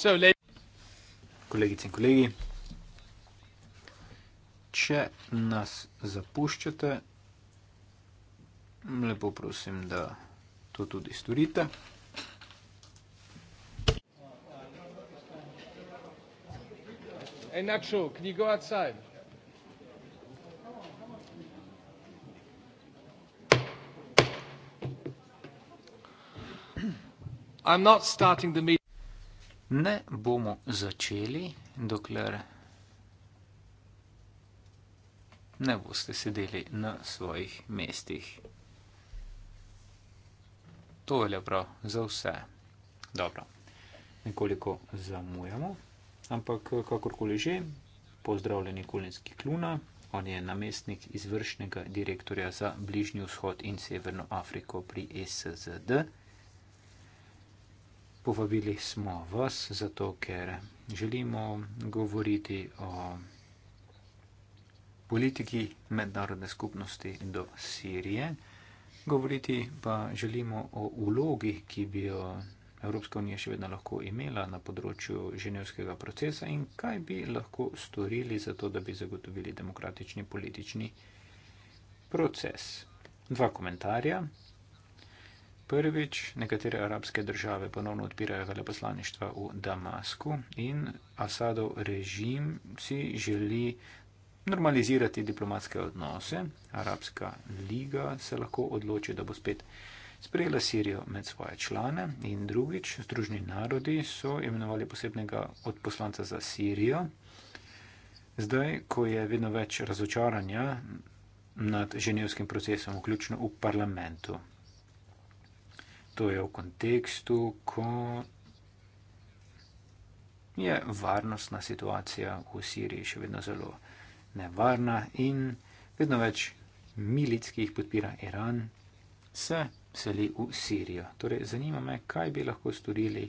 so lepi. Kolegice in kolegi, če nas zapuščate, lepo prosim, da to tudi storite. Enačo, knjigo odsaj. I'm not starting the meeting ne bomo začeli, dokler ne boste sedeli na svojih mestih. To je lepo za vse. Dobro, nekoliko zamujamo, ampak kakorkoli že, pozdravljeni kulinski kluna. On je namestnik izvršnega direktorja za Bližnji vzhod in Severno Afriko pri SZD. Povabili smo vas, zato ker želimo govoriti o politiki mednarodne skupnosti do Sirije, govoriti pa želimo o ulogi, ki bi jo Evropska unija še vedno lahko imela na področju ženevskega procesa in kaj bi lahko storili za to, da bi zagotovili demokratični politični proces. Dva komentarja prvič nekatere arabske države ponovno odpirajo veleposlaništva v Damasku in Asadov režim si želi normalizirati diplomatske odnose. Arabska liga se lahko odloči, da bo spet sprejela Sirijo med svoje člane. In drugič, Združni narodi so imenovali posebnega odposlanca za Sirijo. Zdaj, ko je vedno več razočaranja nad ženevskim procesom, vključno v parlamentu to je v kontekstu, ko je varnostna situacija v Siriji še vedno zelo nevarna in vedno več milic, ki jih podpira Iran, se seli v Sirijo. Torej, zanima me, kaj bi lahko storili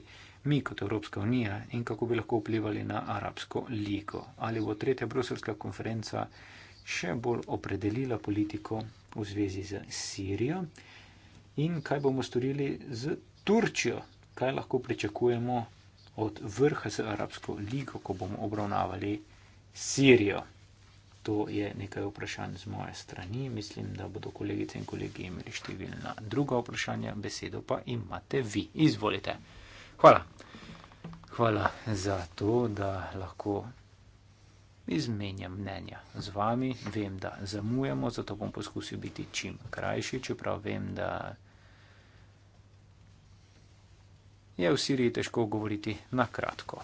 mi kot Evropska unija in kako bi lahko vplivali na arabsko liko. Ali bo tretja bruselska konferenca še bolj opredelila politiko v zvezi z Sirijo? in kaj bomo storili z Turčijo, kaj lahko pričakujemo od vrha z Arabsko ligo, ko bomo obravnavali Sirijo. To je nekaj vprašanj z moje strani. Mislim, da bodo kolegice in kolegi imeli številna druga vprašanja, besedo pa imate vi. Izvolite. Hvala. Hvala za to, da lahko Izmenjam mnenja z vami, vem, da zamujamo, zato bom poskusil biti čim krajši, čeprav vem, da je v Siriji težko govoriti na kratko.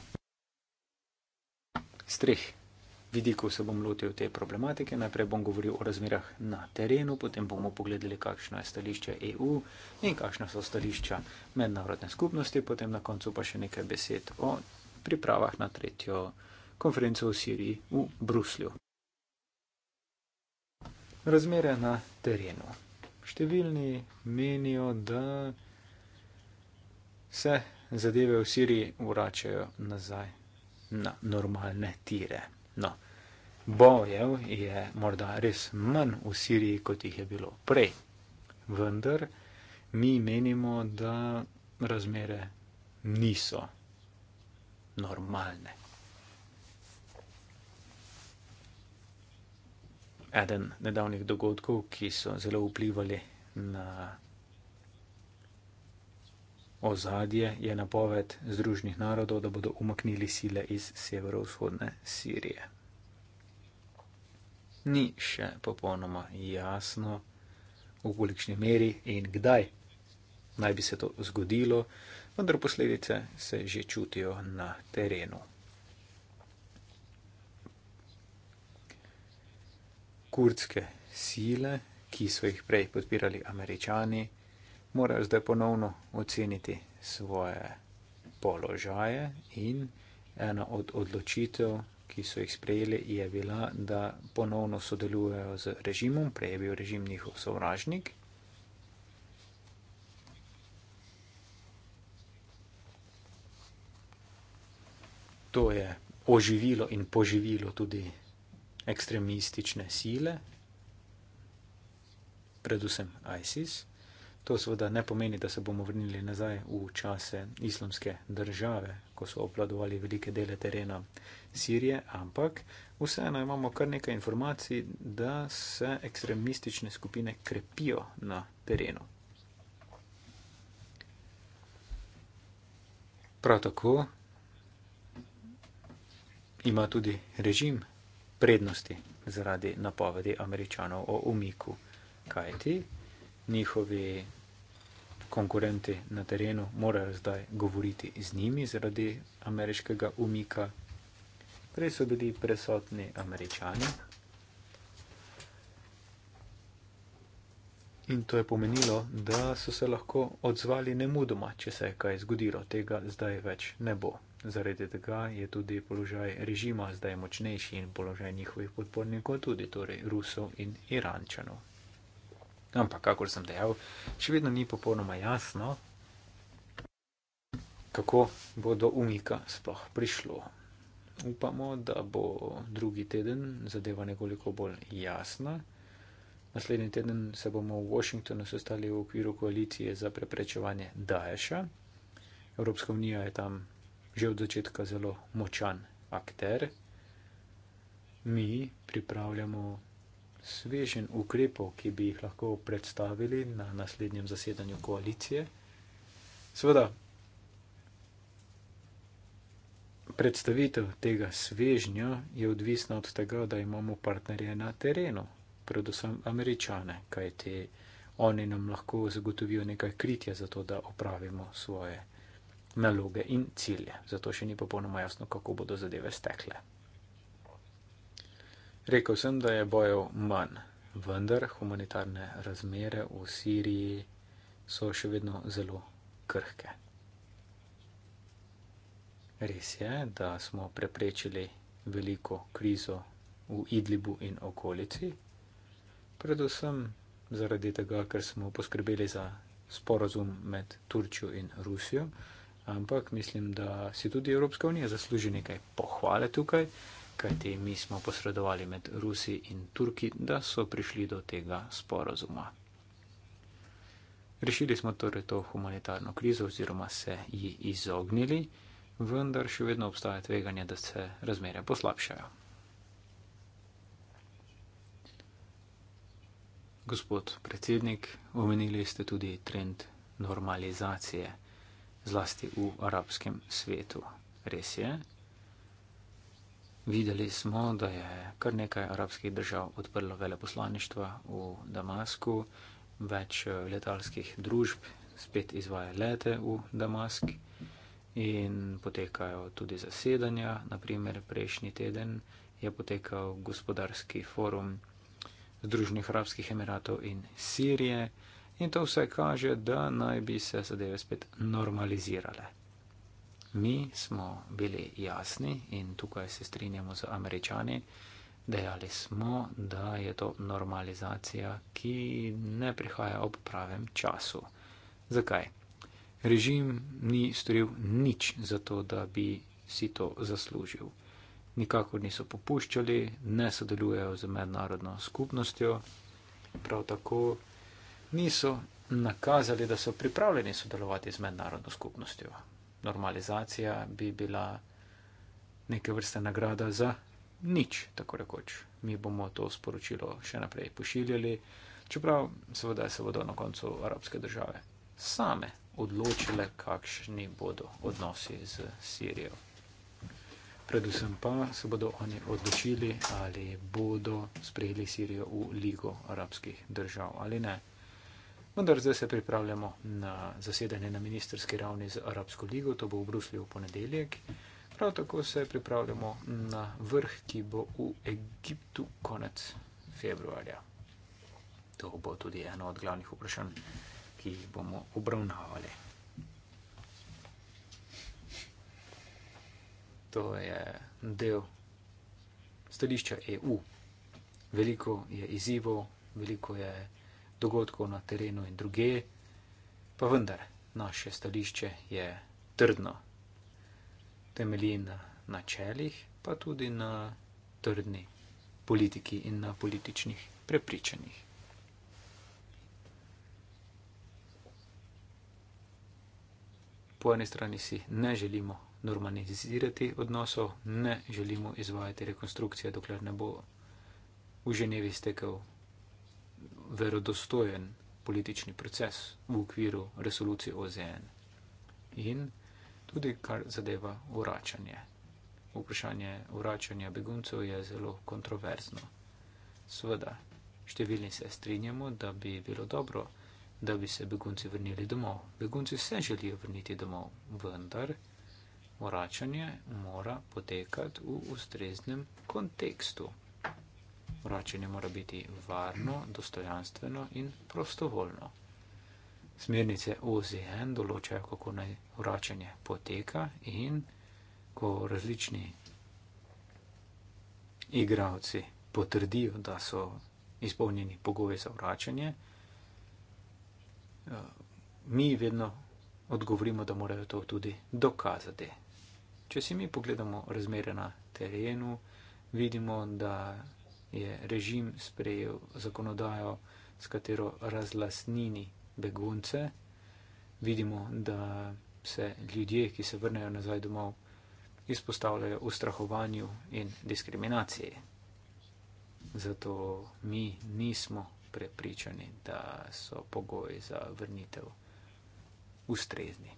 Z treh vidikov se bom lotil te problematike. Najprej bom govoril o razmerah na terenu, potem bomo pogledali, kakšno je stališče EU in kakšno so stališča mednarodne skupnosti, potem na koncu pa še nekaj besed o pripravah na tretjo konferenco v Siriji v Bruslju. Razmere na terenu. Številni menijo, da se zadeve v Siriji vračajo nazaj na normalne tire. No, bojev je morda res manj v Siriji, kot jih je bilo prej. Vendar mi menimo, da razmere niso normalne. eden nedavnih dogodkov, ki so zelo vplivali na ozadje, je napoved Združenih narodov, da bodo umaknili sile iz severovzhodne Sirije. Ni še popolnoma jasno, v kolikšni meri in kdaj naj bi se to zgodilo, vendar posledice se že čutijo na terenu. kurdske sile, ki so jih prej podpirali američani, morajo zdaj ponovno oceniti svoje položaje in ena od odločitev, ki so jih sprejeli, je bila, da ponovno sodelujejo z režimom, prej je bil režim njihov sovražnik. To je oživilo in poživilo tudi ekstremistične sile, predvsem ISIS. To seveda ne pomeni, da se bomo vrnili nazaj v čase islamske države, ko so obladovali velike dele terena Sirije, ampak vseeno imamo kar nekaj informacij, da se ekstremistične skupine krepijo na terenu. Prav tako ima tudi režim prednosti zaradi napovedi američanov o umiku, kajti njihovi konkurenti na terenu morajo zdaj govoriti z njimi zaradi ameriškega umika. Prej so bili prisotni američani in to je pomenilo, da so se lahko odzvali nemudoma, če se je kaj zgodilo. Tega zdaj več ne bo. Zaradi tega je tudi položaj režima zdaj močnejši in položaj njihovih podpornikov, tudi torej Rusov in Irančanov. Ampak, kako sem dejal, še vedno ni popolnoma jasno, kako bo do umika sploh prišlo. Upamo, da bo drugi teden zadeva nekoliko bolj jasna. Naslednji teden se bomo v Washingtonu sestali v okviru koalicije za preprečevanje Daesha. Evropska unija je tam že od začetka zelo močan akter. Mi pripravljamo svežen ukrepov, ki bi jih lahko predstavili na naslednjem zasedanju koalicije. Sveda, predstavitev tega svežnja je odvisna od tega, da imamo partnerje na terenu, predvsem američane, kaj te oni nam lahko zagotovijo nekaj kritja za to, da opravimo svoje naloge in cilje. Zato še ni popolnoma jasno, kako bodo zadeve stekle. Rekl sem, da je bojev manj, vendar humanitarne razmere v Siriji so še vedno zelo krhke. Res je, da smo preprečili veliko krizo v Idlibu in okolici, predvsem zaradi tega, ker smo poskrbeli za sporazum med Turčjo in Rusijo ampak mislim, da si tudi Evropska unija zasluži nekaj pohvale tukaj, kajti mi smo posredovali med Rusi in Turki, da so prišli do tega sporozuma. Rešili smo torej to humanitarno krizo oziroma se ji izognili, vendar še vedno obstaja tveganje, da se razmere poslabšajo. Gospod predsednik, omenili ste tudi trend normalizacije zlasti v arabskem svetu. Res je. Videli smo, da je kar nekaj arabskih držav odprlo veleposlaništva v Damasku, več eh, letalskih družb spet izvaja lete v Damask in potekajo tudi zasedanja. Naprimer, prejšnji teden je potekal gospodarski forum Združenih arabskih emiratov in Sirije in to vse kaže, da naj bi se zadeve spet normalizirale. Mi smo bili jasni in tukaj se strinjamo z američani, dejali smo, da je to normalizacija, ki ne prihaja ob pravem času. Zakaj? Režim ni storil nič za to, da bi si to zaslužil. Nikakor niso popuščali, ne sodelujejo z mednarodno skupnostjo, prav tako niso nakazali, da so pripravljeni sodelovati z mednarodno skupnostjo. Normalizacija bi bila neke vrste nagrada za nič, tako rekoč. Mi bomo to sporočilo še naprej pošiljali, čeprav seveda se bodo na koncu arabske države same odločile, kakšni bodo odnosi z Sirijo. Predvsem pa se bodo oni odločili, ali bodo sprejeli Sirijo v ligo arabskih držav ali ne. Vendar zdaj se pripravljamo na zasedanje na ministerski ravni z Arabsko ligo, to bo v Bruslju v ponedeljek. Prav tako se pripravljamo na vrh, ki bo v Egiptu konec februarja. To bo tudi eno od glavnih vprašanj, ki jih bomo obravnavali. To je del stališča EU. Veliko je izzivov, veliko je dogodkov na terenu in druge, pa vendar naše stališče je trdno, temelji na načelih, pa tudi na trdni politiki in na političnih prepričanjih. Po eni strani si ne želimo normalizirati odnosov, ne želimo izvajati rekonstrukcije, dokler ne bo v Ženevi stekel verodostojen politični proces v okviru resolucije OZN. In tudi kar zadeva vračanje. Vprašanje vračanja beguncev je zelo kontroverzno. Sveda, številni se strinjamo, da bi bilo dobro, da bi se begunci vrnili domov. Begunci se želijo vrniti domov, vendar vračanje mora potekati v ustreznem kontekstu vračanje mora biti varno, dostojanstveno in prostovoljno. Smernice OZN določajo, kako naj vračanje poteka in ko različni igravci potrdijo, da so izpolnjeni pogoji za vračanje, eh, mi vedno odgovorimo, da morajo to tudi dokazati. Če si mi pogledamo razmere na terenu, vidimo, da je režim sprejel zakonodajo, s katero razlasnini begunce. Vidimo, da se ljudje, ki se vrnejo nazaj domov, izpostavljajo ustrahovanju in diskriminaciji. Zato mi nismo prepričani, da so pogoji za vrnitev ustrezni.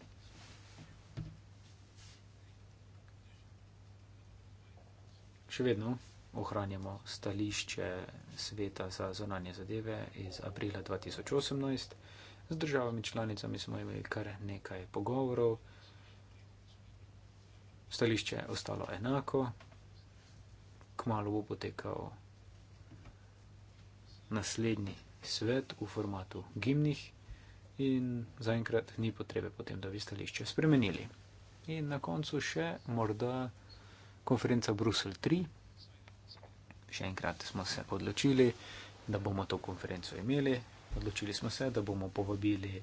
Še vedno ohranjamo stališče sveta za zonanje zadeve iz aprila 2018. Z državami članicami smo imeli kar nekaj pogovorov. Stališče je ostalo enako. Kmalo bo potekal naslednji svet v formatu gimnih in zaenkrat ni potrebe potem, da bi stališče spremenili. In na koncu še morda konferenca Brusel 3 še enkrat smo se odločili, da bomo to konferenco imeli. Odločili smo se, da bomo povabili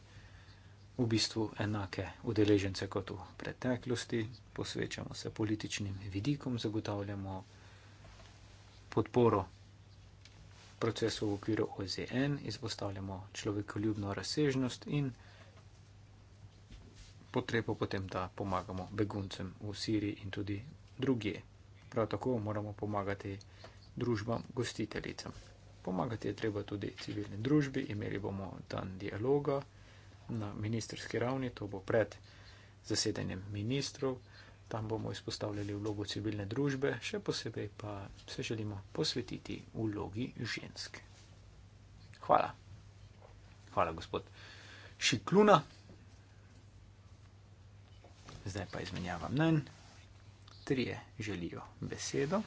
v bistvu enake udeležence kot v preteklosti, posvečamo se političnim vidikom, zagotavljamo podporo procesu v okviru OZN, izpostavljamo človekoljubno razsežnost in potrebo potem, da pomagamo beguncem v Siriji in tudi drugje. Prav tako moramo pomagati družbam gostiteljicam. Pomagati je treba tudi civilni družbi, imeli bomo dan dialoga na ministerski ravni, to bo pred zasedanjem ministrov, tam bomo izpostavljali vlogo civilne družbe, še posebej pa se želimo posvetiti vlogi ženske. Hvala. Hvala, gospod Šikluna. Zdaj pa izmenjavam mnen. Trije želijo besedo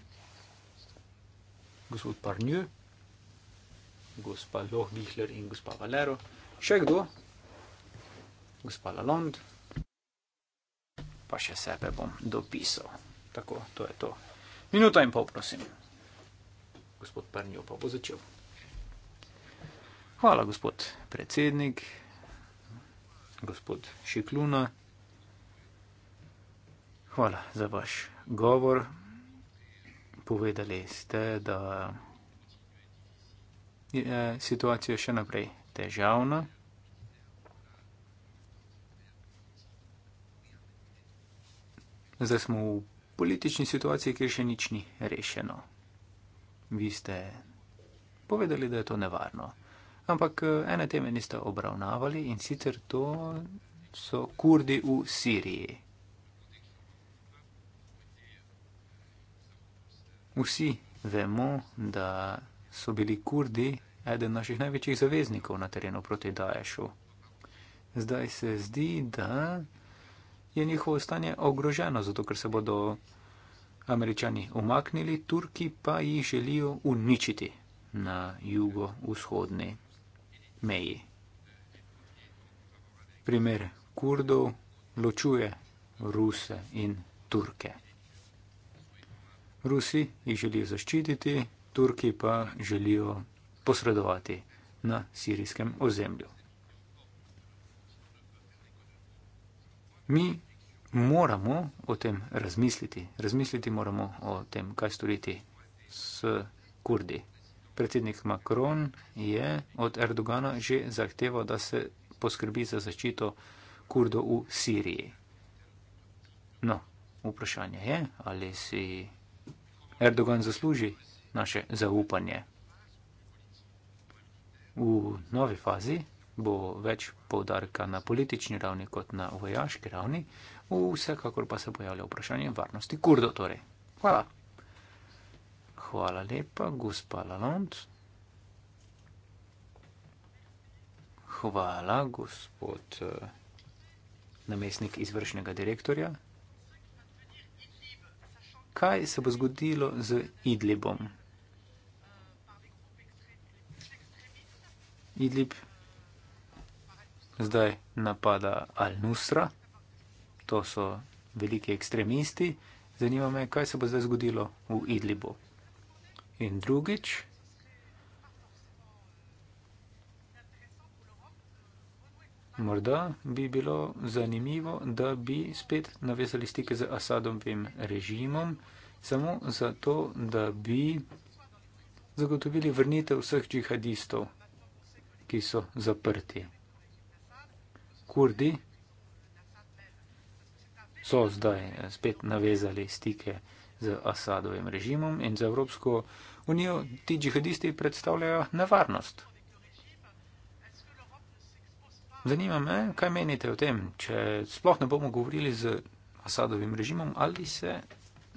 gospod Parnjo, gospa Lohbihler in gospa Valero, še kdo, gospa Lalond, pa še sebe bom dopisal. Tako, to je to. Minuta in pol, prosim. Gospod Parnjo pa bo začel. Hvala, gospod predsednik, gospod Šikluna. Hvala za vaš govor povedali ste, da je eh, situacija še naprej težavna. Zdaj smo v politični situaciji, kjer še nič ni rešeno. Vi ste povedali, da je to nevarno. Ampak eh, ene teme niste obravnavali in sicer to so kurdi v Siriji. Vsi vemo, da so bili kurdi eden naših največjih zaveznikov na terenu proti Daješu. Zdaj se zdi, da je njihovo stanje ogroženo, zato ker se bodo američani umaknili, Turki pa jih želijo uničiti na jugo-vzhodni meji. Primer kurdov ločuje Ruse in Turke. Rusi jih želijo zaščititi, Turki pa želijo posredovati na sirijskem ozemlju. Mi moramo o tem razmisliti. Razmisliti moramo o tem, kaj storiti s kurdi. Predsednik Macron je od Erdogana že zahteval, da se poskrbi za zaščito kurdo v Siriji. No, vprašanje je, ali si Erdogan zasluži naše zaupanje. V novi fazi bo več povdarka na politični ravni kot na vojaški ravni, vsekakor pa se pojavlja vprašanje varnosti kurdo. Torej. Hvala. Hvala lepa, gospa Lalond. Hvala, gospod eh, namestnik izvršnega direktorja kaj se bo zgodilo z Idlibom. Idlib zdaj napada Al-Nusra, to so veliki ekstremisti. Zanima me, kaj se bo zdaj zgodilo v Idlibu. In drugič, morda bi bilo zanimivo, da bi spet navezali stike z Asadovim režimom, samo zato, da bi zagotovili vrnitev vseh džihadistov, ki so zaprti. Kurdi so zdaj spet navezali stike z Asadovim režimom in za Evropsko unijo ti džihadisti predstavljajo nevarnost. Zanima me, kaj menite o tem, če sploh ne bomo govorili z Asadovim režimom, ali se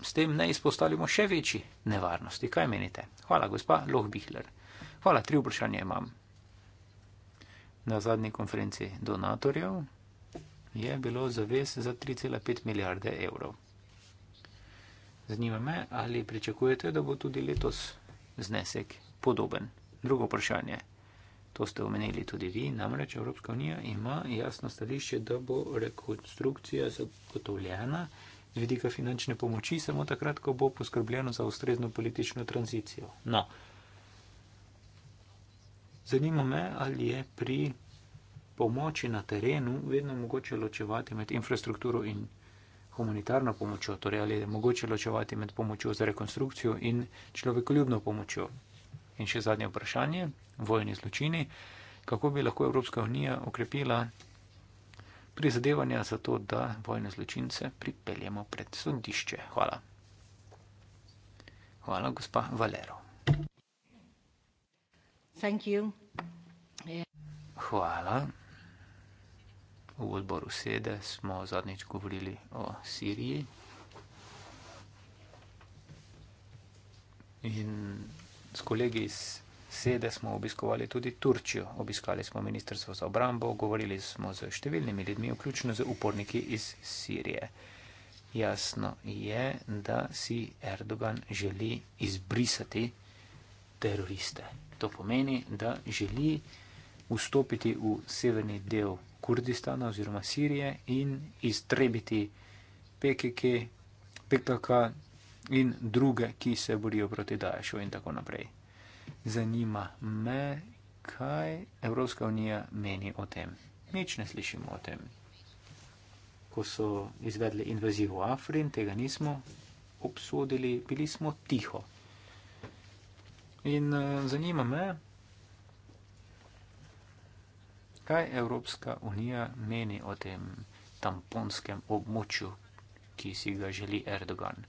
s tem ne izpostavimo še večji nevarnosti. Kaj menite? Hvala, gospa Lohbihler. Hvala, tri vprašanje imam. Na zadnji konferenci donatorjev je bilo zaves za 3,5 milijarde evrov. Zanima me, ali pričakujete, da bo tudi letos znesek podoben. Drugo vprašanje to ste omenili tudi vi, namreč Evropska unija ima jasno stališče, da bo rekonstrukcija zagotovljena z vidika finančne pomoči samo takrat, ko bo poskrbljeno za ustrezno politično tranzicijo. No. Zanima me, ali je pri pomoči na terenu vedno mogoče ločevati med infrastrukturo in humanitarno pomočjo, torej ali je mogoče ločevati med pomočjo za rekonstrukcijo in človekoljubno pomočjo. In še zadnje vprašanje, vojni zločini. Kako bi lahko Evropska unija okrepila prizadevanja za to, da vojne zločince pripeljemo pred sodišče? Hvala. Hvala, gospa Valero. Yeah. Hvala. V odboru sede smo zadnjič govorili o Siriji. In s kolegi iz sede smo obiskovali tudi Turčijo. Obiskali smo ministrstvo za obrambo, govorili smo z številnimi ljudmi, vključno z uporniki iz Sirije. Jasno je, da si Erdogan želi izbrisati teroriste. To pomeni, da želi vstopiti v severni del Kurdistana oziroma Sirije in iztrebiti PKK, in druge, ki se borijo proti Daješu in tako naprej. Zanima me, kaj Evropska unija meni o tem. Nič ne slišimo o tem. Ko so izvedli invazijo v Afrin, tega nismo obsodili, bili smo tiho. In eh, zanima me, kaj Evropska unija meni o tem tamponskem območju, ki si ga želi Erdogan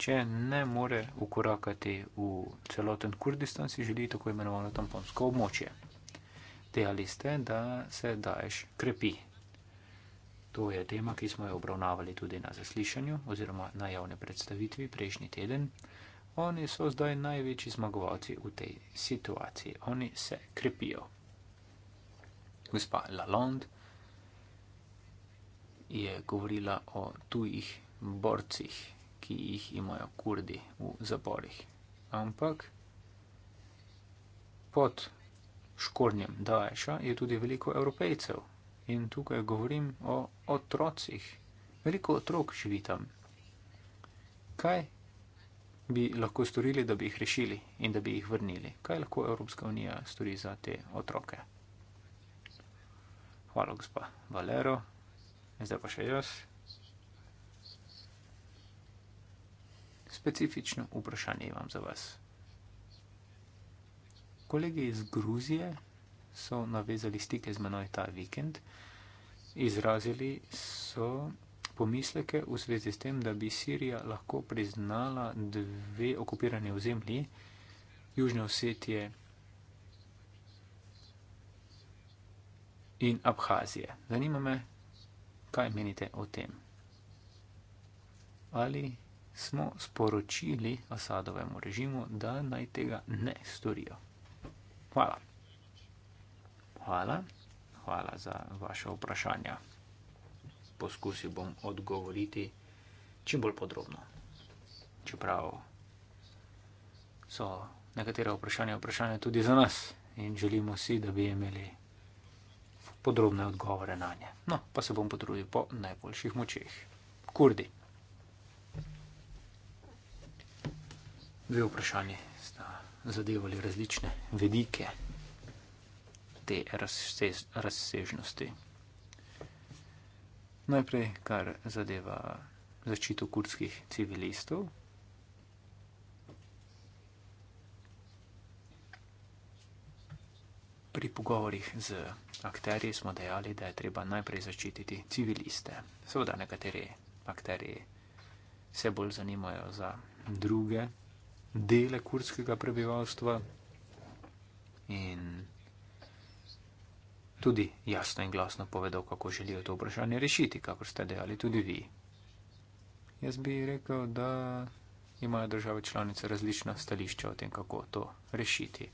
če ne more ukorakati v celoten Kurdistan, si želi tako imenovano tamponsko območje. Dejali ste, da se Daesh krepi. To je tema, ki smo jo obravnavali tudi na zaslišanju oziroma na javne predstavitvi prejšnji teden. Oni so zdaj največji zmagovalci v tej situaciji. Oni se krepijo. Gospa Lalonde je govorila o tujih borcih ki jih imajo kurdi v zaporih. Ampak pod škornjem Daesha je tudi veliko evropejcev in tukaj govorim o otrocih. Veliko otrok živi tam. Kaj bi lahko storili, da bi jih rešili in da bi jih vrnili? Kaj lahko Evropska unija stori za te otroke? Hvala, gospa Valero. Zdaj pa še jaz. specifično vprašanje imam za vas. Kolege iz Gruzije so navezali stike z menoj ta vikend, izrazili so pomisleke v zvezi s tem, da bi Sirija lahko priznala dve okupirane ozemlji, Južne Osetije in Abhazije. Zanima me, kaj menite o tem. Ali smo sporočili Asadovemu režimu, da naj tega ne storijo. Hvala. Hvala, Hvala za vaše vprašanja. Poskusil bom odgovoriti čim bolj podrobno. Čeprav so nekatera vprašanja, vprašanja tudi za nas in želimo si, da bi imeli podrobne odgovore na nje. No, pa se bom potrudil po najboljših močeh. Kurdi. dve vprašanji sta zadevali različne vedike te razsež, razsežnosti. Najprej, kar zadeva zaščito kurdskih civilistov. Pri pogovorih z akterji smo dejali, da je treba najprej zaščititi civiliste. Seveda, nekateri akterji se bolj zanimajo za druge dele kurdskega prebivalstva in tudi jasno in glasno povedal, kako želijo to vprašanje rešiti, kako ste dejali tudi vi. Jaz bi rekel, da imajo države članice različna stališča o tem, kako to rešiti.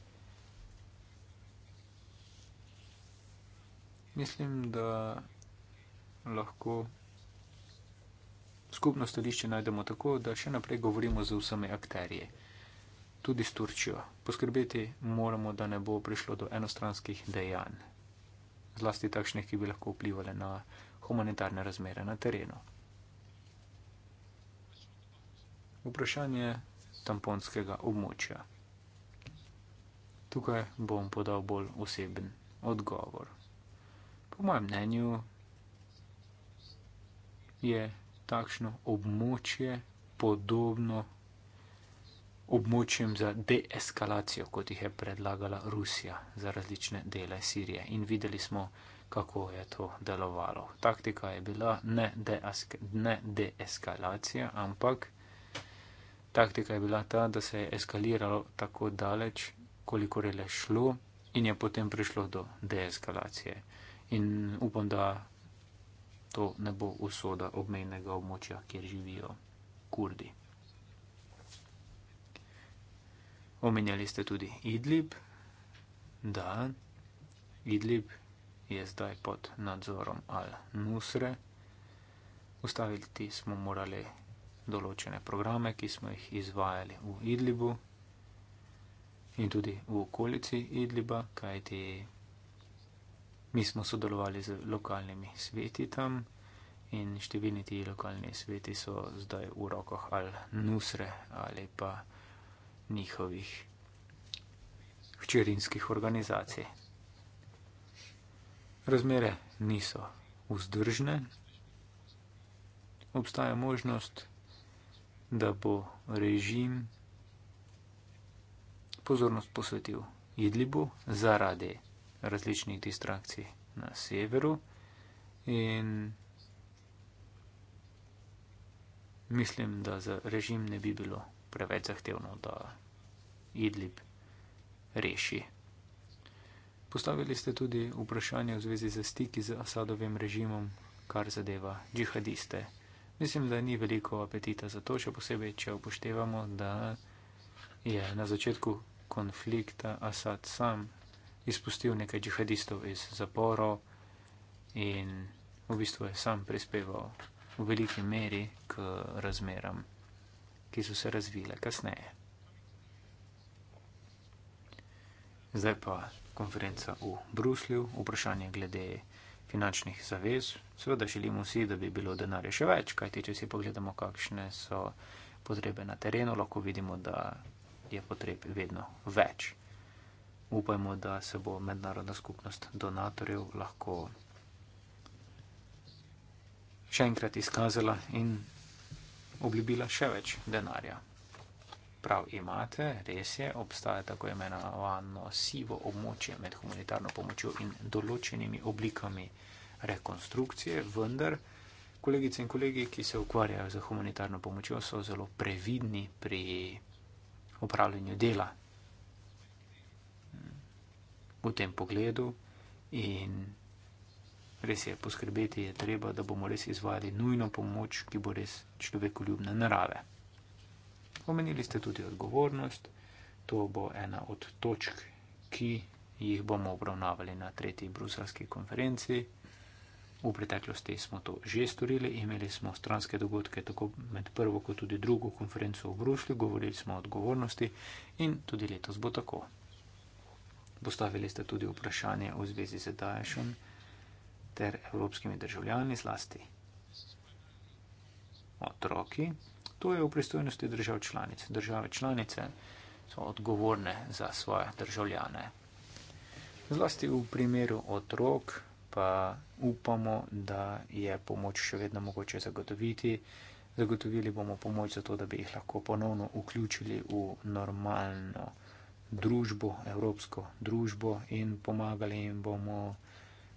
Mislim, da lahko skupno stališče najdemo tako, da še naprej govorimo z vsemi akterji tudi s Turčijo. Poskrbeti moramo, da ne bo prišlo do enostranskih dejanj, zlasti takšnih, ki bi lahko vplivali na humanitarne razmere na terenu. Vprašanje tamponskega območja. Tukaj bom podal bolj oseben odgovor. Po mojem mnenju je takšno območje podobno območjem za deeskalacijo, kot jih je predlagala Rusija za različne dele Sirije. In videli smo, kako je to delovalo. Taktika je bila ne, ne deeskalacija, ampak taktika je bila ta, da se je eskaliralo tako daleč, kolikor je le šlo in je potem prišlo do deeskalacije. In upam, da to ne bo usoda obmejnega območja, kjer živijo Kurdi. Omenjali ste tudi Idlib, da Idlib je zdaj pod nadzorom Al-Nusre. Ustaviti smo morali določene programe, ki smo jih izvajali v Idlibu in tudi v okolici Idliba, kajti mi smo sodelovali z lokalnimi sveti tam in številni ti lokalni sveti so zdaj v rokah Al-Nusre ali pa Al-Nusre njihovih včerinskih organizacij. Razmere niso vzdržne, obstaja možnost, da bo režim pozornost posvetil Idlibu zaradi različnih distrakcij na severu in mislim, da za režim ne bi bilo preveč zahtevno, da Idlib reši. Postavili ste tudi vprašanje v zvezi z stiki z Asadovim režimom, kar zadeva džihadiste. Mislim, da ni veliko apetita za to, še posebej, če upoštevamo, da je na začetku konflikta Asad sam izpustil nekaj džihadistov iz zaporov in v bistvu je sam prispeval v veliki meri k razmeram ki so se razvile kasneje. Zdaj pa konferenca v Bruslju, vprašanje glede finančnih zavez. Seveda želimo vsi, da bi bilo denarja še več, kajti če si pogledamo, kakšne so potrebe na terenu, lahko vidimo, da je potreb vedno več. Upajmo, da se bo mednarodna skupnost donatorjev lahko še enkrat izkazala in obljubila še več denarja. Prav imate, res je, obstaja tako imenovano sivo območje med humanitarno pomočjo in določenimi oblikami rekonstrukcije, vendar kolegice in kolegi, ki se ukvarjajo z humanitarno pomočjo, so zelo previdni pri upravljanju dela v tem pogledu in Res je, poskrbeti je treba, da bomo res izvajali nujno pomoč, ki bo res človekoljubne narave. Omenili ste tudi odgovornost, to bo ena od točk, ki jih bomo obravnavali na tretji bruselski konferenci. V preteklosti smo to že storili, imeli smo stranske dogodke tako med prvo kot tudi drugo konferenco v Bruslju, govorili smo o odgovornosti in tudi letos bo tako. Postavili ste tudi vprašanje v zvezi z Daješom ter evropskimi državljani, zlasti otroki. To je v pristojnosti držav članic. Države članice so odgovorne za svoje državljane. Zlasti v primeru otrok pa upamo, da je pomoč še vedno mogoče zagotoviti. Zagotovili bomo pomoč za to, da bi jih lahko ponovno vključili v normalno družbo, evropsko družbo in pomagali jim bomo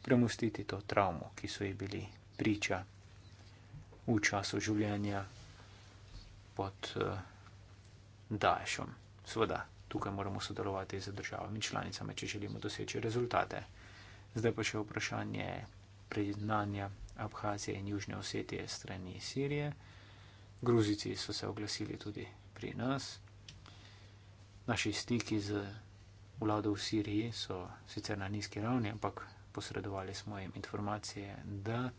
premustiti to travmo, ki so ji bili priča v času življenja pod uh, eh, Daešom. Sveda, tukaj moramo sodelovati z državami članicami, če želimo doseči rezultate. Zdaj pa še vprašanje priznanja Abhazije in Južne Osetije strani Sirije. Gruzici so se oglasili tudi pri nas. Naši stiki z vlado v Siriji so sicer na nizki ravni, ampak posredovali smo jim informacije, da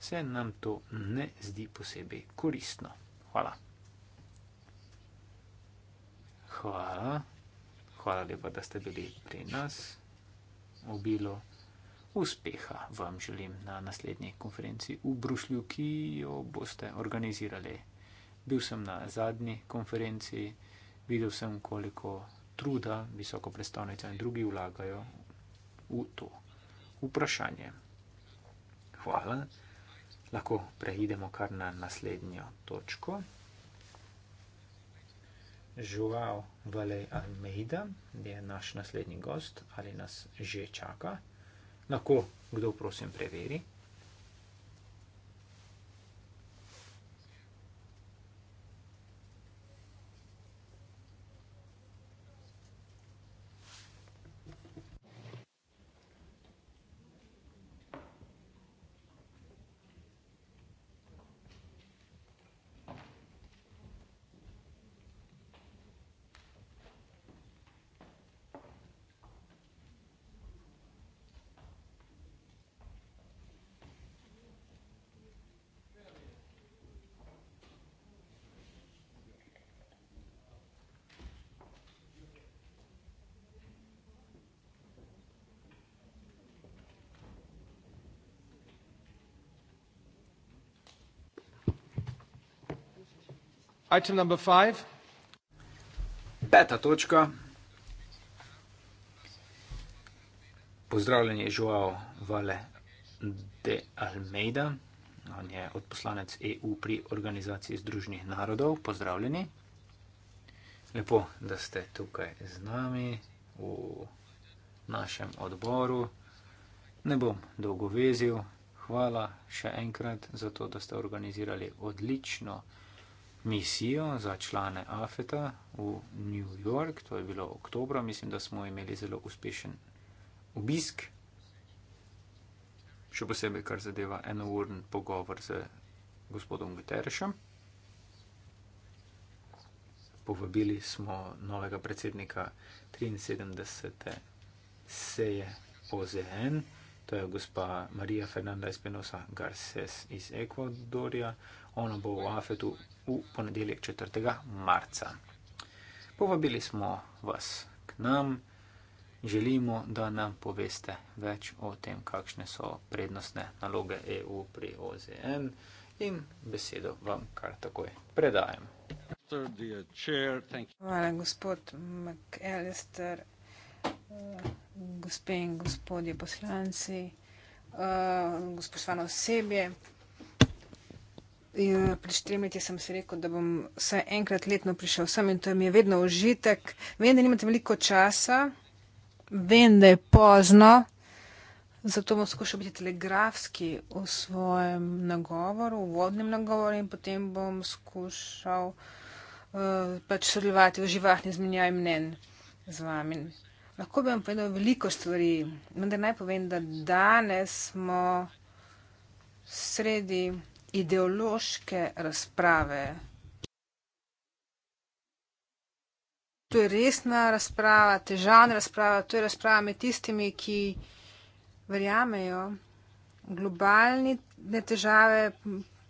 se nam to ne zdi posebej koristno. Hvala. Hvala. Hvala lepa, da ste bili pri nas. Obilo uspeha vam želim na naslednji konferenci v Bruslju, ki jo boste organizirali. Bil sem na zadnji konferenci, videl sem, koliko truda visoko predstavnica in drugi vlagajo v to vprašanje. Hvala. Lahko prehidemo kar na naslednjo točko. Žuao Valej Almeida je naš naslednji gost ali nas že čaka. Lahko kdo prosim preveri. Item number five. Peta točka. Pozdravljeni, Joao Vale de Almeida. On je odposlanec EU pri Organizaciji Združenih narodov. Pozdravljeni. Lepo, da ste tukaj z nami v našem odboru. Ne bom dolgo vezil. Hvala še enkrat za to, da ste organizirali odlično misijo za člane AFETA v New York, to je bilo oktobra, mislim, da smo imeli zelo uspešen obisk, še posebej, kar zadeva enourni pogovor z gospodom Guterrešem. Povabili smo novega predsednika 73. seje OZN, to je gospa Marija Fernanda Espinosa Garces iz Ekvadorja. Ona bo v Afetu v ponedeljek 4. marca. Povabili smo vas k nam, želimo, da nam poveste več o tem, kakšne so prednostne naloge EU pri OZN in besedo vam kar takoj predajem. Hvala, gospod McAllister, gospe in gospodje poslanci, eh, gospod Svano osebje. Eh, pred štirimi leti sem si rekel, da bom vsaj enkrat letno prišel sem in to mi je vedno užitek. Vem, da nimate veliko časa, vem, da je pozno, zato bom skušal biti telegrafski v svojem nagovoru, v vodnem nagovoru in potem bom skušal uh, pač sodelovati v živahni zmenjaj mnen z vami. Lahko bi vam povedal veliko stvari, vendar naj povem, da danes smo sredi ideološke razprave. To je resna razprava, težavna razprava, to je razprava med tistimi, ki verjamejo, globalne težave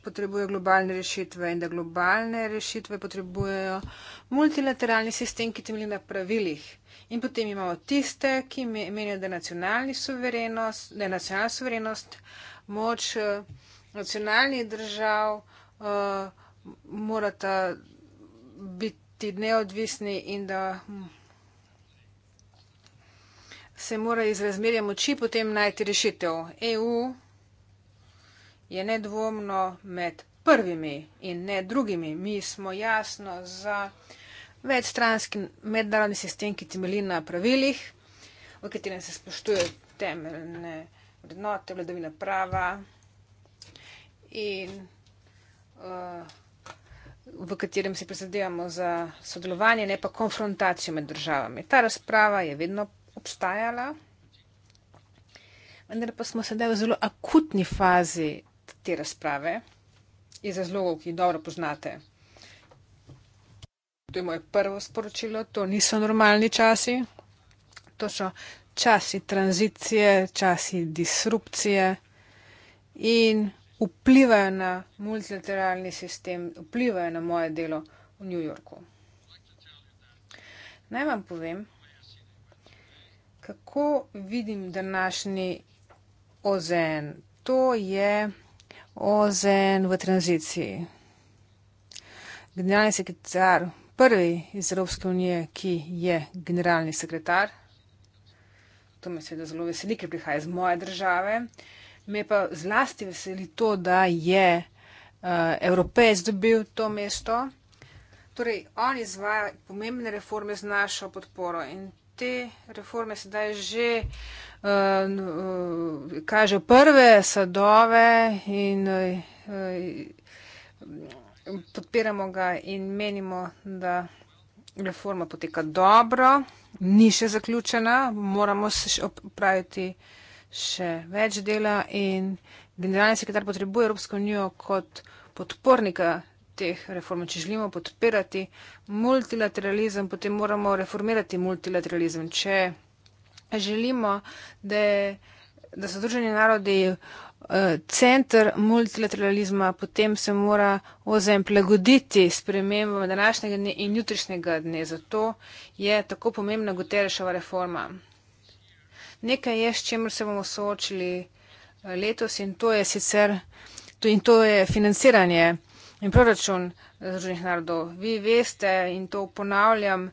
potrebujejo globalne rešitve in da globalne rešitve potrebujejo multilateralni sistem, ki temelji na pravilih. In potem imamo tiste, ki menijo, da je nacionalna suverenost, moč eh, nacionalnih držav uh, morata biti neodvisni in da se mora iz razmerja moči potem najti rešitev. EU je nedvomno med prvimi in ne drugimi. Mi smo jasno za večstranski mednarodni sistem, ki temelji na pravilih, v katerem se spoštujejo temeljne vrednote, vladavina prava in uh, v katerem si prizadevamo za sodelovanje, ne pa konfrontacijo med državami. Ta razprava je vedno obstajala, vendar pa smo sedaj v zelo akutni fazi te razprave iz razlogov, ki jih dobro poznate. To je moje prvo sporočilo, to niso normalni časi, to so časi tranzicije, časi disrupcije in vplivajo na multilateralni sistem, vplivajo na moje delo v New Yorku. Naj vam povem, kako vidim današnji OZN. To je OZN v tranziciji. Generalni sekretar, prvi iz Evropske unije, ki je generalni sekretar. To me seveda zelo veseli, ker prihaja iz moje države. Uh, Me pa zlasti veseli to, da je uh, eh, Evropejc dobil to mesto. Torej, on izvaja pomembne reforme z našo podporo in te reforme sedaj že uh, eh, uh, eh, kaže prve sadove in uh, uh, podpiramo ga in menimo, da reforma poteka dobro, ni še zaključena, moramo se še opraviti. Uh, še več dela in generalni sekretar potrebuje Evropsko unijo kot podpornika teh reform. Če želimo podpirati multilateralizem, potem moramo reformirati multilateralizem. Če želimo, da, je, da so združeni narodi eh, center multilateralizma, potem se mora OZM prilagoditi spremembam današnjega dne in jutrišnjega dne. Zato je tako pomembna Guterrešova reforma nekaj je, s čimer se bomo soočili eh, letos in to je sicer in to je financiranje in proračun eh, Združenih narodov. Vi veste in to ponavljam,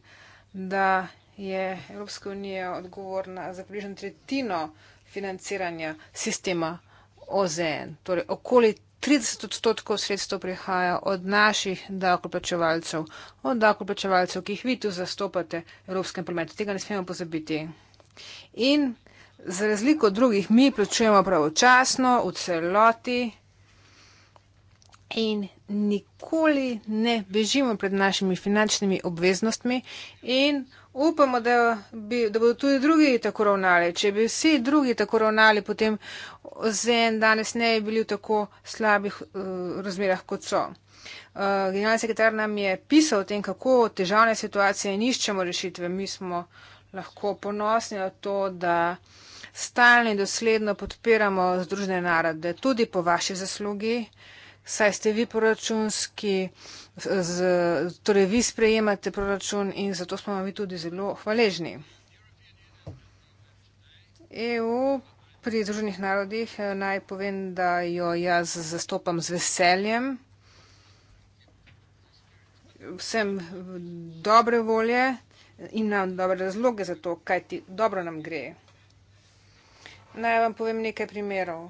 da je Evropska unija odgovorna za približno tretjino financiranja sistema OZN. Torej okoli 30 odstotkov sredstev prihaja od naših davkoplačevalcev, od davkoplačevalcev, ki jih vi tu zastopate v Evropskem parlamentu. Tega ne smemo pozabiti. In za razliko od drugih, mi plačujemo pravočasno, v celoti in nikoli ne bežimo pred našimi finančnimi obveznostmi in upamo, da, bi, da bodo tudi drugi tako ravnali. Če bi vsi drugi tako ravnali, potem ZN danes ne bi bili v tako slabih uh, razmerah, kot so. Uh, generalni sekretar nam je pisal o tem, kako težavne situacije in iščemo rešitve. Mi smo uh, lahko ponosni na to, da stalno in dosledno podpiramo Združene narode, tudi po vaši zaslugi, saj ste vi proračunski, z, torej vi sprejemate proračun in zato smo vam tudi zelo hvaležni. EU pri Združenih narodih eh, naj povem, da jo jaz zastopam z veseljem. Vsem dobre volje, in imam dobre razloge za to, kaj ti dobro nam gre. Naj vam povem nekaj primerov.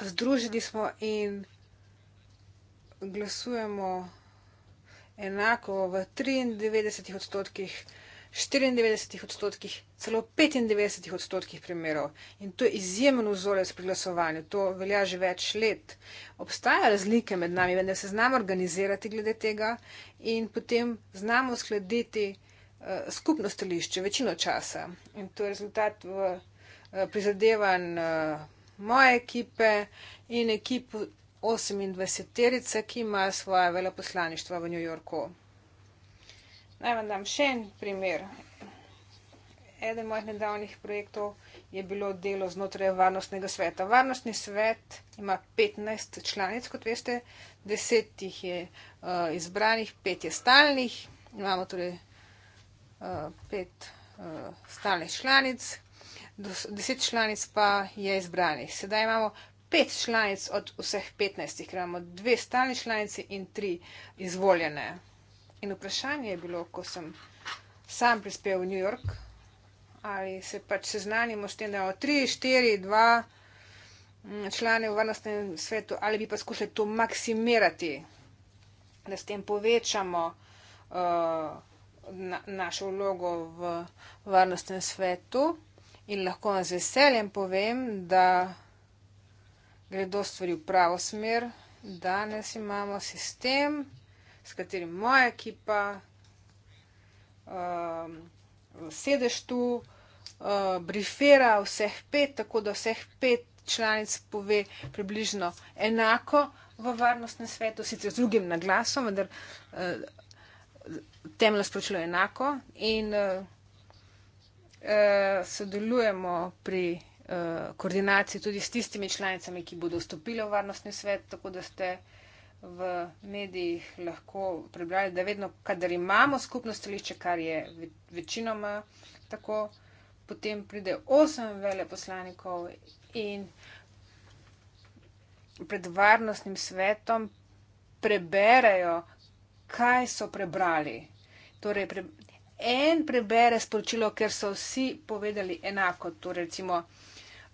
Združili smo in glasujemo enako v 93 odstotkih odstotkih 94 odstotkih, celo 95 odstotkih primerov. In to je izjemen vzorec pri glasovanju, to velja že več let. Obstaja razlike med nami, vendar se znamo organizirati glede tega in potem znamo sklediti uh, eh, skupno stališče večino časa. In to je rezultat v uh, eh, prizadevan uh, eh, moje ekipe in ekip 28-terice, ki ima svoje veleposlaništva v New Yorku. Naj vam dam še en primer. Eden mojih nedavnih projektov je bilo delo znotraj varnostnega sveta. Varnostni svet ima 15 članic, kot veste, 10 jih je uh, izbranih, 5 je stalnih, imamo torej 5 uh, uh, stalnih članic, 10 članic pa je izbranih. Sedaj imamo 5 članic od vseh 15, ker imamo 2 stalni članici in 3 izvoljene. In vprašanje je bilo, ko sem sam prispel v New York, ali se pač seznanimo s tem, da imamo 3, 4, 2 člane v varnostnem svetu, ali bi pa skušali to maksimirati, da s tem povečamo uh, na, našo vlogo v varnostnem svetu. In lahko vam z veseljem povem, da gredo stvari v pravo smer. Danes imamo sistem s katerim moja ekipa um, sedeš tu, uh, brifera vseh pet, tako da vseh pet članic pove približno enako v varnostnem svetu, sicer z drugim naglasom, vendar uh, temno sporočilo je enako in uh, uh, sodelujemo pri uh, koordinaciji tudi s tistimi članicami, ki bodo vstopile v varnostni svet, tako da ste uh, v medijih lahko prebrali, da vedno, kadar imamo skupno stališče, kar je večinoma tako, potem pride osem veleposlanikov in pred varnostnim svetom preberejo, kaj so prebrali. Torej, en prebere sporočilo, ker so vsi povedali enako. Torej, recimo,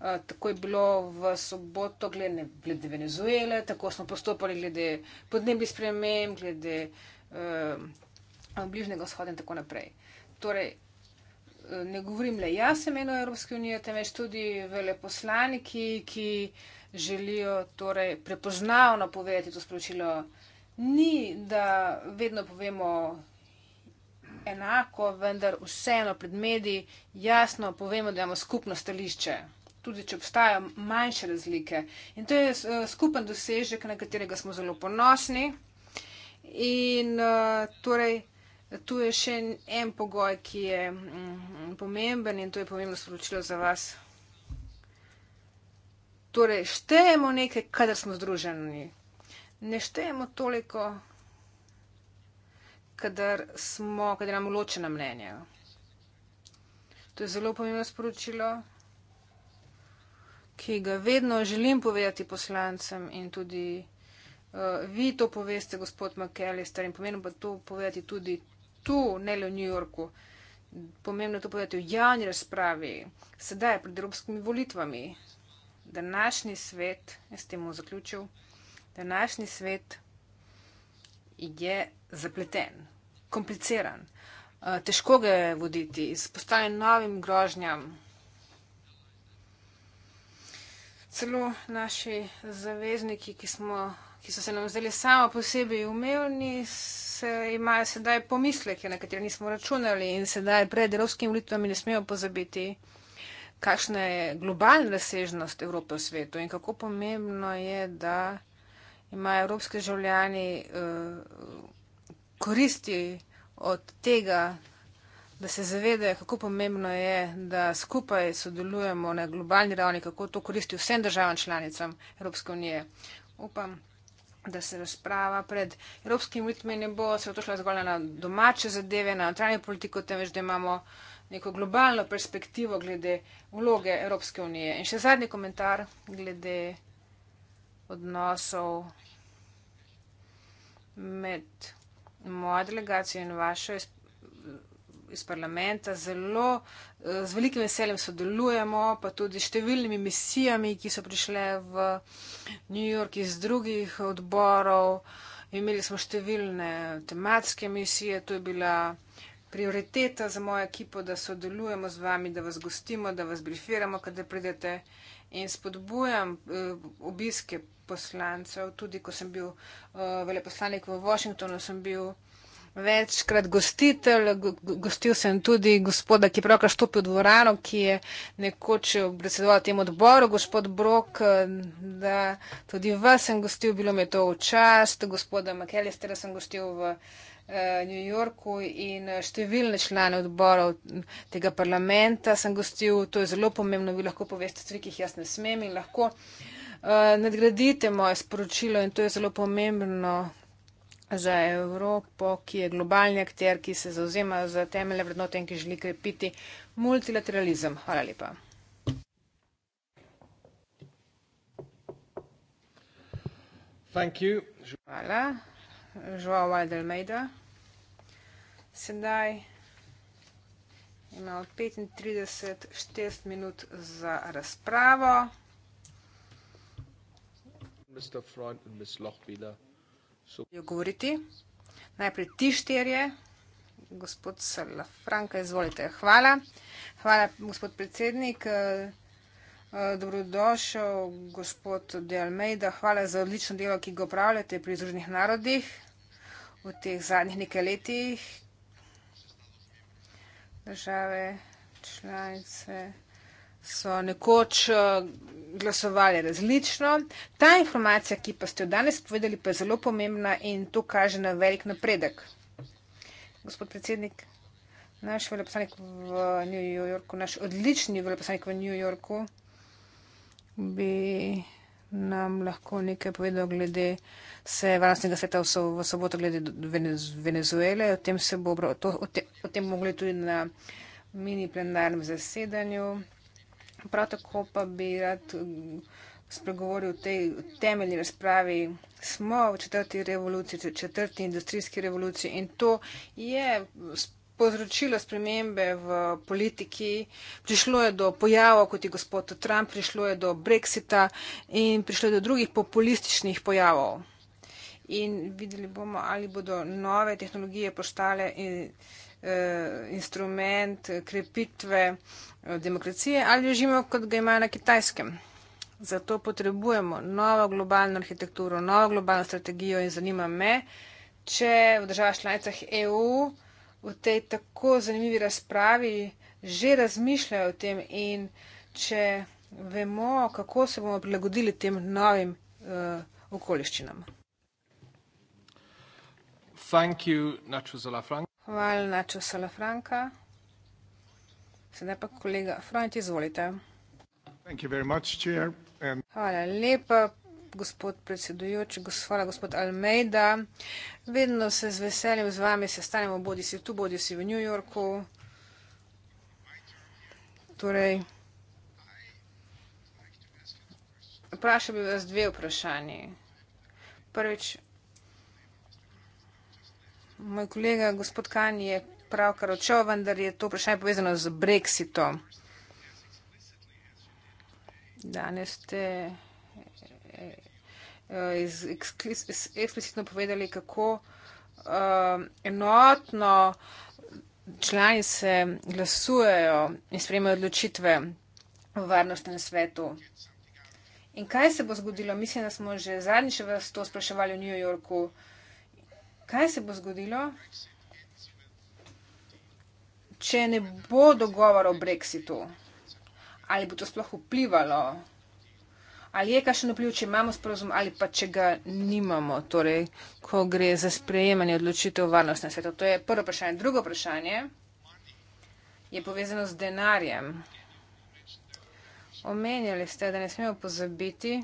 Eh, tako je bilo v soboto glede, glede Venezuele, tako smo postopali glede podnebnih sprememb, glede uh, bližnjega vzhoda in tako naprej. Torej, eh, ne govorim le jaz imeno Evropske unije, temveč tudi veleposlaniki, ki želijo torej, prepoznavno povedati to sporočilo. Ni, da vedno povemo enako, vendar vseeno pred mediji jasno povemo, da imamo skupno stališče tudi če obstajajo manjše razlike. In to je eh, skupen dosežek, na katerega smo zelo ponosni. In eh, torej, tu je še en pogoj, ki je mm, pomemben in to je pomembno sporočilo za vas. Torej, štejemo nekaj, kadar smo združeni. Ne štejemo toliko, kadar smo, kadar imamo ločena mnenja. To je zelo pomembno sporočilo ki ga vedno želim povedati poslancem in tudi uh, vi to poveste, gospod McAllister, in pomembno pa to povedati tudi tu, ne le v New Yorku, pomembno to povedati v javni razpravi, sedaj pred evropskimi volitvami. Današnji svet, jaz s tem bom zaključil, današnji svet je zapleten, kompliciran, eh, težko ga je voditi, izpostavljen novim grožnjam. celo naši zavezniki, ki, smo, ki so se nam zdeli samo posebej umevni, se imajo sedaj pomisleke, na katere nismo računali in sedaj pred evropskimi volitvami ne smemo pozabiti, kakšna je globalna razsežnost Evrope v svetu in kako pomembno je, da imajo evropske življani uh, eh, koristi od tega, da se zavedajo, kako pomembno je, da skupaj sodelujemo na globalni ravni, kako to koristi vsem državam članicam Evropske unije. Upam, da se razprava pred Evropskim ritmi ne bo se otošla zgolj na domače zadeve, na notranjo politiko, temveč da imamo neko globalno perspektivo glede vloge Evropske unije. In še zadnji komentar glede odnosov med mojo delegacijo in vašo. Jaz iz parlamenta zelo eh, z velikim veseljem sodelujemo, pa tudi številnimi misijami, ki so prišle v New York iz drugih odborov. Imeli smo številne tematske misije, to je bila prioriteta za mojo ekipo, da sodelujemo z vami, da vas gostimo, da vas brifiramo, kadar pridete in spodbujam eh, obiske poslancev, tudi ko sem bil eh, veleposlanik v Washingtonu, sem bil večkrat gostitelj. Gostil sem tudi gospoda, ki je pravkar stopil v dvorano, ki je nekoč predsedoval tem odboru, gospod Brok, da tudi vas sem gostil, bilo mi je to v čast, gospoda McAllistera sem gostil v. Eh, New Yorku in številne člane odborov tega parlamenta sem gostil. To je zelo pomembno, vi lahko poveste stvari, ki jih jaz ne smem in lahko uh, nadgradite moje sporočilo in to je zelo pomembno, za Evropo, ki je globalni akter, ki se zauzema za temeljne vrednote in ki želi krepiti multilateralizem. Hvala lepa. Hvala. Žao Valdelmejda. Sedaj ima 35-6 minut za razpravo. Mr. Freund in Ms. Lochbieler govoriti. Najprej ti štirje. Gospod Salafranka, izvolite. Hvala. Hvala, gospod predsednik. Eh, eh, dobrodošel, gospod De Almeida. Hvala za odlično delo, ki ga upravljate pri Združenih narodih v teh zadnjih nekaj letih. Države, članice, so nekoč eh, glasovali različno. Ta informacija, ki pa ste jo danes povedali, pa je zelo pomembna in to kaže na velik napredek. Gospod predsednik, naš veleposlanik v New Yorku, naš odlični veleposlanik v New Yorku, bi nam lahko nekaj povedal glede se varnostnega sveta v soboto glede Venezuele. O tem se bo obro, to, o, te, o tem mogli tudi na mini plenarnem zasedanju prav tako pa bi rad mm, spregovoril o tej temeljni razpravi. Smo v četrti revoluciji, četrti industrijski revoluciji in to je povzročilo spremembe v politiki. Prišlo je do pojava, kot je gospod Trump, prišlo je do Brexita in prišlo je do drugih populističnih pojavov. In videli bomo, ali bodo nove tehnologije postale. In, Eh, instrument krepitve eh, demokracije ali režima, kot ga imajo na kitajskem. Zato potrebujemo novo globalno arhitekturo, novo globalno strategijo in zanima me, če v državah članicah EU v tej tako zanimivi razpravi že razmišljajo o tem in če vemo, kako se bomo prilagodili tem novim uh, okoliščinam. Thank you, Hvala, Načo Salafranka. Sedaj pa kolega Front, izvolite. Hvala lepa, gospod predsedujoči, hvala gospod Almeida. Vedno se z veseljem z vami sestanemo, bodi si tu, bodi si v New Yorku. Torej, vprašal bi vas dve vprašanje. Prvič, Moj kolega, gospod Kanji, je pravkar odšel, vendar je to vprašanje povezano z Brexitom. Danes ste eh, eh, eksplicitno povedali, kako eh, enotno članice glasujejo in sprejemajo odločitve v varnostnem svetu. In kaj se bo zgodilo? Mislim, da smo že zadnjič vas to spraševali v New Yorku kaj se bo zgodilo, če ne bo dogovor o Brexitu? Ali bo to sploh vplivalo? Ali je kakšen vpliv, če imamo sporozum ali pa če ga nimamo, torej, ko gre za sprejemanje odločitev varnostne sveta? To je prvo vprašanje. Drugo vprašanje je povezano z denarjem. Omenjali ste, da ne smemo pozabiti,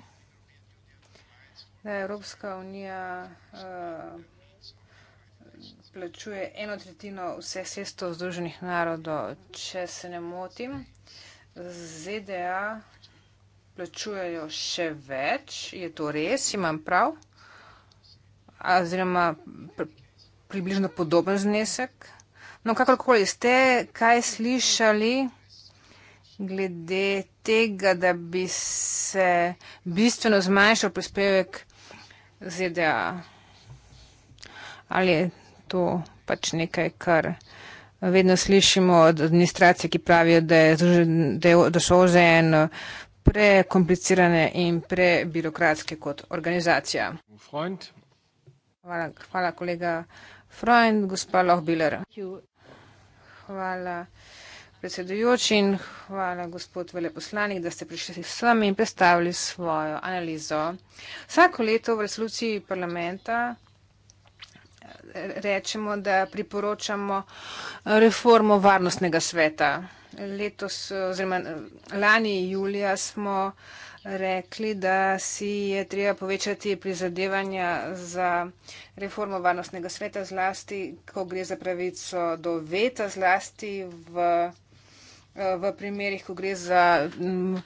da je Evropska unija uh, plačuje eno tretjino vse sestov Združenih narodov, če se ne motim. ZDA plačujejo še več, je to res, imam prav, oziroma približno podoben znesek. No, kakorkoli ste, kaj slišali glede tega, da bi se bistveno zmanjšal prispevek ZDA? Ali je to pač nekaj, kar vedno slišimo od administracije, ki pravijo, da, je, da, je, da so OZN prekomplicirane in prebirokratske kot organizacija. Hvala, hvala kolega Freund, gospa Lohbiller. Hvala predsedujoči in hvala gospod veleposlanik, da ste prišli s nami in predstavili svojo analizo. Vsako leto v resoluciji parlamenta rečemo, da priporočamo eh, reformo varnostnega sveta. Letos, eh, oziroma eh, lani julija smo rekli, da si je treba povečati prizadevanja za reformo varnostnega sveta, zlasti, ko gre za pravico do veta, zlasti v, v primerih, ko gre za m, mm,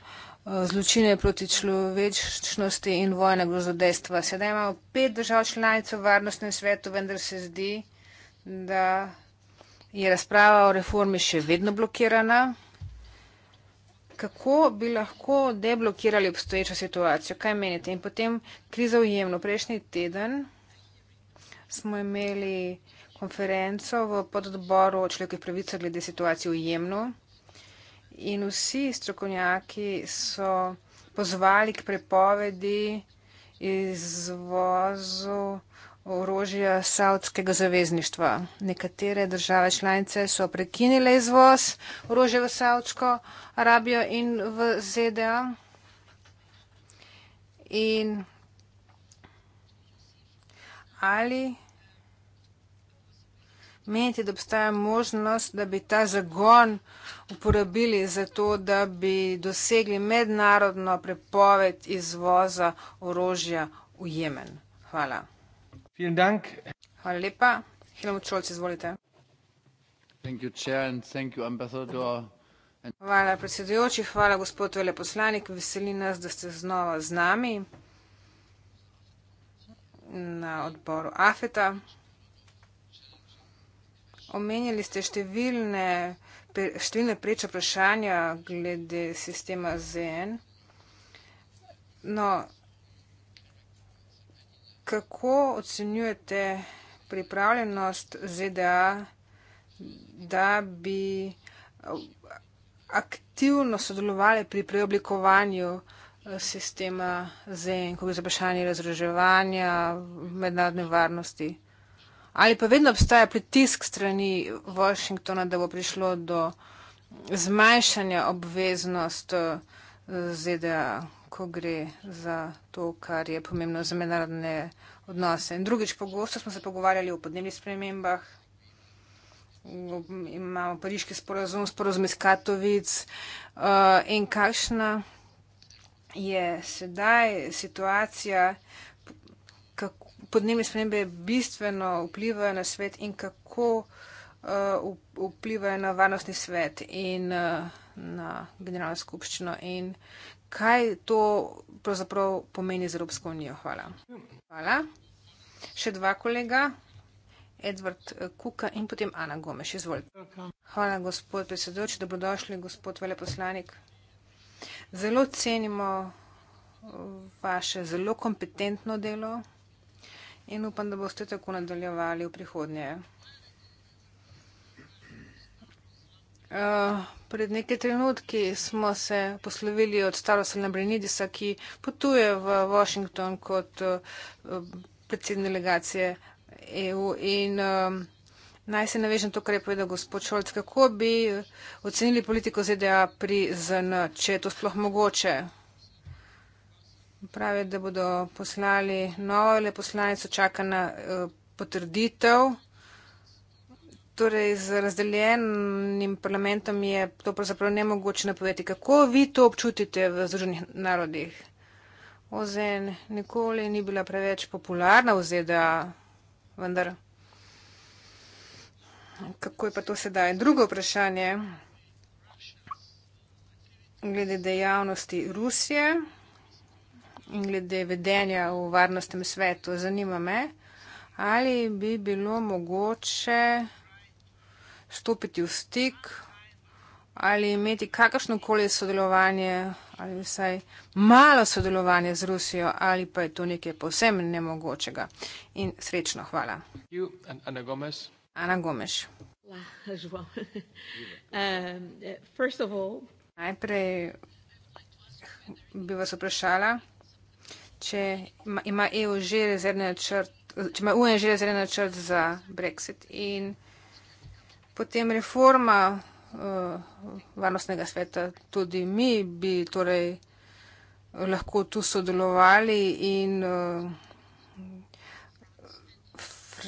zločine proti človečnosti in vojne grozodejstva. Sedaj imamo pet držav članic v varnostnem svetu, vendar se zdi, da je razprava o reformi še vedno blokirana. Kako bi lahko deblokirali obstoječo situacijo? Kaj menite? In potem kriza ujemno. Prejšnji teden smo imeli konferenco v pododboru o človekih pravicah glede situacije ujemno in vsi strokovnjaki so pozvali k prepovedi izvozu orožja Saudskega zavezništva. Nekatere države članice so prekinile izvoz orožja v Saudsko Arabijo in v ZDA. In ali menite, da obstaja možnost, da bi ta zagon uporabili za to, da bi dosegli mednarodno prepoved izvoza orožja v Jemen? Hvala. Hvala lepa. Helmut Šolc, izvolite. Hvala, predsedujoči, hvala, gospod veleposlanik. Veseli nas, da ste znova z nami na odboru AFETA omenjali ste številne, številne preče vprašanja glede sistema ZN. No, kako ocenjujete pripravljenost ZDA, da bi aktivno sodelovali pri preoblikovanju eh, sistema ZN, ko bi za vprašanje razreževanja mednarodne varnosti? ali pa vedno obstaja pritisk strani Washingtona, da bo prišlo do zmanjšanja obveznost eh, ZDA, ko gre za to, kar je pomembno za mednarodne odnose. In drugič, pogosto smo se pogovarjali o podnebnih spremembah, imamo pariški sporazum, sporozum iz Katovic eh, in kakšna je sedaj situacija, podnebne spremembe bistveno vplivajo na svet in kako uh, vplivajo na varnostni svet in uh, na generalno skupščino in kaj to pravzaprav pomeni za Evropsko unijo. Hvala. Hvala. Še dva kolega. Edward eh, Kuka in potem Ana Gomeš. Izvolite. Hvala, gospod predsedujoči. Dobrodošli, gospod veleposlanik. Zelo cenimo eh, vaše zelo kompetentno delo in upam, da boste tako nadaljevali v prihodnje. Uh, pred nekaj trenutki smo se poslovili od staroselna Brenidisa, ki potuje v Washington kot uh, predsednik delegacije EU. In uh, naj se navežem to, kar je povedal gospod Šolc, kako bi ocenili politiko ZDA pri ZN, če je to sploh mogoče pravi, da bodo poslali novo veleposlanico, čaka na eh, potrditev. Torej, z razdeljenim parlamentom je to pravzaprav nemogoče napovedati. Kako vi to občutite v Združenih narodih? OZN nikoli ni bila preveč popularna v ZDA, vendar. Kako je pa to sedaj? Drugo vprašanje glede dejavnosti Rusije in glede vedenja v varnostnem svetu. Zanima me, ali bi bilo mogoče stopiti v stik ali imeti kakršnokoli sodelovanje ali vsaj malo sodelovanje z Rusijo ali pa je to nekaj povsem nemogočega. In srečno, hvala. Ana Gomes. Ana Gomes. Um, Najprej bi vas vprašala če ima EU že rezervni načrt, če ima UN že rezervni načrt za Brexit in potem reforma uh, varnostnega sveta, tudi mi bi torej lahko tu sodelovali in uh, fr, fr,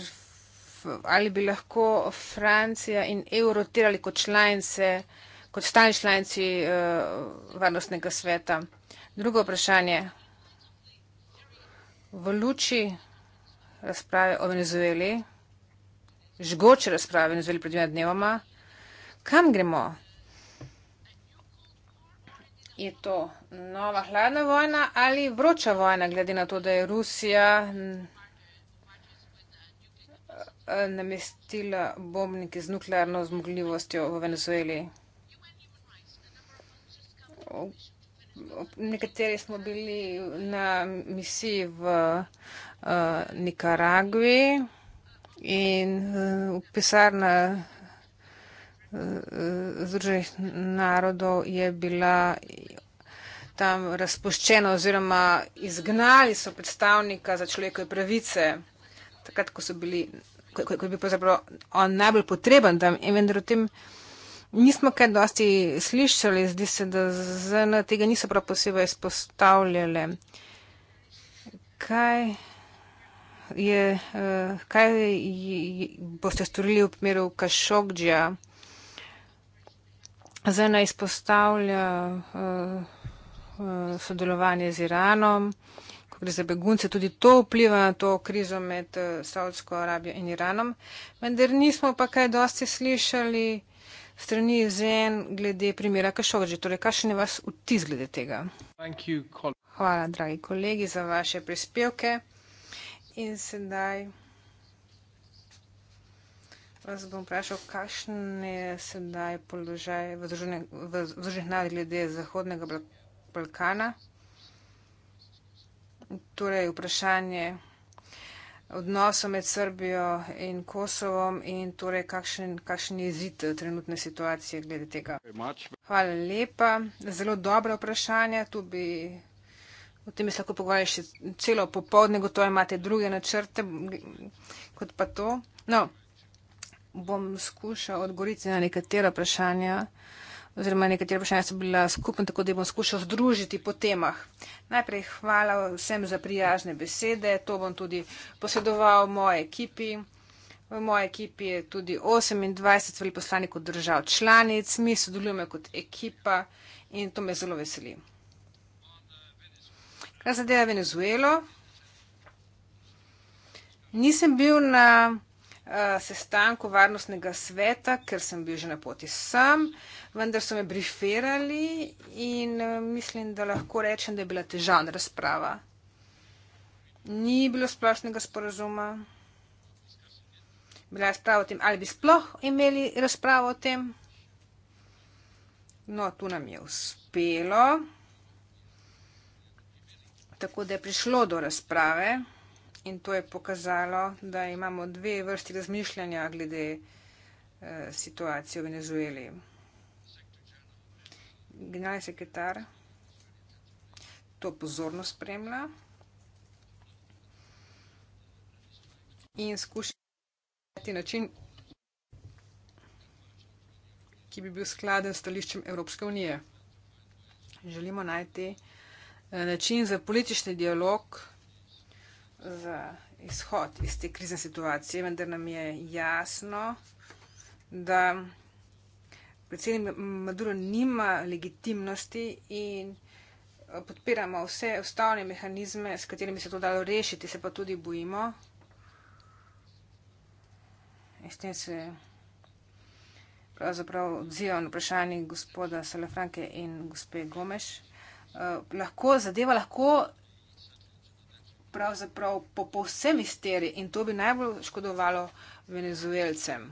ali bi lahko Francija in EU rotirali kot članice, kot stani članici uh, varnostnega sveta. Drugo vprašanje v luči razprave o Venezueli, žgoče razprave o Venezueli pred dvema dnevoma, kam gremo? Je to nova hladna vojna ali vroča vojna, glede na to, da je Rusija namestila bombnike z nuklearno zmogljivostjo v Venezueli? nekateri smo bili na misiji v uh, Nikaragvi in eh, v uh, pisarna uh, Združenih narodov je bila tam razpoščena oziroma izgnali so predstavnika za človekove pravice, takrat, ko so bili, ko, ko je bil pravzaprav on najbolj potreben tam in vendar v tem. Nismo kaj dosti slišali, zdi se, da zna, tega niso prav posebej izpostavljali. Kaj, je, eh, kaj je, boste storili v primeru Kašokdžja? Zena izpostavlja eh, eh, sodelovanje z Iranom, ko gre za begunce, tudi to vpliva na to krizo med Saudsko Arabijo in Iranom. Vendar nismo pa kaj dosti slišali strani ZN glede primera Kašogrži. Torej, kakšen je vaš vtis glede tega? Hvala, dragi kolegi, za vaše prispevke. In sedaj vas bom vprašal, kakšen je sedaj položaj v združenih narodih glede Zahodnega Balkana. Torej, vprašanje je, odnosov med Srbijo in Kosovom in torej kakšen, kakšen je zid eh, trenutne situacije glede tega. Hvala lepa. Zelo dobro vprašanje. Tu bi o tem lahko pogovarjali še celo popovdne, gotovo imate druge načrte kot pa to. No, bom skušal odgovoriti na nekatera vprašanja oziroma nekatera vprašanja so bila skupen, tako da jih bom skušal združiti po temah. Najprej hvala vsem za prijazne besede, to bom tudi posedoval moji ekipi. V moji ekipi je tudi 28 veliposlanikov držav članic, mi sodelujemo kot ekipa in to me zelo veseli. Kar zadeva Venezuelo, nisem bil na uh, sestanku Varnostnega sveta, ker sem bil že na poti sam. Uh, vendar so me briferali in eh, mislim, da lahko rečem, da je bila težavna razprava. Ni bilo splošnega sporozuma. Bila je razprava o tem, ali bi sploh imeli razpravo o tem. No, tu nam je uspelo. Tako da je prišlo do razprave in to je pokazalo, da imamo dve vrsti razmišljanja glede eh, situacije v Venezueli generalni sekretar to pozorno spremlja in skuša najti način, ki bi bil skladen s stališčem Evropske unije. Želimo najti eh, način za politični dialog, za izhod iz te krizne situacije, vendar nam je jasno, da predsednik Maduro nima legitimnosti in eh, podpiramo vse ustavne mehanizme, s katerimi se to dalo rešiti, se pa tudi bojimo. In s tem se pravzaprav odzivam na vprašanje gospoda Salafranke in gospe Gomeš. Eh, lahko zadeva, lahko pravzaprav po povsem izteri in to bi najbolj škodovalo venezuelcem.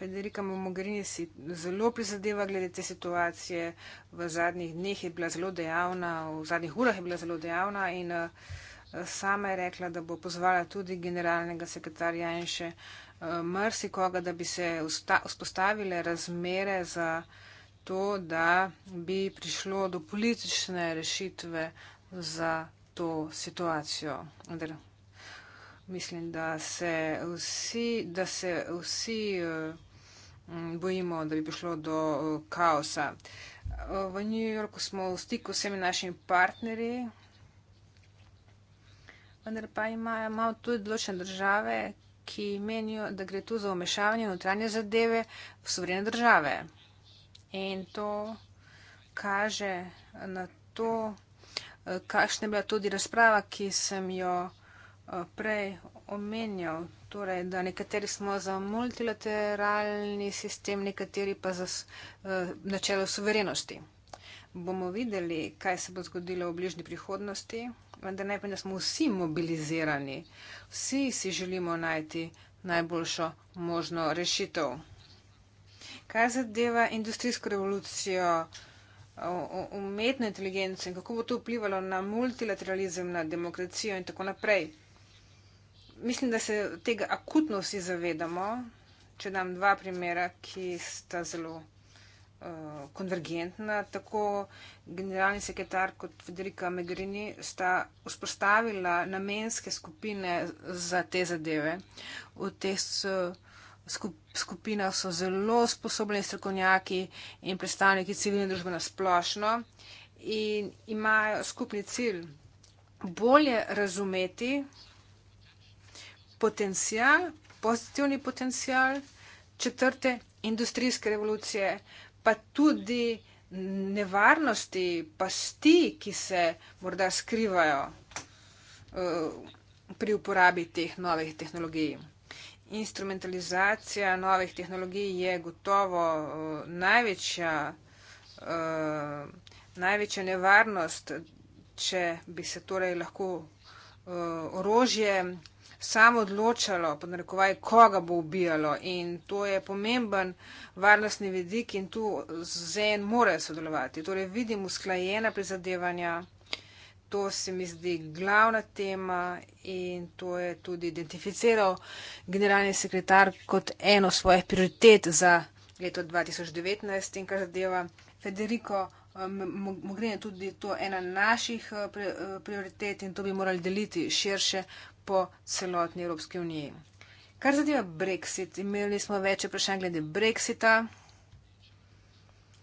Federica Mogherini si zelo prizadeva glede te situacije. V zadnjih dneh je bila zelo dejavna, v zadnjih urah je bila zelo dejavna in eh, sama je rekla, da bo pozvala tudi generalnega sekretarja in še eh, mrsikoga, da bi se vzpostavile razmere za to, da bi prišlo do politične rešitve za to situacijo. Mislim, da se vsi, da se vsi uh, Mm, bojimo, da bi prišlo do eh, kaosa. Eh, v New Yorku smo v stiku s vsemi našimi partnerji, vendar pa imajo malo tudi določene države, ki menijo, da gre tu za omešavanje notranje zadeve v sovrene države. In to kaže na to, eh, kakšna je bila tudi razprava, ki sem jo prej omenjal, torej, da nekateri smo za multilateralni sistem, nekateri pa za uh, načelo suverenosti. Bomo videli, kaj se bo zgodilo v bližnji prihodnosti, vendar najprej, da smo vsi mobilizirani, vsi si želimo najti najboljšo možno rešitev. Kaj zadeva industrijsko revolucijo, umetno inteligenco in kako bo to vplivalo na multilateralizem, na demokracijo in tako naprej? mislim, da se tega akutno vsi zavedamo. Če dam dva primera, ki sta zelo uh, konvergentna, tako generalni sekretar kot Federica Megrini sta vzpostavila namenske skupine za te zadeve. V teh uh, skupinah so zelo sposobni strokovnjaki in predstavniki civilne družbe nasplošno in imajo skupni cilj bolje razumeti potencial, pozitivni potencial četrte industrijske revolucije, pa tudi nevarnosti, pasti, ki se morda skrivajo eh, pri uporabi teh novih tehnologij. Instrumentalizacija novih tehnologij je gotovo eh, največja, eh, največja nevarnost, če bi se torej lahko orožje samo odločalo, ponarekovaj, koga bo ubijalo. In to je pomemben varnostni vidik in tu ZN mora sodelovati. Torej vidim usklajena prizadevanja, to se mi zdi glavna tema in to je tudi identificiral generalni sekretar kot eno svojih prioritet za leto 2019 in kar zadeva Federico. Um, Mogrine tudi to ena naših uh, uh, prioritet in to bi morali deliti širše po celotni Evropski uniji. Kar zadeva Brexit, imeli smo več vprašanj glede Brexita.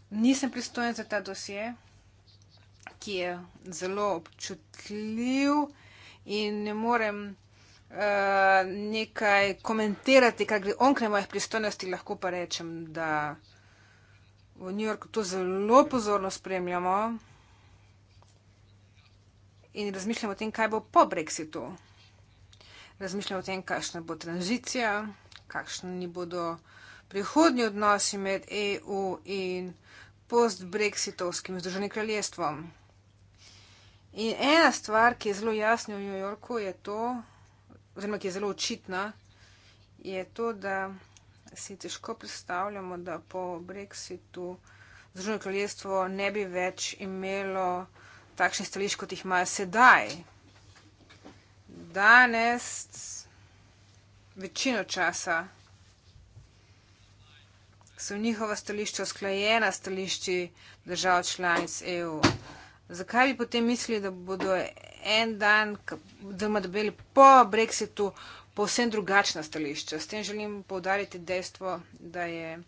Nisem pristojen za ta dosje, ki je zelo občutljiv in ne morem uh, nekaj komentirati, kar gre onkraj mojih pristojnosti, lahko pa rečem, da v New Yorku to zelo pozorno spremljamo in razmišljamo o tem, kaj bo po Brexitu razmišljajo o tem, kakšna bo tranzicija, kakšni bodo prihodnji odnosi med EU in post-Brexitovskim združenim kraljestvom. In ena stvar, ki je zelo jasna v New Yorku, je to, oziroma ki je zelo očitna, je to, da si težko predstavljamo, da po Brexitu Združeno kraljestvo ne bi več imelo takšnih stališč, kot jih ima sedaj danes večino časa so njihova stališča usklajena stališči držav članic EU. Zakaj bi potem mislili, da bodo en dan, da bodo imeli po brexitu povsem drugačna stališča? S tem želim povdariti dejstvo, da je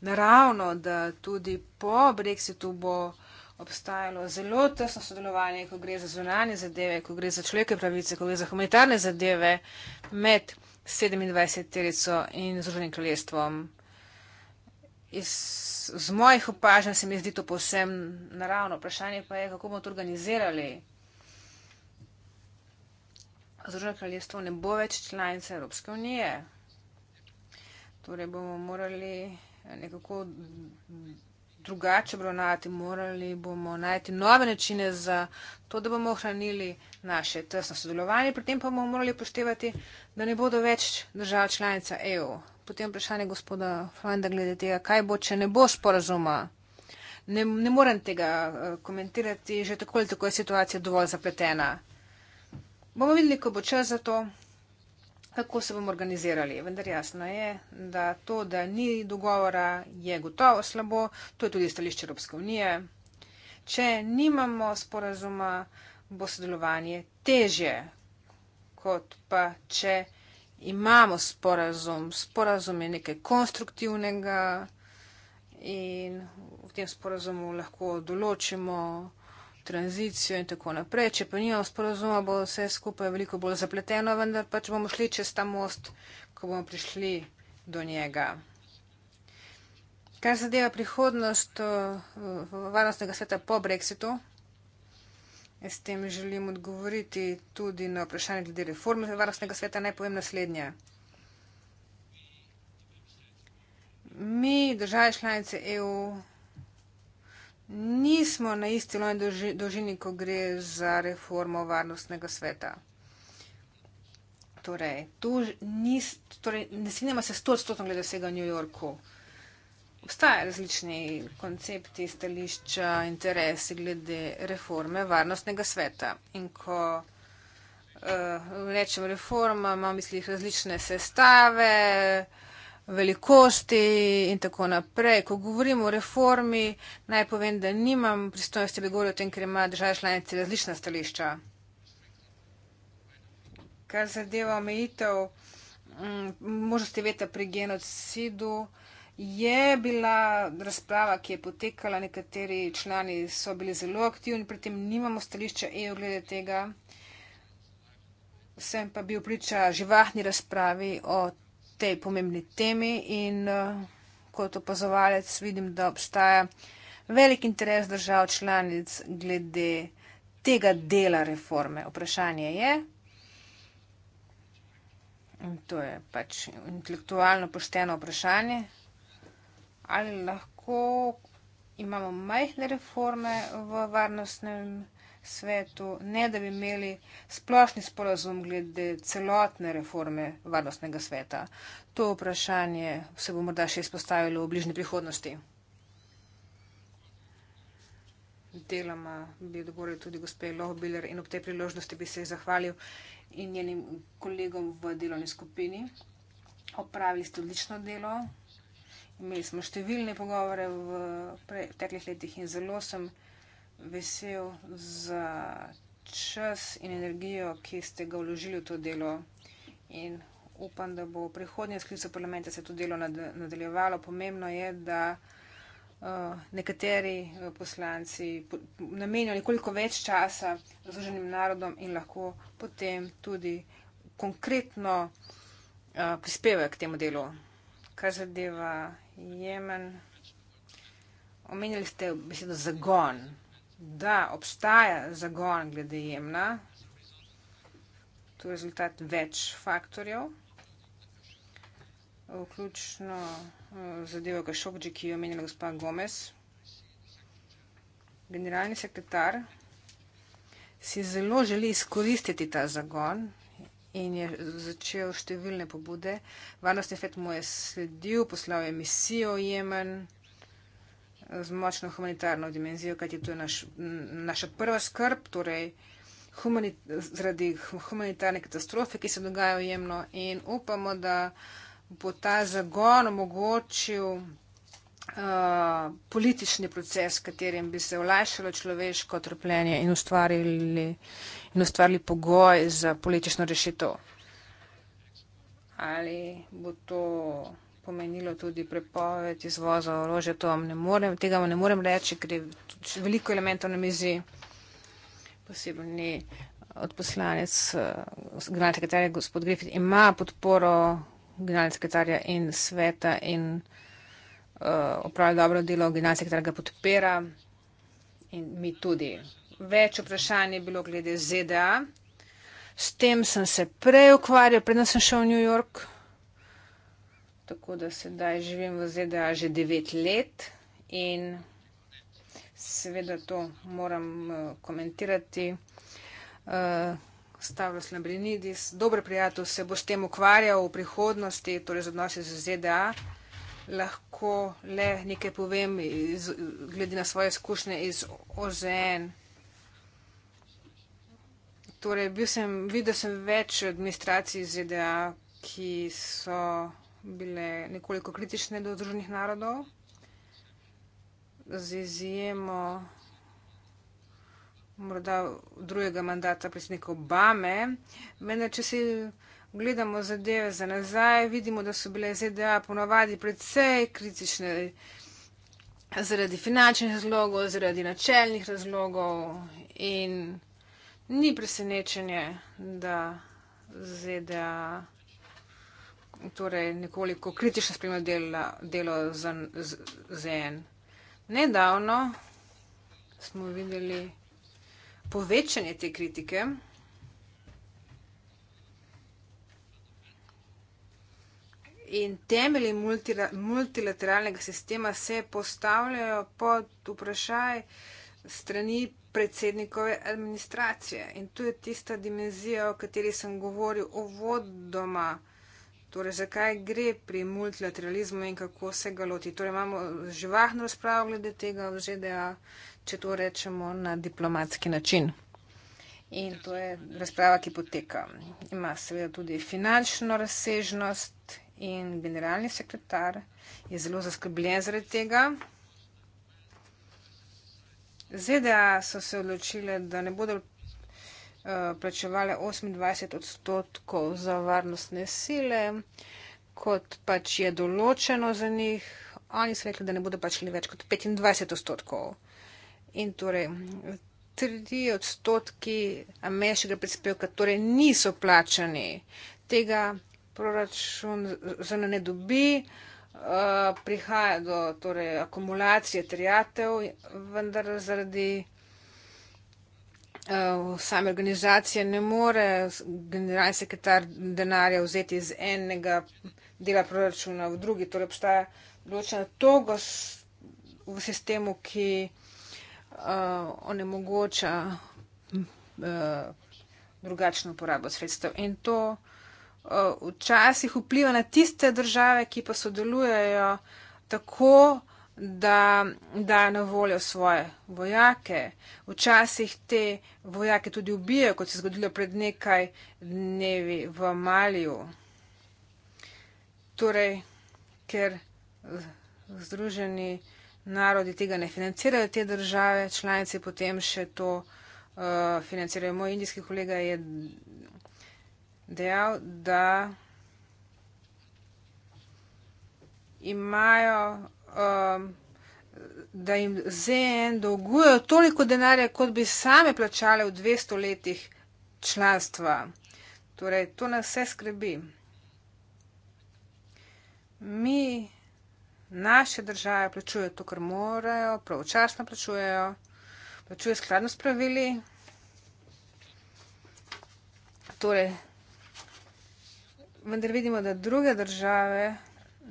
naravno, da tudi po brexitu bo obstajalo zelo tesno sodelovanje, ko gre za zunanje zadeve, ko gre za človeške pravice, ko gre za humanitarne zadeve med 27-terico in Združenim kraljestvom. Iz, z mojih opažanj se mi zdi to povsem naravno. Vprašanje pa je, kako bomo to organizirali. Združeno kraljestvo ne bo več članice Evropske unije. Torej bomo morali nekako drugače obravnavati, morali bomo najti nove načine za to, da bomo ohranili naše tesno sodelovanje, pri tem pa bomo morali upoštevati, da ne bodo več držav članica EU. Potem vprašanje gospoda Flanda glede tega, kaj bo, če ne bo sporazuma. Ne, ne morem tega eh, komentirati, že tako ali tako je situacija dovolj zapletena. Bomo videli, ko bo čas za to kako se bomo organizirali. Vendar jasno je, da to, da ni dogovora, je gotovo slabo. To je tudi stališče Evropske unije. Če nimamo sporazuma, bo sodelovanje teže, kot pa če imamo sporazum. Sporazum je nekaj konstruktivnega in v tem sporazumu lahko določimo tranzicijo in tako naprej. Če pa nimamo sporozuma, bo vse skupaj veliko bolj zapleteno, vendar pa če bomo šli čez ta most, ko bomo prišli do njega. Kar zadeva prihodnost eh, varnostnega sveta po Brexitu, eh, s tem želim odgovoriti tudi na vprašanje glede reforme varnostnega sveta, naj povem naslednje. Mi, države članice EU, nismo na isti lojni dolžini, ko gre za reformo varnostnega sveta. Torej, tu nis, torej, ne sinema se sto odstotno glede vsega v New Yorku. Obstajajo različni koncepti, stališča, interesi glede reforme varnostnega sveta. In ko uh, rečem reforma, imam v mislih različne sestave, uh, velikosti in tako naprej. Ko govorim o reformi, naj povem, da nimam pristojnosti, da bi govoril o tem, ker ima države članice različna stališča. Kar zadeva omejitev mm, možnosti veta pri genocidu, je bila razprava, ki je potekala, nekateri člani so bili zelo aktivni, pri tem nimamo stališča EU glede tega. Sem pa bil priča živahni razpravi o tej pomembni temi in eh, kot opazovalec vidim, da obstaja velik interes držav članic glede tega dela reforme. Vprašanje je, in to je pač intelektualno pošteno vprašanje, ali lahko imamo majhne reforme v varnostnem sistemu svetu, ne da bi imeli splošni sporazum glede celotne reforme varnostnega sveta. To vprašanje se bo morda še izpostavilo v bližnji prihodnosti. Deloma bi odgovoril tudi gospe Lohbiler in ob tej priložnosti bi se zahvalil in njenim kolegom v delovni skupini. Opravili ste odlično delo. Imeli smo številne pogovore v preteklih letih in zelo sem vesel za čas in energijo, ki ste ga vložili v to delo. In upam, da bo prihodnje sklice parlamenta se to delo nadaljevalo. Pomembno je, da uh, nekateri eh, poslanci namenijo nekoliko več časa združenim narodom in lahko potem tudi konkretno uh, prispevajo k temu delu. Kar zadeva Jemen, omenjali ste besedo zagon da obstaja zagon glede jemna, to je rezultat več faktorjev, vključno eh, zadevo Gašobđi, ki je omenila gospa Gomez. Generalni sekretar si zelo želi izkoristiti ta zagon in je začel številne pobude. Varnostni svet mu je sledil, poslal je misijo v Jemen z močno humanitarno dimenzijo, kajti to je naš, naša prva skrb, torej humani, zaradi humanitarne katastrofe, ki se dogaja v Jemnu in upamo, da bo ta zagon omogočil uh, politični proces, katerim bi se olajšalo človeško trpljenje in ustvarili, in ustvarili pogoj za politično rešitev. Ali bo to pomenilo tudi prepoved izvoza orožja. Tega vam ne morem reči, ker je veliko elementov na mizi, posebno eh, od poslanec, eh, generalni sekretar, gospod Griffith, ima podporo generalnega sekretarja in sveta in uh, opravlja dobro delo, generalni sekretar ga podpira in mi tudi. Več vprašanj je bilo glede ZDA. S tem sem se prej ukvarjal, predem sem šel v New York. Tako da sedaj živim v ZDA že 9 let in seveda to moram eh, komentirati. Eh, Stavros Lambrinidis, dober prijatelj, se bo s tem ukvarjal v prihodnosti, torej z odnosi z ZDA. Lahko le nekaj povem, iz, glede na svoje izkušnje iz OZN. Torej, bil sem, videl sem več administracij ZDA, ki so bile nekoliko kritične do združenih narodov, z izjemo morda drugega mandata predsednika Obame. Mene, če si gledamo zadeve za nazaj, vidimo, da so bile ZDA ponovadi predvsej kritične zaradi finančnih razlogov, zaradi načelnih razlogov in ni presenečenje, da ZDA torej nekoliko kritično spremlja delo ZN. Nedavno smo videli povečanje te kritike. In temelji multilateralnega sistema se postavljajo pod vprašaj strani predsednikove administracije. In tu je tista dimenzija, o kateri sem govoril uvodoma. Torej, zakaj gre pri multilateralizmu in kako se ga loti? Torej, imamo živahno razpravo glede tega v ZDA, če to rečemo na diplomatski način. In to je razprava, ki poteka. Ima seveda tudi finančno razsežnost in generalni sekretar je zelo zaskrbljen zaradi tega. ZDA so se odločile, da ne bodo Eh, plačevale 28 odstotkov za varnostne sile, kot pač je določeno za njih. Oni so rekli, da ne bodo plačali več kot 25 odstotkov. In torej, 3 odstotki ameriškega prispevka torej niso plačani. Tega proračun zelo ne dobi, eh, prihaja do torej, akumulacije trijatev, vendar zaradi Eh, same organizacije ne more generalni sekretar denarja vzeti iz enega dela proračuna v drugi, torej obstaja določena togost v sistemu, ki uh, onemogoča uh, drugačno uporabo sredstev. In to uh, včasih vpliva na tiste države, ki pa sodelujejo tako, da dajo na voljo svoje vojake. Včasih te vojake tudi ubijajo, kot se je zgodilo pred nekaj dnevi v Maliju. Torej, ker združeni narodi tega ne financirajo, te države, članice potem še to uh, financirajo. Moj indijski kolega je dejal, da imajo Um, da jim ZN dolgujejo toliko denarja, kot bi same plačale v 200 letih članstva. Torej, to nas vse skrbi. Mi, naše države, plačujejo to, kar morajo, pravočasno plačujejo, plačujejo skladno s pravili. Torej, vendar vidimo, da druge države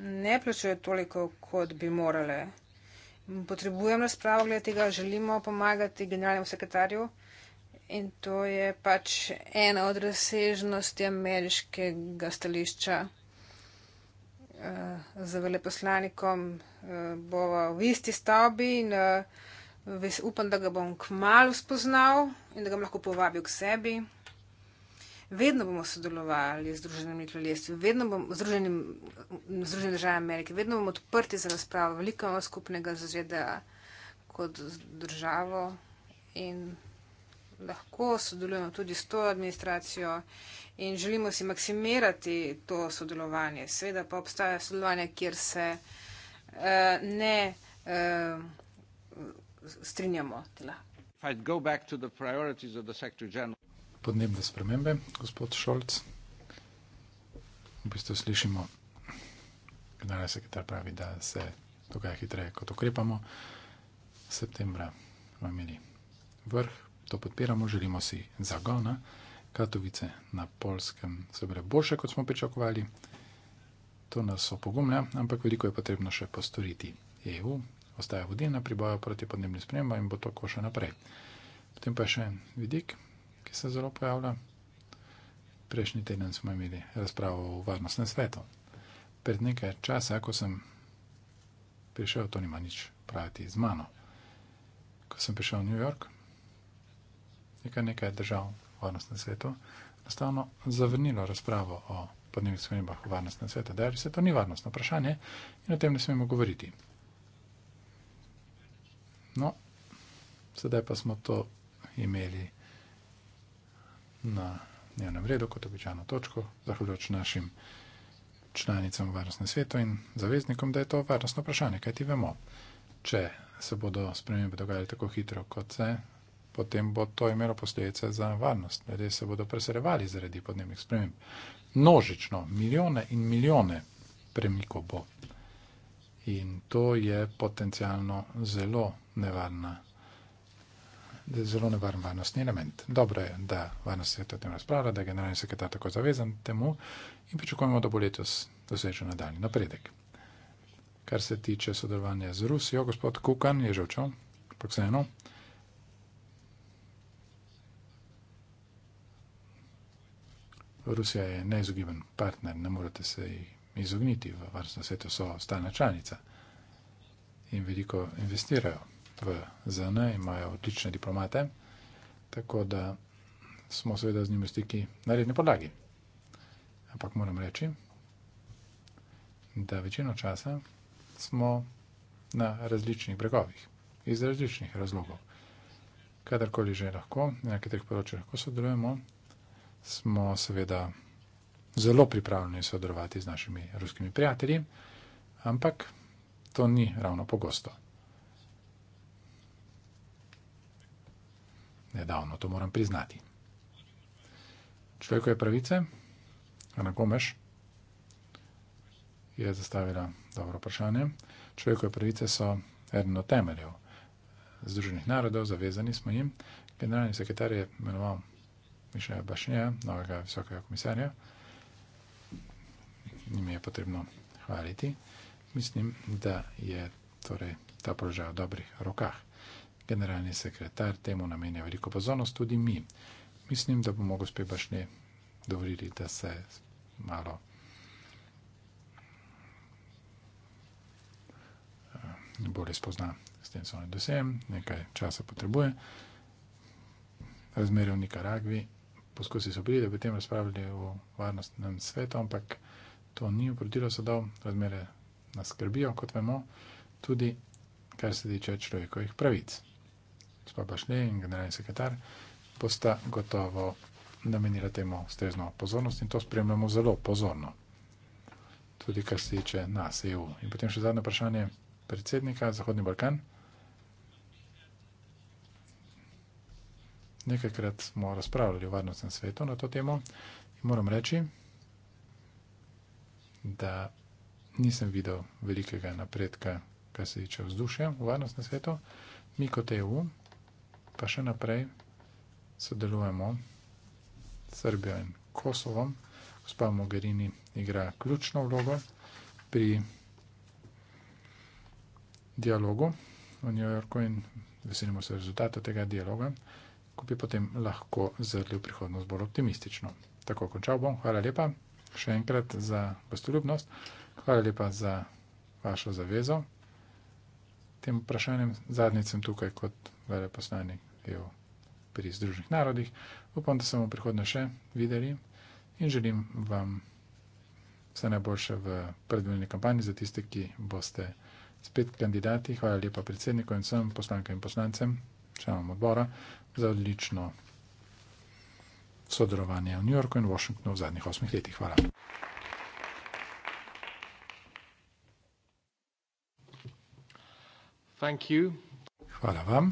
ne plačujejo toliko, kot bi morale. Potrebujem razpravo glede tega, želimo pomagati generalnemu sekretarju in to je pač ena od razsežnosti ameriškega stališča. Uh, z veleposlanikom uh, eh, bo v isti stavbi in uh, upam, da ga bom kmalo spoznal in da ga lahko povabil k sebi vedno bomo sodelovali z Združenimi kraljestvi, vedno bomo združeni, združeni države Amerike, vedno bomo odprti za razpravo, veliko imamo skupnega z ZDA kot z državo in lahko sodelujemo tudi s to administracijo in želimo si maksimirati to sodelovanje. Seveda pa obstaja sodelovanje, kjer se uh, ne uh, strinjamo. Tila podnebne spremembe, gospod Šolc. V bistvu slišimo, da se kitar pravi, da se dogaja hitreje, kot ukrepamo. Septembra bomo imeli vrh, to podpiramo, želimo si zagona. Katovice na polskem so bile boljše, kot smo pričakovali. To nas opogumlja, ampak veliko je potrebno še postoriti. EU ostaja vodilna pri boju proti podnebnim spremembam in bo to ko še naprej. Potem pa še en vidik, se zelo pojavlja. Prejšnji teden smo imeli razpravo o varnostnem svetu. Pred nekaj časa, ko sem prišel, to nima nič praviti z mano. Ko sem prišel v New York, nekaj, nekaj držav v varnostnem svetu, enostavno zavrnilo razpravo o podnebnih spremembah v varnostnem svetu. Da, res je, to ni varnostno vprašanje in o tem ne smemo govoriti. No, sedaj pa smo to imeli na dnevnem redu, kot običajno točko, zahvaljujoč našim članicam varnostnem svetu in zaveznikom, da je to varnostno vprašanje, kaj ti vemo. Če se bodo spremembe dogajale tako hitro, kot se, potem bo to imelo posledice za varnost. Ljudje se bodo preserevali zaradi podnebnih sprememb. Množično, milijone in milijone premikov bo. In to je potencialno zelo nevarna zelo nevaren varnostni element. Dobro je, da varnost sveta o tem razpravlja, da je generalni sekretar tako zavezan temu in pričakujemo, da bo letos dosežen nadaljni napredek. Kar se tiče sodelovanja z Rusijo, gospod Kukan je že očel, ampak vseeno. Rusija je neizogiben partner, ne morete se ji izogniti, v varnostno sveto so stalna članica in veliko investirajo v ZN, imajo odlične diplomate, tako da smo seveda z njimi v stiki na redni podlagi. Ampak moram reči, da večino časa smo na različnih bregovih, iz različnih razlogov. Kadarkoli že lahko, na katerih področjih lahko sodelujemo, smo seveda zelo pripravljeni sodelovati z našimi ruskimi prijatelji, ampak to ni ravno pogosto. nedavno, to moram priznati. Človekove pravice, Ana Gomeš, je zastavila dobro vprašanje. Človekove pravice so eden od temeljev Združenih narodov, zavezani smo jim. Generalni sekretar je imenoval Mišeja Bašnja, novega visokega komisarja. Njim je potrebno hvaliti. Mislim, da je torej ta položaj v dobrih rokah generalni sekretar temu namenja veliko pozornost, tudi mi. Mislim, da bomo gospe Bašne dovolili, da se malo eh, bolje spozna s tem svojim dosejem, nekaj časa potrebuje. Razmere v Nikaragvi, poskusi so bili, da bi tem razpravljali o varnostnem svetu, ampak to ni uprotilo sadov, razmere nas skrbijo, kot vemo, tudi kar se tiče človekovih pravic gospod Bašne in generalni sekretar, bosta gotovo namenila temu strezno pozornost in to spremljamo zelo pozorno. Tudi kar se tiče nas, EU. In potem še zadnje vprašanje predsednika Zahodni Balkan. Nekajkrat smo razpravljali o varnostnem svetu na to temo in moram reči, da nisem videl velikega napredka, kar se tiče vzdušja v varnostnem svetu. Mi kot EU pa še naprej sodelujemo s Srbijo in Kosovom. Gospa Mogherini igra ključno vlogo pri dialogu v New Yorku in veselimo se rezultata tega dialoga, ko bi potem lahko zrli v prihodnost bolj optimistično. Tako končal bom. Hvala lepa še enkrat za gostoljubnost. Hvala lepa za vašo zavezo tem vprašanjem. Zadnjič sem tukaj kot veleposlanik EU pri Združenih narodih. Upam, da se bomo prihodno še videli in želim vam vse najboljše v predvoljeni kampanji za tiste, ki boste spet kandidati. Hvala lepa predsedniku in vsem poslankam in poslancem, članom odbora, za odlično sodelovanje v New Yorku in Washingtonu v zadnjih osmih letih. Hvala. Hvala vam.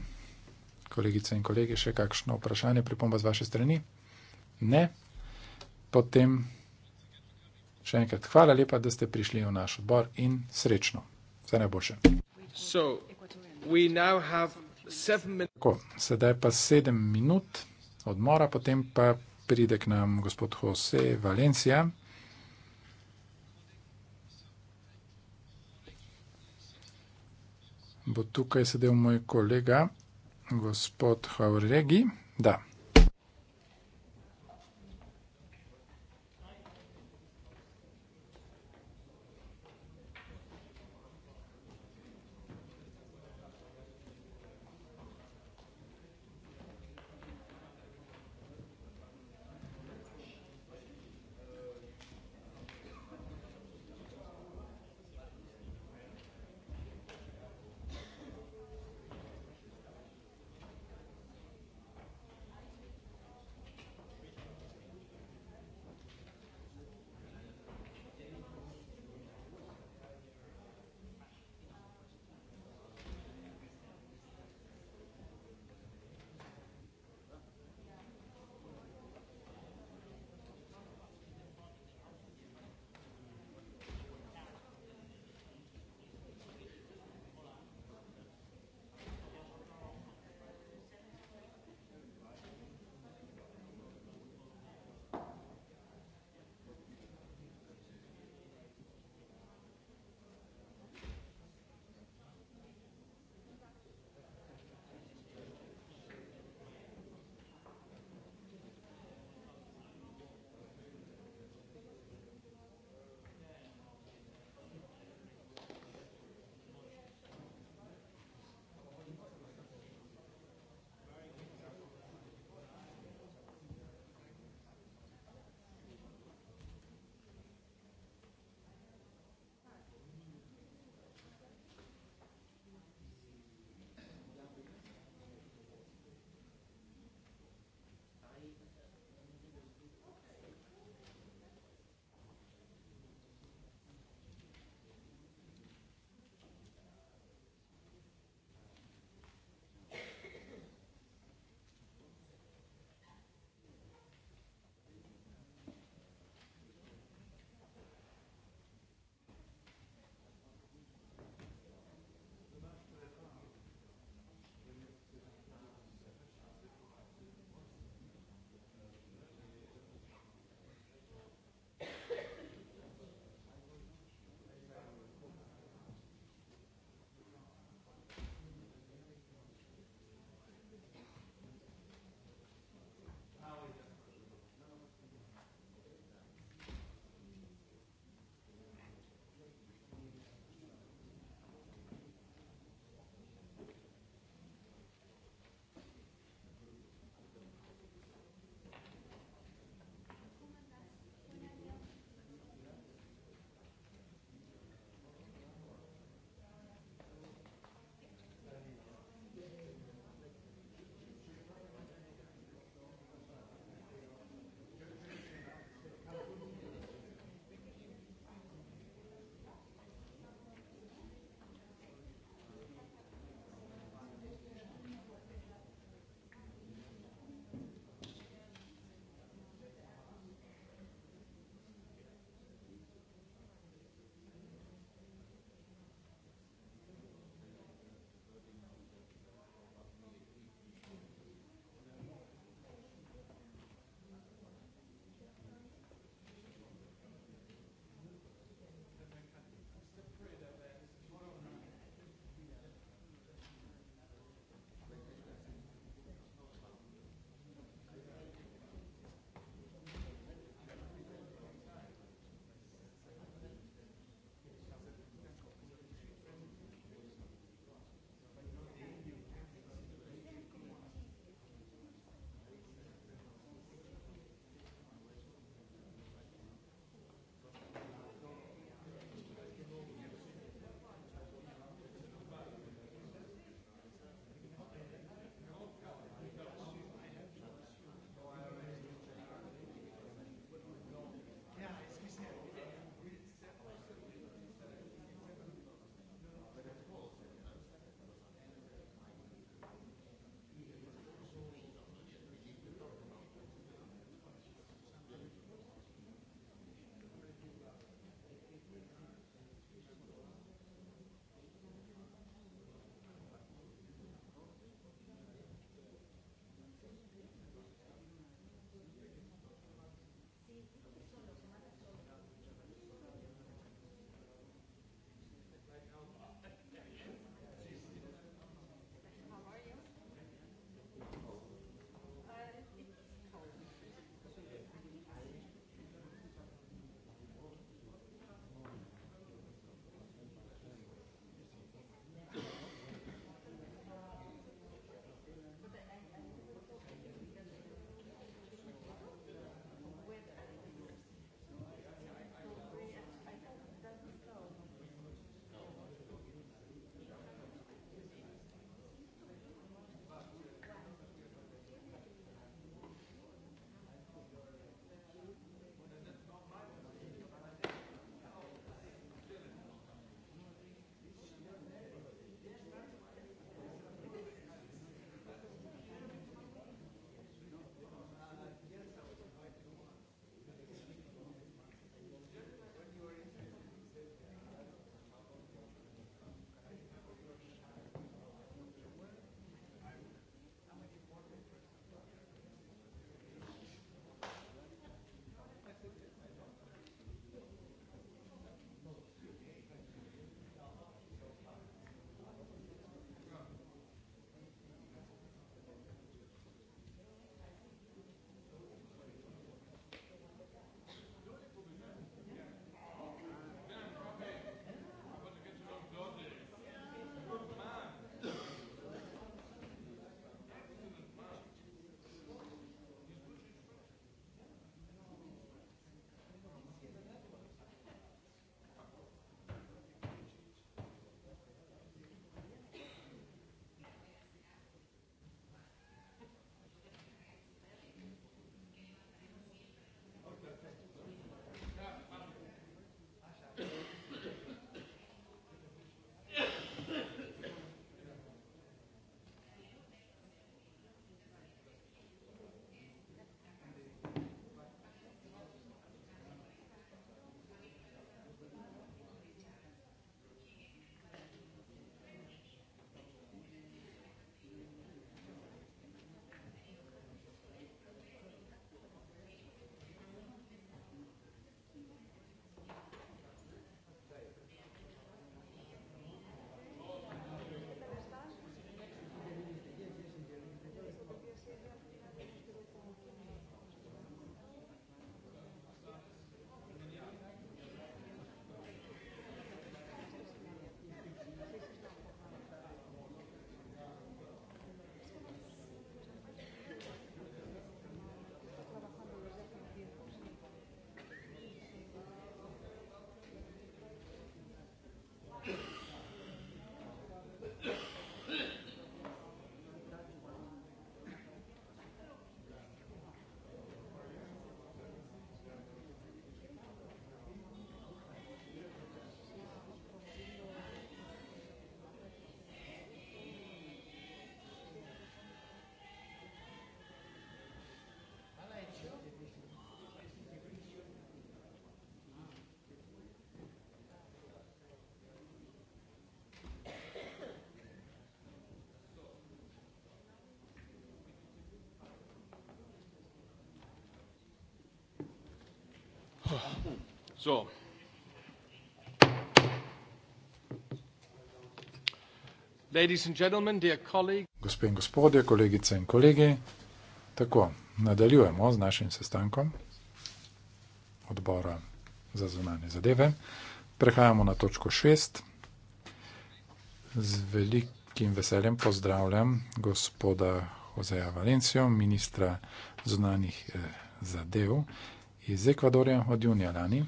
Kolegice in kolege, še kakšno vprašanje, pripomba z vaše strani? Ne. Potem še enkrat hvala lepa, da ste prišli v naš odbor in srečno. Vse najboljše. So, Tako, sedaj pa sedem minut odmora, potem pa pride k nam gospod Jose Valencia. bo tukaj sedel moj kolega, gospod Havregi. Da, So. Gospe in gospode, kolegice in kolegi, tako nadaljujemo z našim sestankom odbora za zunanje zadeve. Prehajamo na točko šest. Z velikim veseljem pozdravljam gospoda Hozeja Valencijo, ministra zunanih eh, zadev iz Ekvadorja od junija lani.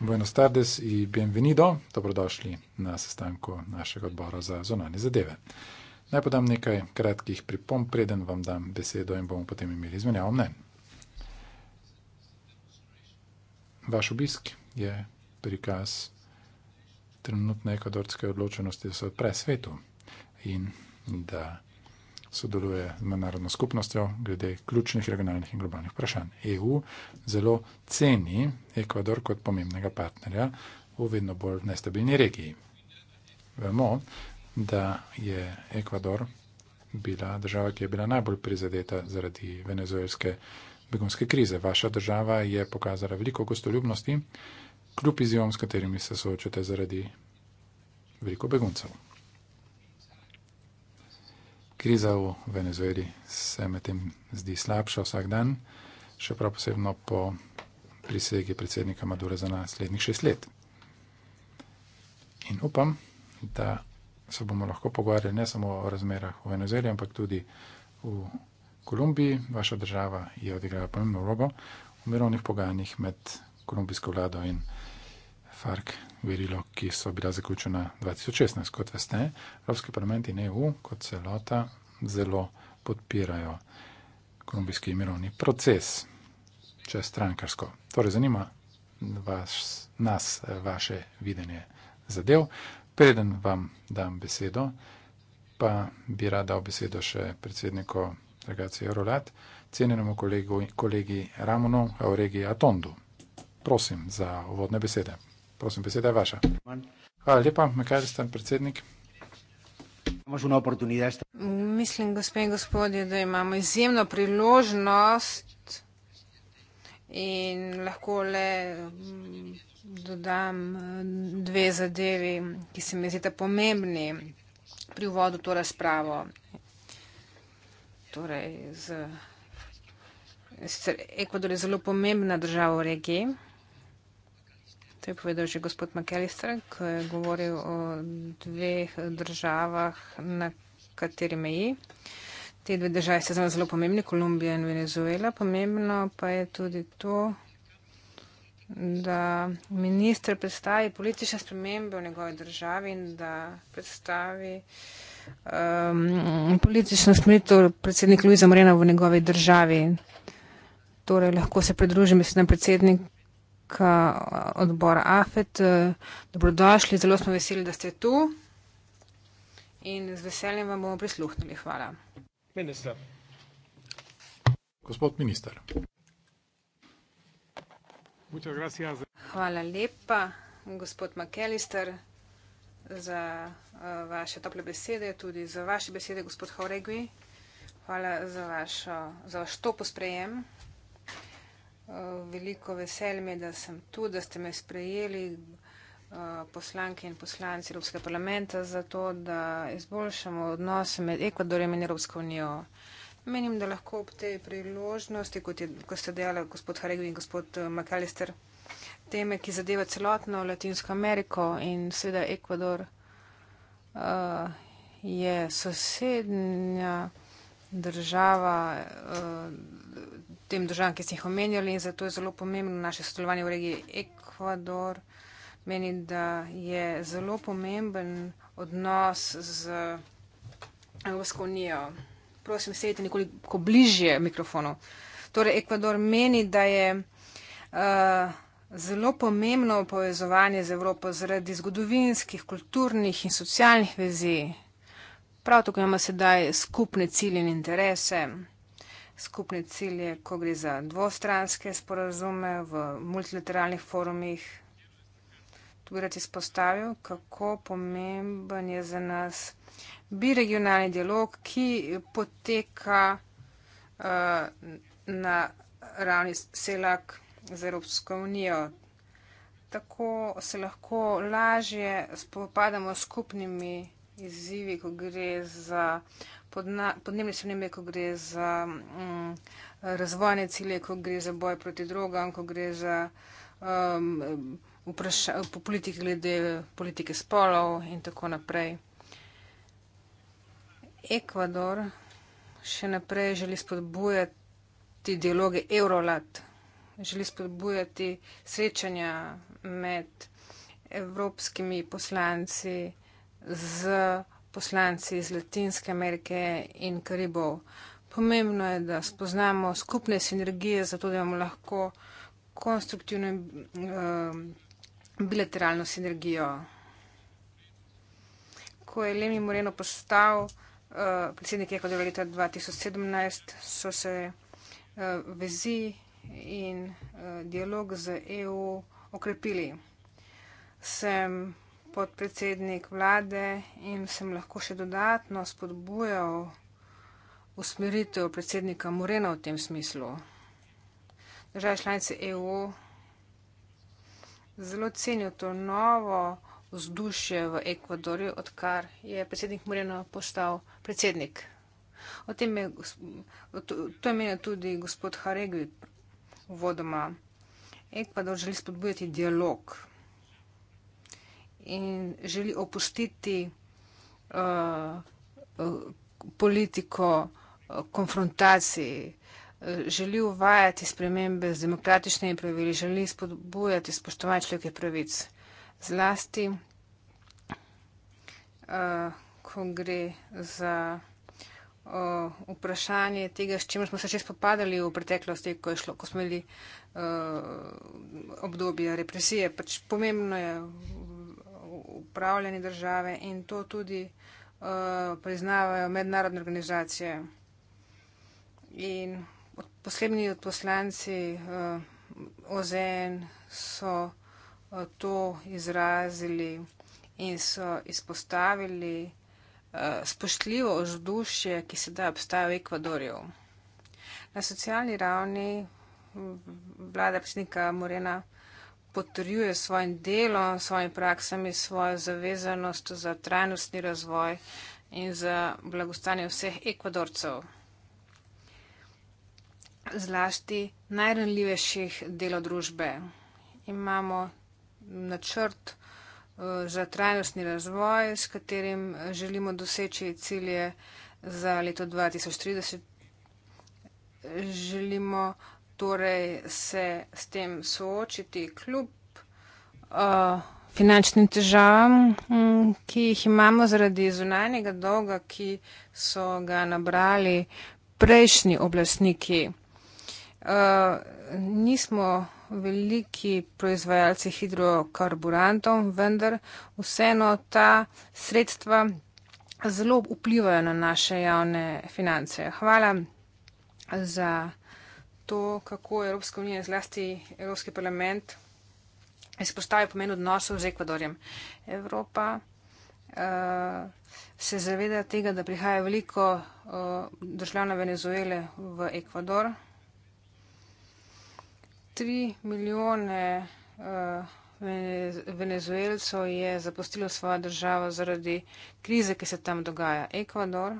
Buenos tardes y bienvenido, dobrodošli na sestanku našega odbora za zonanje zadeve. Naj podam nekaj kratkih pripomp, preden vam dam besedo in bomo potem imeli izmenjavo mnen. Vaš obisk je prikaz trenutne ekvadorske odločenosti, da se odpre svetu in da sodeluje z mednarodno skupnostjo glede ključnih regionalnih in globalnih vprašanj. EU zelo ceni Ekvador kot pomembnega partnerja v vedno bolj nestabilni regiji. Vemo, da je Ekvador bila država, ki je bila najbolj prizadeta zaradi venezuelske begonske krize. Vaša država je pokazala veliko gostoljubnosti, kljub izjivom, s katerimi se soočate zaradi veliko beguncev. Kriza v Venezueli se medtem zdi slabša vsak dan, še prav posebno po prisegi predsednika Madure za naslednjih šest let. In upam, da se bomo lahko pogovarjali ne samo o razmerah v Venezueli, ampak tudi v Kolumbiji. Vaša država je odigrala pomembno vlogo v mirovnih pogajanjih med kolumbijsko vlado in Venezuelo. FARC verilo, ki so bila zaključena 2016. Kot veste, Evropski parlament in EU kot celota zelo podpirajo kolumbijski mirovni proces, če strankarsko. Torej, zanima vas, nas vaše videnje zadev. Preden vam dam besedo, pa bi rad dal besedo še predsedniku delegacije Eurolat, cenjenemu kolegu, kolegi Ramonu Auregi Atondu. Prosim za uvodne besede. Prosim, beseda je vaša. Hvala lepa, Mekar Stan, predsednik. Mislim, gospe in gospodje, da imamo izjemno priložnost in lahko le mm, dodam mm, dve zadevi, ki se mi zdita pomembni pri uvodu to razpravo. Torej, z, Ekvador je zelo pomembna država v regiji. To je povedal že gospod McAllister, ko je govoril o dveh državah, na kateri meji. Te dve države se znam zelo pomembni, Kolumbija in Venezuela. Pomembno pa je tudi to, da minister predstavi politične spremembe v njegovi državi in da predstavi um, politično smeritev predsednik Luisa Morena v njegovi državi. Torej lahko se pridružim, mislim, predsednik Slovenka, eh, odbor AFET. Eh, dobrodošli, zelo smo veseli, da ste tu in z veseljem vam bomo prisluhnili. Hvala. Minister. Gospod minister. Hvala lepa, gospod McAllister, za eh, vaše tople besede, tudi za vaše besede, gospod Horegui. Hvala za vaš, za vaš topo sprejem. Eh, veliko veselje mi je, da sem tu, da ste me sprejeli eh, poslanke in poslanci Evropske parlamenta za to, da izboljšamo odnose med Ekvadorjem in Evropsko unijo. Menim, da lahko ob tej priložnosti, kot, je, kot ste dejali gospod Haregvi in gospod eh, McAllister, teme, ki zadeva celotno Latinsko Ameriko in seveda Ekvador uh, je sosednja država, eh, tem državam, ki ste jih omenjali in zato je zelo pomembno naše sodelovanje v regiji Ekvador. Meni, da je zelo pomemben odnos z Evropsko unijo. Prosim, sedite nekoliko bližje mikrofonu. Torej, Ekvador meni, da je uh, zelo pomembno povezovanje z Evropo zaradi zgodovinskih, kulturnih in socialnih vezi. Prav tako ima sedaj skupne cilje in interese. Skupne cilje, ko gre za dvostranske sporazume v multilateralnih forumih. Tu bi rad izpostavil, kako pomemben je za nas biregionalni dialog, ki poteka uh, na ravni selak z Evropsko unijo. Tako se lahko lažje spopadamo s skupnimi izzivi, ko gre za podnebne spremembe, ko gre za um, razvojne cilje, ko gre za boj proti drogam, ko gre za um, vpraša, po politiki glede politike spolov in tako naprej. Ekvador še naprej želi spodbujati dialoge Eurolat, želi spodbujati srečanja med evropskimi poslanci z poslanci iz Latinske Amerike in Karibov. Pomembno je, da spoznamo skupne sinergije, zato da imamo lahko konstruktivno in um, bilateralno sinergijo. Ko je Lemi Moreno postal uh, predsednik Ekvadora leta 2017, so se uh, vezi in uh, dialog z EU okrepili. Sem podpredsednik vlade in sem lahko še dodatno spodbujal usmeritev predsednika Morena v tem smislu. Države članice EU zelo cenijo to novo vzdušje v Ekvadorju, odkar je predsednik Moreno postal predsednik. O tem je, to je menil tudi gospod Haregvi vodoma. Ekvador želi spodbujati dialog in želi opustiti uh, politiko eh, konfrontacij, eh, želi uvajati spremembe z demokratičnimi pravili, želi spodbujati spoštovanje človekovih pravic. Zlasti, uh, ko gre za uh, vprašanje tega, s čimer smo se že spopadali v preteklosti, ko, šlo, ko smo imeli uh, obdobje represije. Pač pomembno je upravljanje države in to tudi uh, priznavajo mednarodne organizacije. In posebni odposlanci uh, OZN so uh, to izrazili in so izpostavili uh, spoštljivo vzdušje, ki sedaj obstaja v Ekvadorju. Na socialni ravni vlada predsednika Morena potrjuje s svojim delom, s svojimi praksami, svojo zavezanost za trajnostni razvoj in za blagostanje vseh ekvadorcev, zlasti najranljivejših delov družbe. Imamo načrt eh, za trajnostni razvoj, s katerim želimo doseči cilje za leto 2030. Želimo torej se s tem soočiti kljub uh, finančnim težavam, mm, ki jih imamo zaradi zunanjega dolga, ki so ga nabrali prejšnji oblastniki. Uh, nismo veliki proizvajalci hidrokarburantov, vendar vseeno ta sredstva zelo vplivajo na naše javne finance. Hvala za to, kako Evropska unija, zlasti Evropski parlament, izpostavlja pomen odnosov z Ekvadorjem. Evropa uh, se zaveda tega, da prihaja veliko uh, eh, državljanov Venezuele v Ekvador. Tri milijone uh, venezuelcev je zapustilo svojo državo zaradi krize, ki se tam dogaja. Ekvador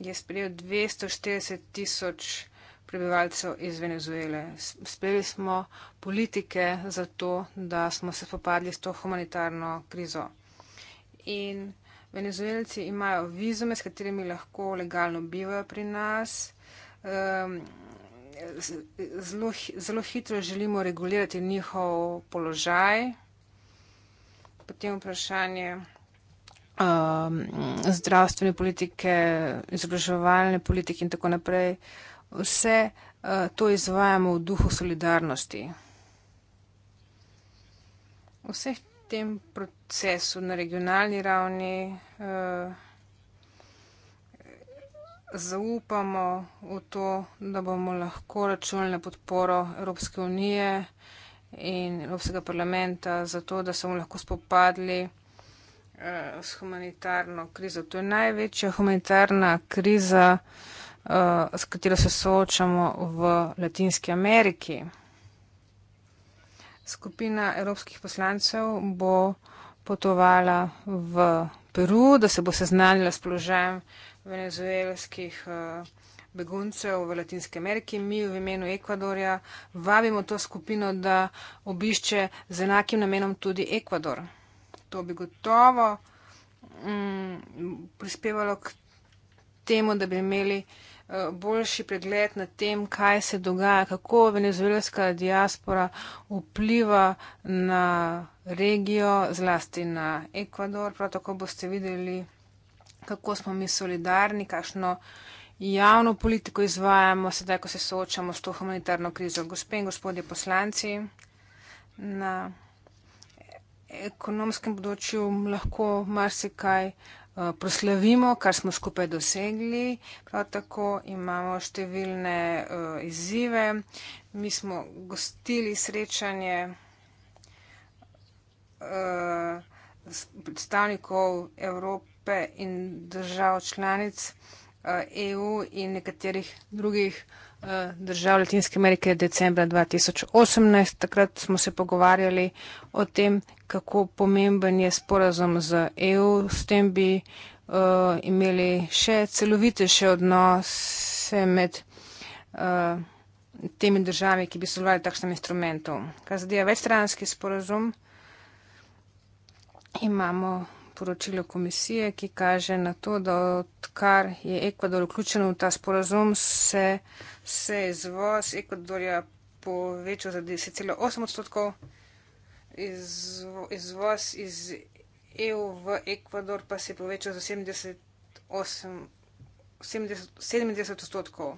je sprejel 240 tisoč prebivalcev iz Venezuele. Sprejeli smo politike za to, da smo se spopadli s to humanitarno krizo. In venezuelci imajo vizume, s katerimi lahko legalno bivajo pri nas. Um, zelo, zelo hitro želimo regulirati njihov položaj. Potem vprašanje um, zdravstvene politike, izobraževalne politike in tako naprej. Vse uh, to izvajamo v duhu solidarnosti. V vseh tem procesu na regionalni ravni eh, zaupamo v to, da bomo lahko računali na podporo Evropske unije in Evropskega parlamenta za to, da se bomo lahko spopadli Eh, s humanitarno krizo. To je največja humanitarna kriza, eh, s katero se soočamo v Latinski Ameriki. Skupina evropskih poslancev bo potovala v Peru, da se bo seznanila s položajem venezuelskih eh, beguncev v Latinski Ameriki. Mi v imenu Ekvadorja vabimo to skupino, da obišče z enakim namenom tudi Ekvador to bi gotovo mm, prispevalo k temu, da bi imeli eh, boljši pregled na tem, kaj se dogaja, kako venezuelska diaspora vpliva na regijo, zlasti na Ekvador. Prav tako boste videli, kako smo mi solidarni, kakšno javno politiko izvajamo sedaj, ko se soočamo s to humanitarno krizo. Gospe in gospodje poslanci, na ekonomskem področju lahko marsikaj eh, proslavimo, kar smo skupaj dosegli. Prav tako imamo številne eh, izzive. Mi smo gostili srečanje eh, predstavnikov Evrope in držav članic EU e in nekaterih drugih držav. Eh, držav Latinske Amerike decembra 2018. Takrat smo se pogovarjali o tem, kako pomemben je sporazum z EU. S tem bi uh, imeli še celovitejše odnose med uh, temi državami, ki bi sodelovali v takšnem instrumentu. Kar zadeva večstranski sporazum, imamo poročilo komisije, ki kaže na to, da odkar je Ekvador vključen v ta sporazum, se je izvoz Ekvadorja povečal za 10,8 odstotkov, iz, izvoz iz EU v Ekvador pa se je povečal za 78, 70, 70 odstotkov.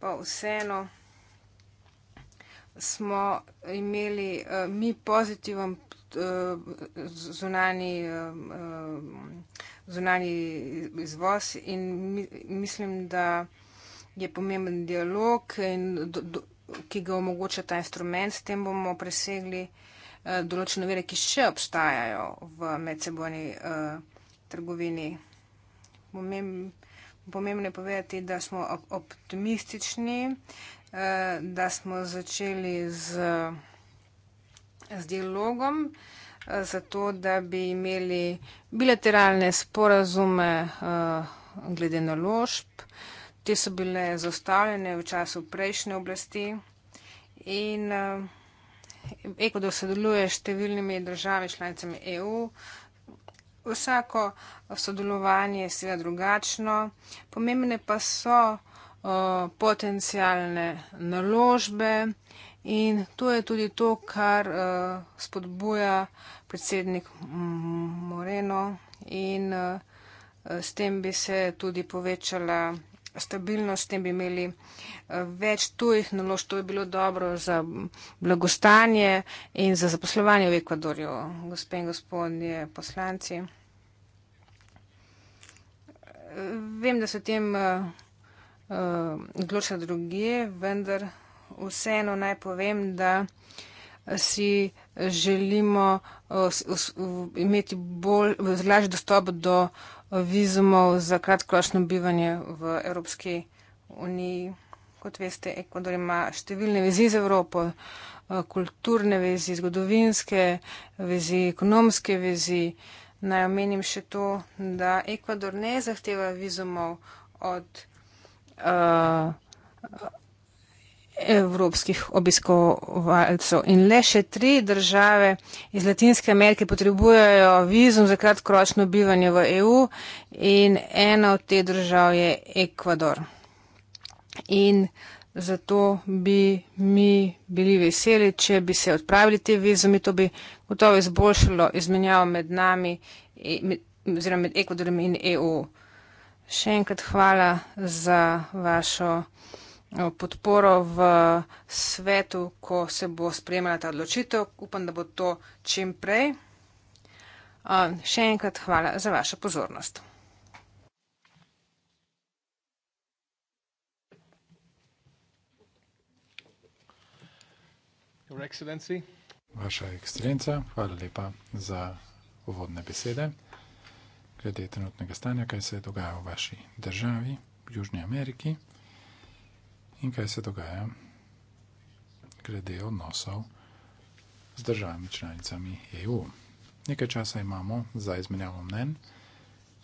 Pa vseeno smo imeli uh, mi pozitiven zunani, um, um, zunani izvoz in mislim, da je pomemben dialog, ki ga omogoča ta instrument. S tem bomo presegli uh, določene vere, ki še obstajajo v medsebojni uh, trgovini. Pomembno je povedati, da smo optimistični, uh, da smo začeli z z dialogom, eh, zato da bi imeli bilateralne sporazume eh, glede naložb. Te so bile zastavljene v času prejšnje oblasti in eh, Ekvador sodeluje s številnimi državami članicami EU. Vsako sodelovanje je seveda drugačno, pomembne pa so o, potencijalne naložbe, In to je tudi to, kar uh, spodbuja predsednik Moreno in uh, s tem bi se tudi povečala stabilnost, s tem bi imeli uh, več tujih naložb, to je bilo dobro za blagostanje in za zaposlovanje v Ekvadorju, gospe in gospodje poslanci. Vem, da se o tem uh, uh, odloča drugje, vendar vseeno naj povem, da si želimo eh, imeti bolj zlažji dostop do vizumov za kratkoročno bivanje v Evropski uniji. Kot veste, Ekvador ima številne vezi z Evropo, eh, kulturne vezi, zgodovinske vezi, ekonomske vezi. Naj omenim še to, da Ekvador ne zahteva vizumov od. Uh, evropskih obiskovalcev. In le še tri države iz Latinske Amerike potrebujejo vizum za kratkoročno bivanje v EU in ena od teh držav je Ekvador. In zato bi mi bili veseli, če bi se odpravili te vizumi, to bi gotovo izboljšalo izmenjavo med nami e, oziroma med Ekvadorjem in EU. Še enkrat hvala za vašo. Eh, podporo v svetu, ko se bo sprejemala ta odločitev. Upam, da bo to čim prej. Eh, še enkrat hvala za vašo pozornost. Vaša ekscelenca, hvala lepa za uvodne besede. Glede trenutnega stanja, kaj se dogaja v vaši državi, v Južni Ameriki, In kaj se dogaja, glede odnosov z državami članicami EU. Nekaj časa imamo za izmenjavo mnen,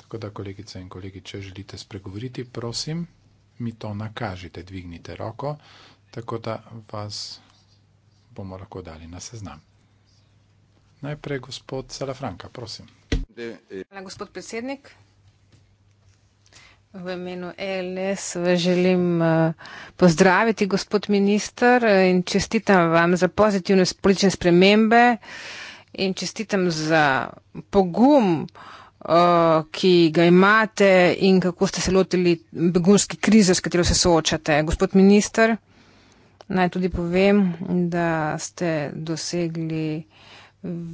tako da, kolegice in kolegi, če želite spregovoriti, prosim, mi to nakažite, dvignite roko, tako da vas bomo lahko dali na seznam. Najprej gospod Salafranka, prosim. Hvala, gospod predsednik. V imenu LS vas želim eh, pozdraviti, gospod minister, eh, in čestitam vam za pozitivne politične spremembe in čestitam za pogum, eh, ki ga imate in kako ste se lotili begunske krize, s katero se soočate. Gospod minister, naj tudi povem, da ste dosegli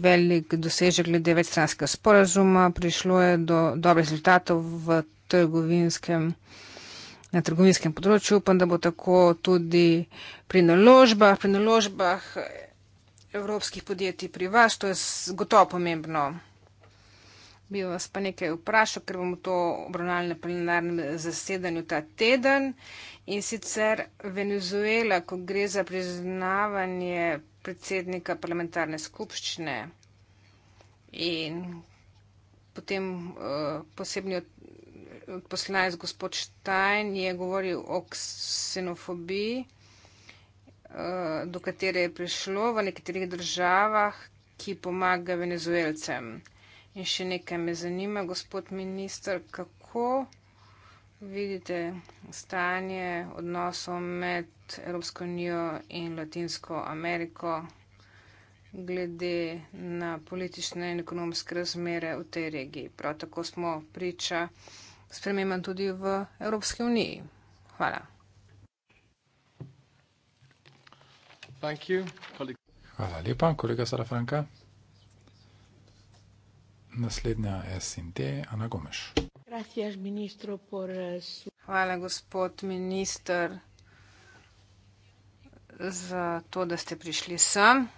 velik dosežek glede večstranskega sporazuma, prišlo je do dobrih rezultatov v trgovinskem, na trgovinskem področju. Upam, da bo tako tudi pri naložbah, pri naložbah evropskih podjetij pri vas. To je gotovo pomembno. Bi vas pa nekaj vprašal, ker bomo to obravnali na plenarnem zasedanju ta teden. In sicer Venezuela, ko gre za priznavanje predsednika parlamentarne skupščine in potem uh, posebni poslanec gospod Štajn je govoril o ksenofobiji, eh, do katere je prišlo v nekaterih državah, ki pomaga venezuelcem. In še nekaj me zanima, gospod minister, kako vidite stanje odnosov med Evropsko unijo in Latinsko Ameriko glede na politične in ekonomske razmere v tej regiji. Prav tako smo priča spremembam tudi v Evropski uniji. Hvala. Thank you, Hvala lepa, kolega Sarafranka. Naslednja SND, Ana Gomeš. Eh, Hvala, gospod minister, za to, da ste prišli sem.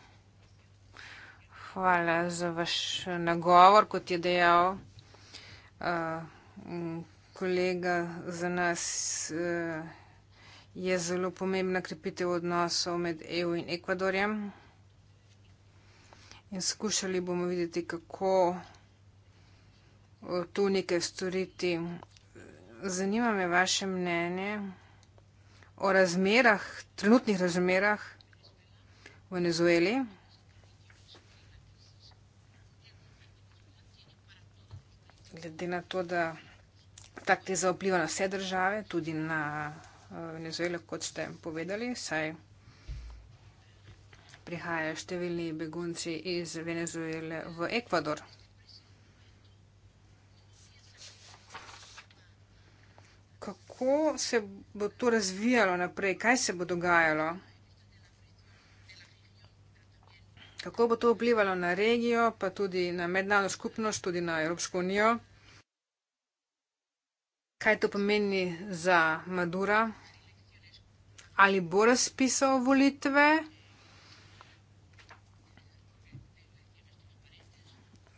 Hvala za vaš eh, nagovor, kot je dejal. Uh, kolega za nas eh, je zelo pomembna krepitev odnosov med EU in Ekvadorjem. In skušali bomo videti, kako eh, tu nekaj storiti. Zanima me vaše mnenje o razmerah, trenutnih razmerah v Venezueli. Glede na to, da ta teza vpliva na vse države, tudi na eh, Venezuelo, kot ste povedali, saj prihajajo številni begunci iz Venezuele v Ekvador. Kako se bo to razvijalo naprej, kaj se bo dogajalo? Kako bo to vplivalo na regijo, pa tudi na mednarodno skupnost, tudi na Evropsko unijo? kaj to pomeni za Madura, ali bo razpisal volitve.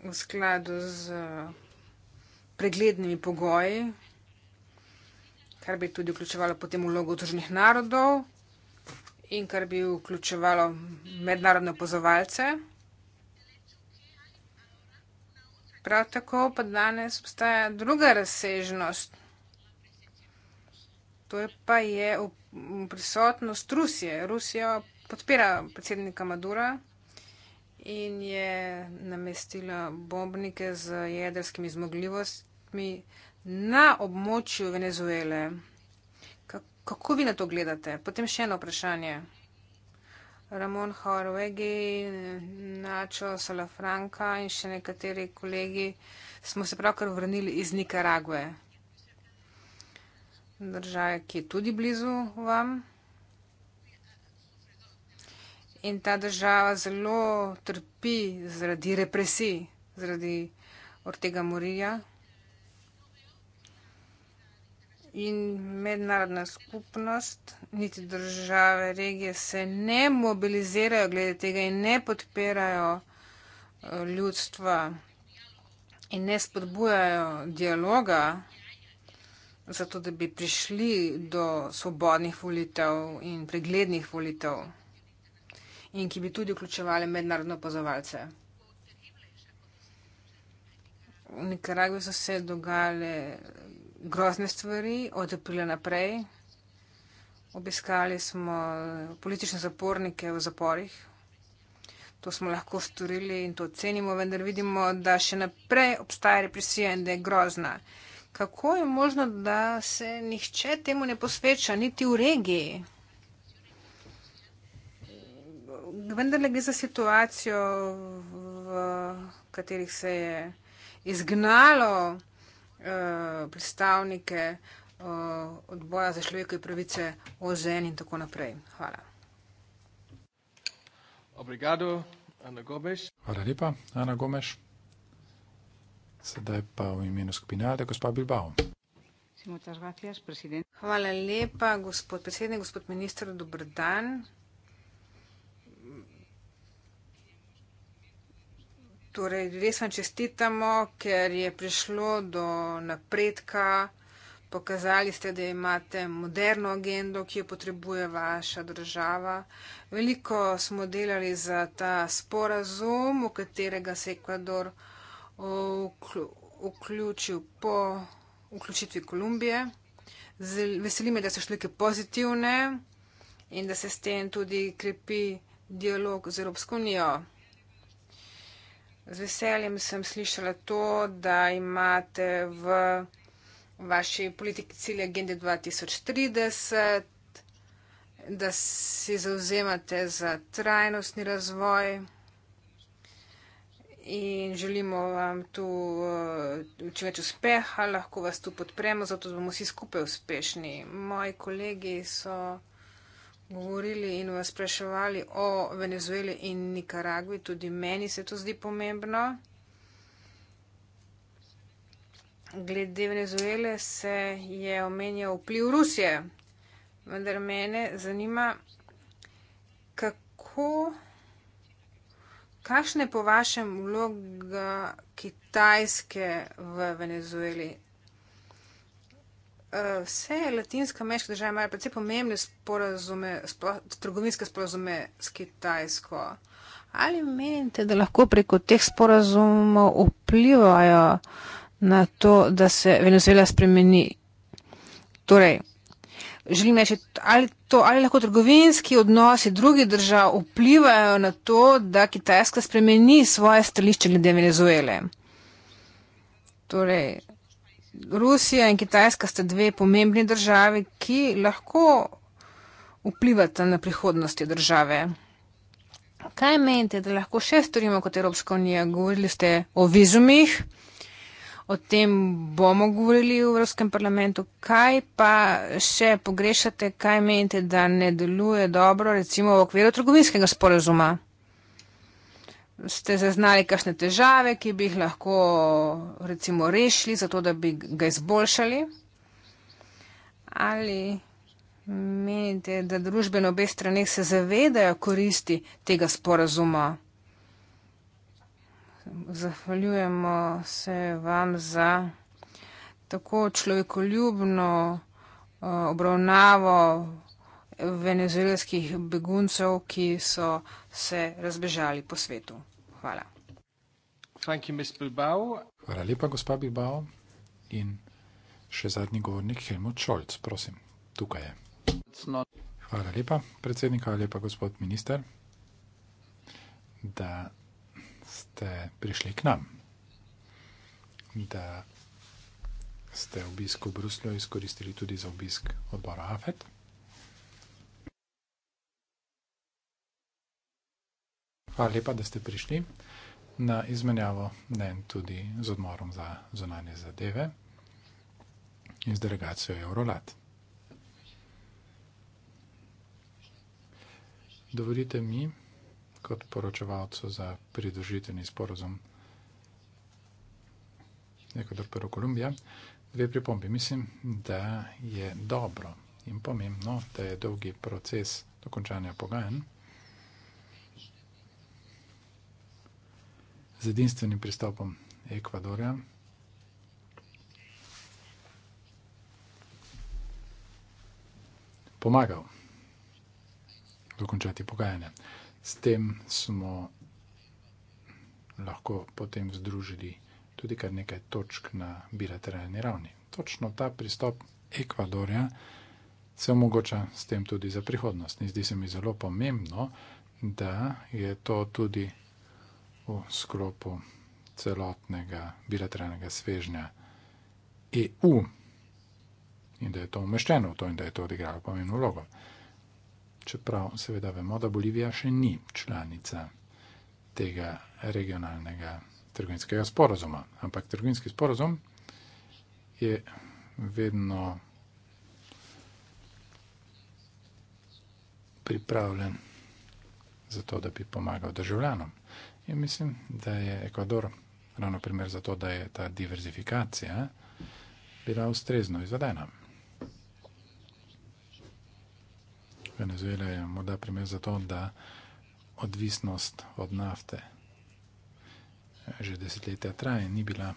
V skladu z eh, preglednimi pogoji, kar bi tudi vključevalo potem vlogo družnih narodov in kar bi vključevalo mednarodne opozovalce. Prav tako pa danes obstaja druga razsežnost To je pa je prisotnost Rusije. Rusija podpira predsednika Madura in je namestila bombnike z jedrskimi zmogljivostmi na območju Venezuele. Kako vi na to gledate? Potem še eno vprašanje. Ramon Horvegi, Načo Salafranka in še nekateri kolegi smo se pravkar vrnili iz Nikaragve države, ki je tudi blizu vam. In ta država zelo trpi zaradi represij, zaradi Ortega Morija. In mednarodna skupnost, niti države, regije se ne mobilizirajo glede tega in ne podpirajo eh, ljudstva in ne spodbujajo dialoga zato da bi prišli do svobodnih volitev in preglednih volitev in ki bi tudi vključevali mednarodno opazovalce. V Nikaragvi so se dogajale grozne stvari od aprila naprej. Obiskali smo politične zapornike v zaporih. To smo lahko storili in to cenimo, vendar vidimo, da še naprej obstaja represija in da je grozna kako je možno, da se nihče temu ne posveča, niti v regiji. Vendar le gre za situacijo, v katerih se je izgnalo eh, predstavnike eh, odboja za človekove pravice OZN in tako naprej. Hvala. Obrigado, Ana Gomes. Hvala lepa, Ana Gomes. Sedaj pa v imenu skupine Alde, gospa Bilbao. Hvala lepa, gospod predsednik, gospod minister, dober dan. Torej, res vam čestitamo, ker je prišlo do napredka. Pokazali ste, da imate moderno agendo, ki jo potrebuje vaša država. Veliko smo delali za ta sporazum, v katerega se Ekvador vključil po vključitvi Kolumbije. Veseli me, da so številke pozitivne in da se s tem tudi krepi dialog z Evropsko unijo. Z veseljem sem slišala to, da imate v vaši politiki cilje agende 2030, da se zauzemate za trajnostni razvoj in želimo vam tu eh, čim več uspeha, lahko vas tu podpremo, zato da bomo vsi skupaj uspešni. Moji kolegi so govorili in vas spraševali o Venezueli in Nikaragvi, tudi meni se to zdi pomembno. Glede Venezuele se je omenjal vpliv Rusije, vendar mene zanima, kako. Kakšna je po vašem vloga Kitajske v Venezueli? Eh, vse latinske ameriške države imajo precej pomembne sporazume, spra, trgovinske sporazume s Kitajsko. Ali menite, da lahko preko teh sporazumov vplivajo na to, da se Venezuela spremeni? Torej, želim reči, ali, ali lahko trgovinski odnosi drugih držav vplivajo na to, da Kitajska spremeni svoje stališče glede Venezuele. Torej, Rusija in Kitajska sta dve pomembni državi, ki lahko vplivata na prihodnost te države. Kaj menite, da lahko še storimo kot Evropska unija? Govorili ste o vizumih. O tem bomo govorili v Evropskem parlamentu. Kaj pa še pogrešate, kaj menite, da ne deluje dobro, recimo v okviru trgovinskega sporazuma? Ste zaznali kakšne težave, ki bi jih lahko recimo rešili, zato da bi ga izboljšali? Ali menite, da družbeno obe strani se zavedajo koristi tega sporazuma? Zahvaljujemo se vam za tako človekoljubno eh, obravnavo venezuelskih beguncev, ki so se razbežali po svetu. Hvala. Thank you, Ms. Bilbao. Hvala lepa, gospa Bilbao. In še zadnji govornik Helmut Scholz, prosim, tukaj je. Hvala lepa, predsednik, hvala lepa, gospod minister, da ste prišli k nam, da ste obisk v Bruslju izkoristili tudi za obisk odbora AFET. Hvala lepa, da ste prišli na izmenjavo mnen tudi z odmorom za zonanje zadeve in z delegacijo Eurolat. Dovolite mi, kot poročevalcu za pridružitveni sporozum Ekvador Peru Kolumbija. Dve pripombi. Mislim, da je dobro in pomembno, da je dolgi proces dokončanja pogajanj z edinstvenim pristopom Ekvadorja. Pomagal dokončati pogajanje s tem smo lahko potem združili tudi kar nekaj točk na bilateralni ravni. Točno ta pristop Ekvadorja se omogoča s tem tudi za prihodnost. In zdi se mi zelo pomembno, da je to tudi v sklopu celotnega bilateralnega svežnja EU in da je to umeščeno v to in da je to odigralo pomembno vlogo čeprav seveda vemo, da Bolivija še ni članica tega regionalnega trgovinskega sporozuma. Ampak trgovinski sporozum je vedno pripravljen za to, da bi pomagal državljanom. In mislim, da je Ekvador ravno primer za to, da je ta diverzifikacija bila ustrezno izvedena. Venezuele je morda primer za to, da odvisnost od nafte že desetletja traje, ni bila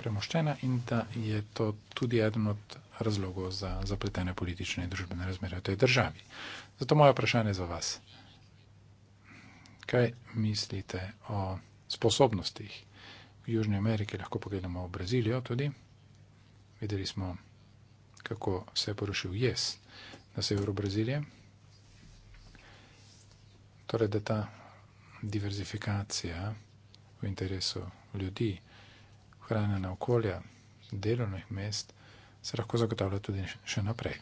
premoščena in da je to tudi eden od razlogov za zapletene politične in družbene razmere v tej državi. Zato moje vprašanje za vas. Kaj mislite o sposobnostih v Južni Ameriki? Lahko pogledamo v Brazilijo tudi. Videli smo kako se je porušil jaz na severu Brazilije. Torej, da ta diverzifikacija v interesu ljudi, hranjena okolja, delovnih mest, se lahko zagotavlja tudi še naprej.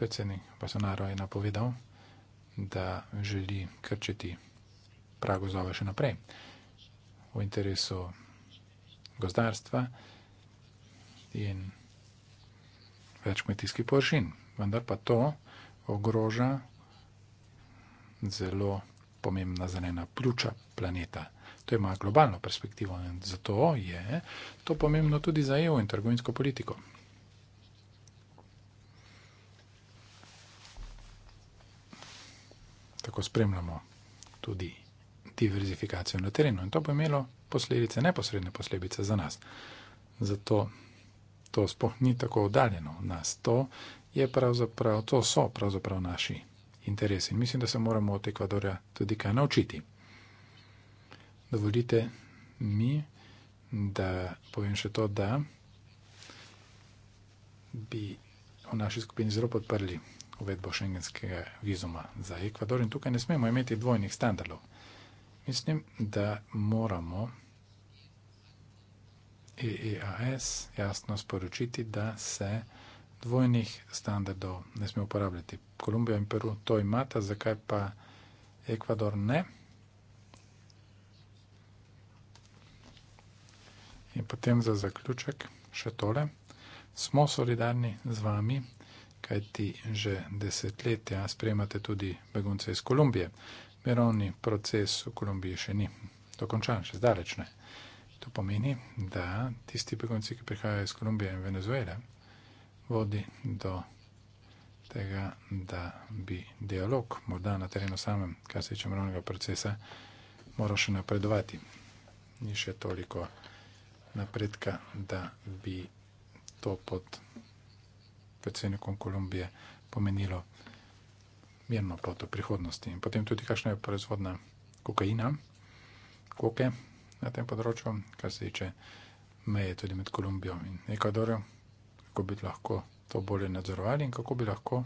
Predsednik Bolsonaro je napovedal, da želi krčiti prago zove še naprej v interesu gozdarstva in več kmetijskih površin. Vendar pa to ogroža zelo pomembna zelena pljuča planeta. To ima globalno perspektivo in zato je to pomembno tudi za EU in trgovinsko politiko. Tako spremljamo tudi diverzifikacijo na terenu in to bo imelo posledice, neposredne posledice za nas. Zato to sploh ni tako oddaljeno od nas. To, to so pravzaprav naši interesi in mislim, da se moramo od Ekvadorja tudi kaj naučiti. Dovolite mi, da povem še to, da bi v naši skupini zelo podprli uvedbo šengenskega vizuma za Ekvador in tukaj ne smemo imeti dvojnih standardov. Mislim, da moramo. EEAS jasno sporočiti, da se dvojnih standardov ne sme uporabljati. Kolumbija in Peru to imata, zakaj pa Ekvador ne? In potem za zaključek še tole. Smo solidarni z vami, kajti že desetletja spremate tudi begunce iz Kolumbije. Mirovni proces v Kolumbiji še ni dokončan, še zdaleč ne. To pomeni, da tisti begunci, ki prihajajo iz Kolumbije in Venezuele, vodi do tega, da bi dialog morda na terenu samem, kar se tiče moralnega procesa, moral še napredovati. Ni še toliko napredka, da bi to pod predsednikom Kolumbije pomenilo mirno pot v prihodnosti. In potem tudi, kakšna je proizvodna kokaina, koke na tem področju, kar se tiče meje tudi med Kolumbijo in Ekvadorjem, kako bi lahko to bolje nadzorovali in kako bi lahko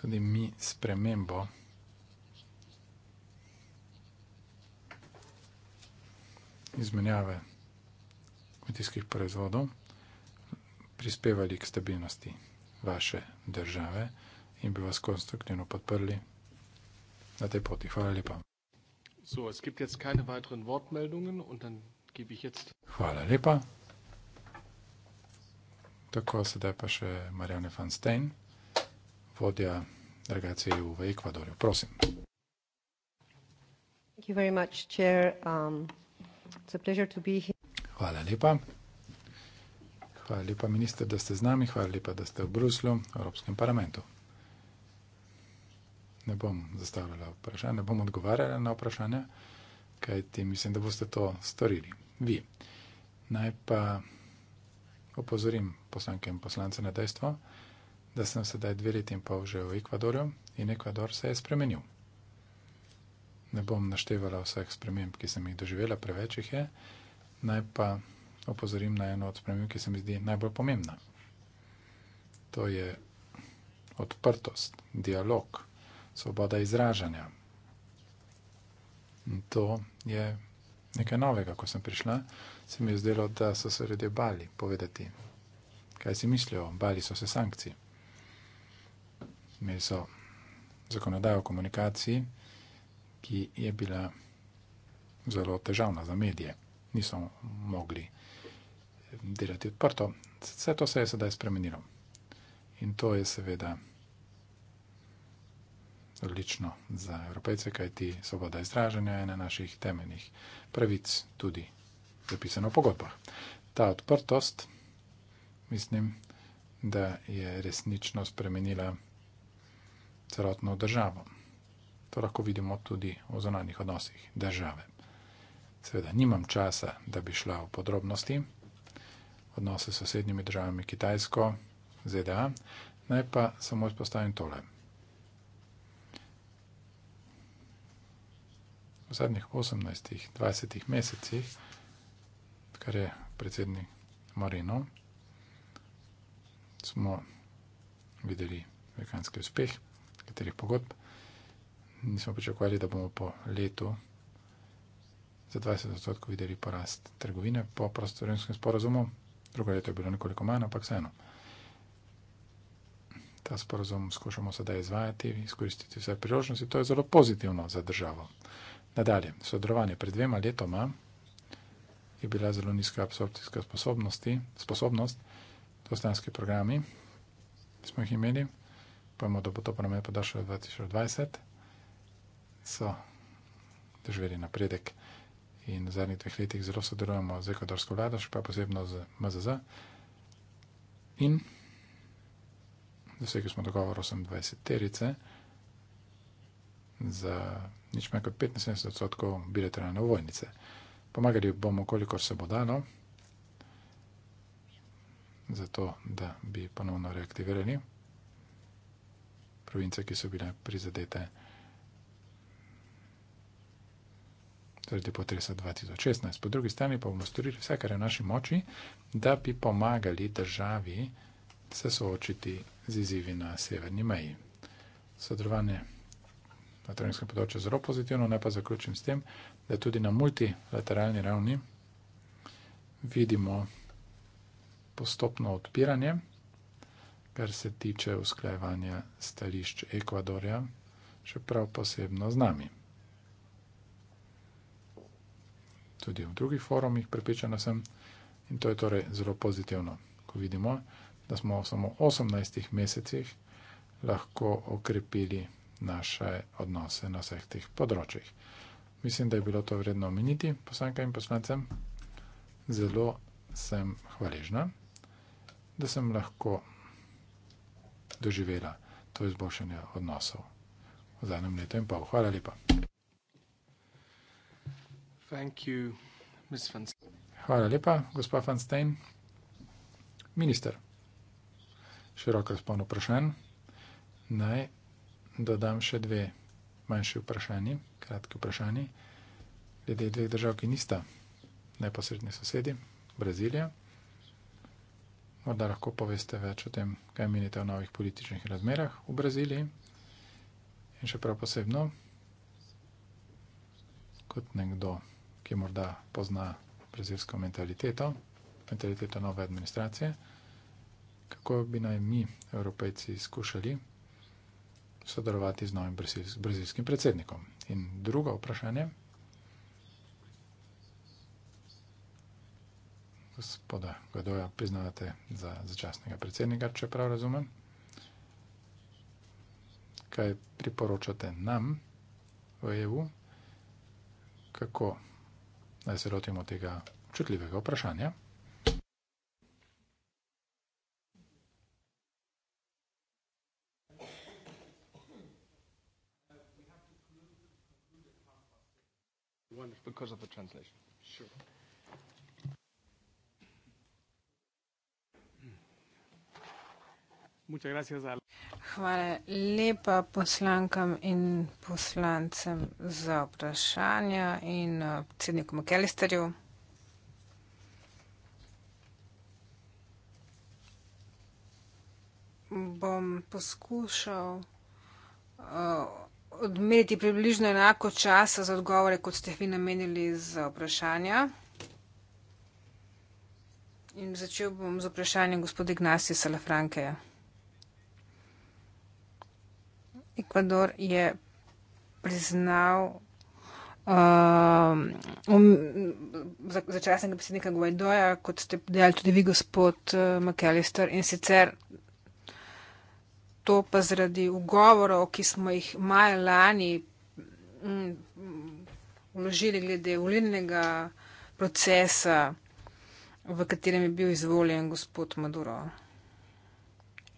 tudi mi spremembo izmenjave kmetijskih proizvodov prispevali k stabilnosti vaše države in bi vas konstruktivno podprli na tej poti. Hvala lepa. So, es gibt jetzt keine weiteren Wortmeldungen und dann gebe ich jetzt. Hvala lepa. Tako, sedaj pa še Marianne van Steen, vodja delegacije EU v Ekvadorju. Prosim. Much, um, hvala lepa. Hvala lepa, minister, da ste z nami, hvala lepa, da ste v Bruslju, v Evropskem parlamentu ne bom zastavljala vprašanja, ne bom odgovarjala na vprašanja, kaj ti mislim, da boste to storili vi. Naj pa opozorim poslanke in poslance na dejstvo, da sem sedaj dve leti in pol že v Ekvadorju in Ekvador se je spremenil. Ne bom naštevala vseh sprememb, ki sem jih doživela, preveč jih je. Naj pa opozorim na eno od sprememb, ki se mi zdi najbolj pomembna. To je odprtost, dialog svoboda izražanja. In to je nekaj novega. Ko sem prišla, se mi je zdelo, da so se ljudje bali povedati, kaj si mislijo. Bali so se sankcij. Imeli so zakonodajo o komunikaciji, ki je bila zelo težavna za medije. Niso mogli delati odprto. Vse to se je sedaj spremenilo. In to je seveda odlično za evropejce, kajti svoboda izražanja je ena naših temeljnih pravic, tudi zapisano v pogodbah. Ta odprtost, mislim, da je resnično spremenila celotno državo. To lahko vidimo tudi v zonalnih odnosih države. Seveda nimam časa, da bi šla v podrobnosti odnose s sosednjimi državami Kitajsko, ZDA, naj pa samo izpostavim tole. zadnjih 18-20 mesecih, kar je predsednik Moreno, smo videli velikanski uspeh katerih pogodb. Nismo pričakovali, da bomo po letu za 20 odstotkov videli porast trgovine po prostorinskem sporazumu. Drugo leto je bilo nekoliko manj, ampak vseeno. Ta sporazum skušamo sedaj izvajati, izkoristiti vse priložnosti. To je zelo pozitivno za državo. Nadalje, sodelovanje pred dvema letoma je bila zelo nizka absorpcijska sposobnost, poslanski programi smo jih imeli, pa bomo, da bo to pomen podaljšalo 2020, so doživeli napredek in v zadnjih dveh letih zelo sodelujemo z ekvadorsko vlado, še pa posebno z MZZ in dosegli smo dogovor 28 terice za nič manj kot 75 odstotkov bilateralne vojnice. Pomagali bomo, kolikor se bo dalo, zato da bi ponovno reaktivirali province, ki so bile prizadete zaradi potresa 2016. Po drugi strani pa bomo storili vse, kar je v naši moči, da bi pomagali državi se soočiti z izzivi na severni meji. Sodelovanje na trgovinskem področju zelo pozitivno, ne pa zaključim s tem, da tudi na multilateralni ravni vidimo postopno odpiranje, kar se tiče usklajevanja stališč Ekvadorja, čeprav posebno z nami. Tudi v drugih forumih pripričana sem in to je torej zelo pozitivno, ko vidimo, da smo v samo 18 mesecih lahko okrepili naše odnose na vseh teh področjih. Mislim, da je bilo to vredno omeniti poslankam in poslancem. Zelo sem hvaležna, da sem lahko doživela to izboljšanje odnosov v zadnjem letu in pol. Hvala lepa. Thank you, Ms. Van Hvala lepa, gospod Van Stein. Minister, široko spon vprašanj. Naj dodam še dve manjši vprašanji, kratki vprašanji, glede dveh držav, ki nista neposredni sosedi, Brazilija. Morda lahko poveste več o tem, kaj menite o novih političnih razmerah v Braziliji. In še prav posebno, kot nekdo, ki morda pozna brazilsko mentaliteto, mentaliteto nove administracije, kako bi naj mi, evropejci, skušali sodelovati z novim brazilskim predsednikom. In drugo vprašanje. Gospoda Godoja, priznavate za začasnega predsednika, če prav razumem. Kaj priporočate nam v EU, kako naj se lotimo tega občutljivega vprašanja? Wonderful. because of the translation. Sure. Hmm. Hvala lepa poslankam in poslancem za vprašanja in uh, predsedniku McAllisterju. Bom poskušal uh, odmeriti približno enako časa za odgovore, kot ste vi namenili za vprašanja. In začel bom z vprašanjem gospoda Ignacija Salafrankeja. Ekvador je priznal um, um začasnega predsednika Guaidoja, kot ste dejali tudi vi, gospod uh, McAllister, in sicer to pa zaradi ugovorov, ki smo jih maja lani mm, vložili glede volilnega procesa, v katerem je bil izvoljen gospod Maduro.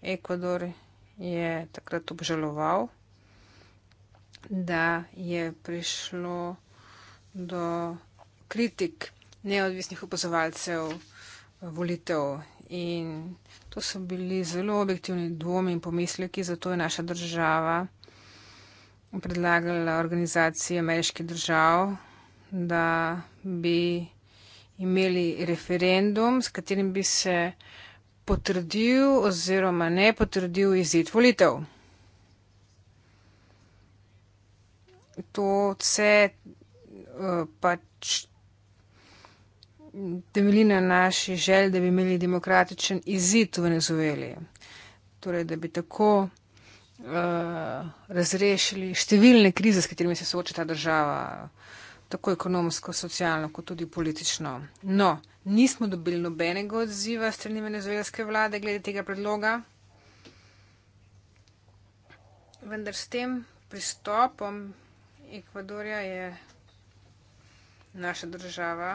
Ekvador je takrat obžaloval, da je prišlo do kritik neodvisnih opozovalcev volitev in to so bili zelo objektivni dvomi in pomisleki, zato je naša država predlagala organizacije ameriških držav, da bi imeli referendum, s katerim bi se potrdil oziroma ne potrdil izid volitev. To vse eh, pač temelji na naši želji, da bi imeli demokratičen izid v Venezueli. Torej, da bi tako uh, razrešili številne krize, s katerimi se sooča ta država, tako ekonomsko, socialno, kot tudi politično. No, nismo dobili nobenega odziva strani venezuelske vlade glede tega predloga. Vendar s tem pristopom Ekvadorja je naša država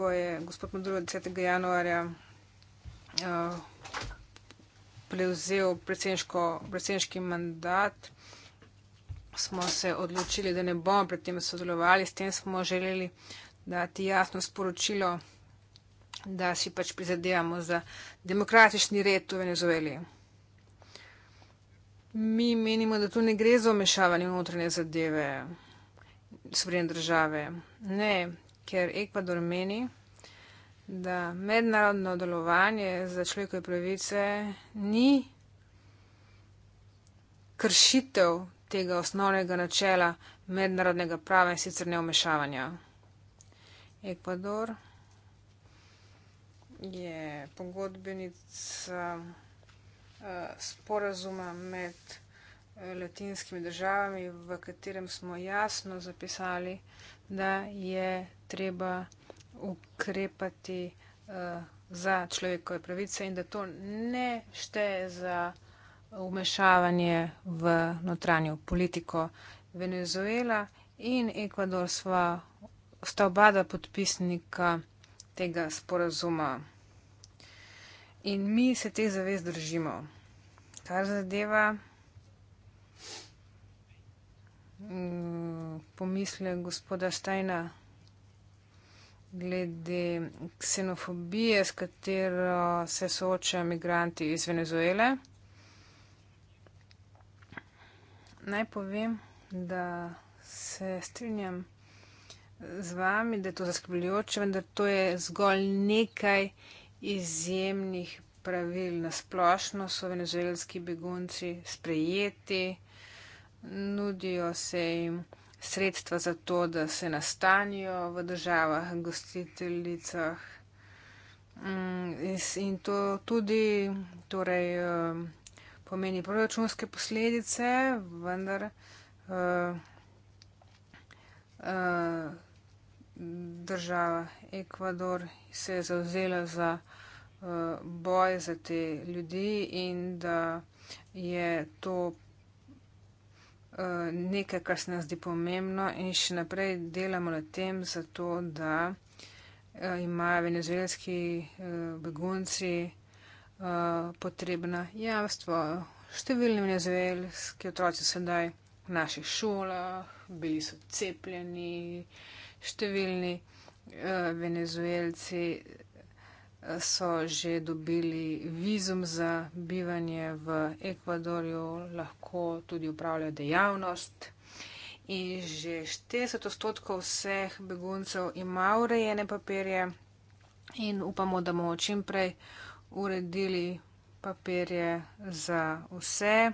ko je gospod Maduro 10. januarja eh, prevzel predsedniški mandat, smo se odločili, da ne bomo pred tem sodelovali. S tem smo želeli dati jasno sporočilo, da si pač prizadevamo za demokratični red v Venezueli. Mi menimo, da tu ne gre za omešavanje notranje zadeve, sprejem države. Ne, ker Ekvador meni, da mednarodno delovanje za človekove pravice ni kršitev tega osnovnega načela mednarodnega prava in sicer neomešavanja. Ekvador je pogodbenica eh, sporazuma med eh, latinskimi državami, v katerem smo jasno zapisali, da je treba ukrepati eh, za človekove pravice in da to ne šteje za umešavanje v notranjo politiko. Venezuela in Ekvador sva, sta oba dva podpisnika tega sporazuma. In mi se teh zavez držimo. Kar zadeva mm, pomisle gospoda Steina glede ksenofobije, s katero se soočajo migranti iz Venezuele. Naj povem, da se strinjam z vami, da je to zaskrbljujoče, vendar to je zgolj nekaj izjemnih pravil. Nasplošno so venezuelski begunci sprejeti, nudijo se jim sredstva za to, da se nastanijo v državah, gostiteljicah. Mm, in to tudi torej, eh, pomeni proračunske posledice, vendar eh, eh, država Ekvador se je zauzela za boj za te ljudi in da je to nekaj, kar se nam zdi pomembno in še naprej delamo na tem, zato da eh, imajo venezuelski eh, begunci eh, potrebna javstvo. Številni venezuelski otroci sedaj v naših šolah, bili so cepljeni, številni venezuelci so že dobili vizum za bivanje v Ekvadorju, lahko tudi upravljajo dejavnost. In že 40 odstotkov vseh beguncev ima urejene papirje in upamo, da bomo čim prej uredili papirje za vse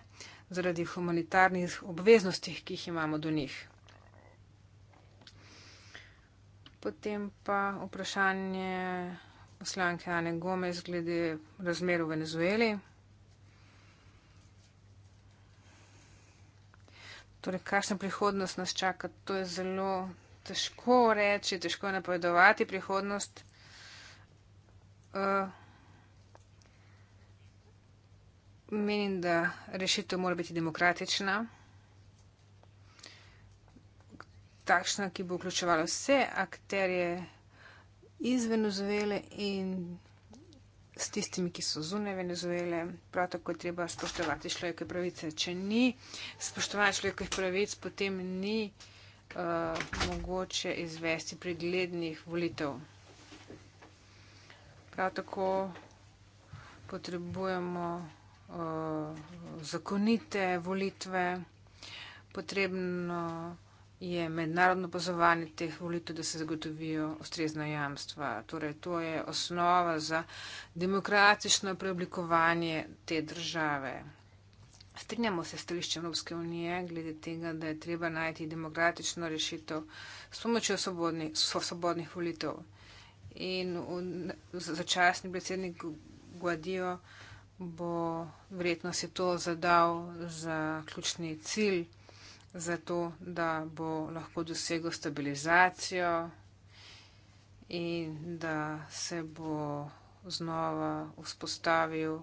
zaradi humanitarnih obveznosti, ki jih imamo do njih. Potem pa vprašanje poslanke Ane Gomez glede razmer v Venezueli. Torej, kakšna prihodnost nas čaka, to je zelo težko reči, težko je napovedovati prihodnost. Uh, menim, da rešitev mora biti demokratična, takšna, ki bo vključevala vse akterje iz Venezuele in s tistimi, ki so zunaj Venezuele. Prav tako je treba spoštovati človekove pravice. Če ni spoštovanja človekovih pravic, potem ni uh, mogoče izvesti preglednih volitev. Prav tako potrebujemo uh, zakonite volitve, potrebno. Uh, je mednarodno pozovanje teh volitev, da se zagotovijo ustrezna jamstva. Torej, to je osnova za demokratično preoblikovanje te države. Strinjamo se s stališčem Evropske unije glede tega, da je treba najti demokratično rešitev s pomočjo svobodnih, svobodnih volitev. In začasni predsednik Guadijo bo verjetno si to zadal za ključni cilj zato da bo lahko dosegel stabilizacijo in da se bo znova vzpostavil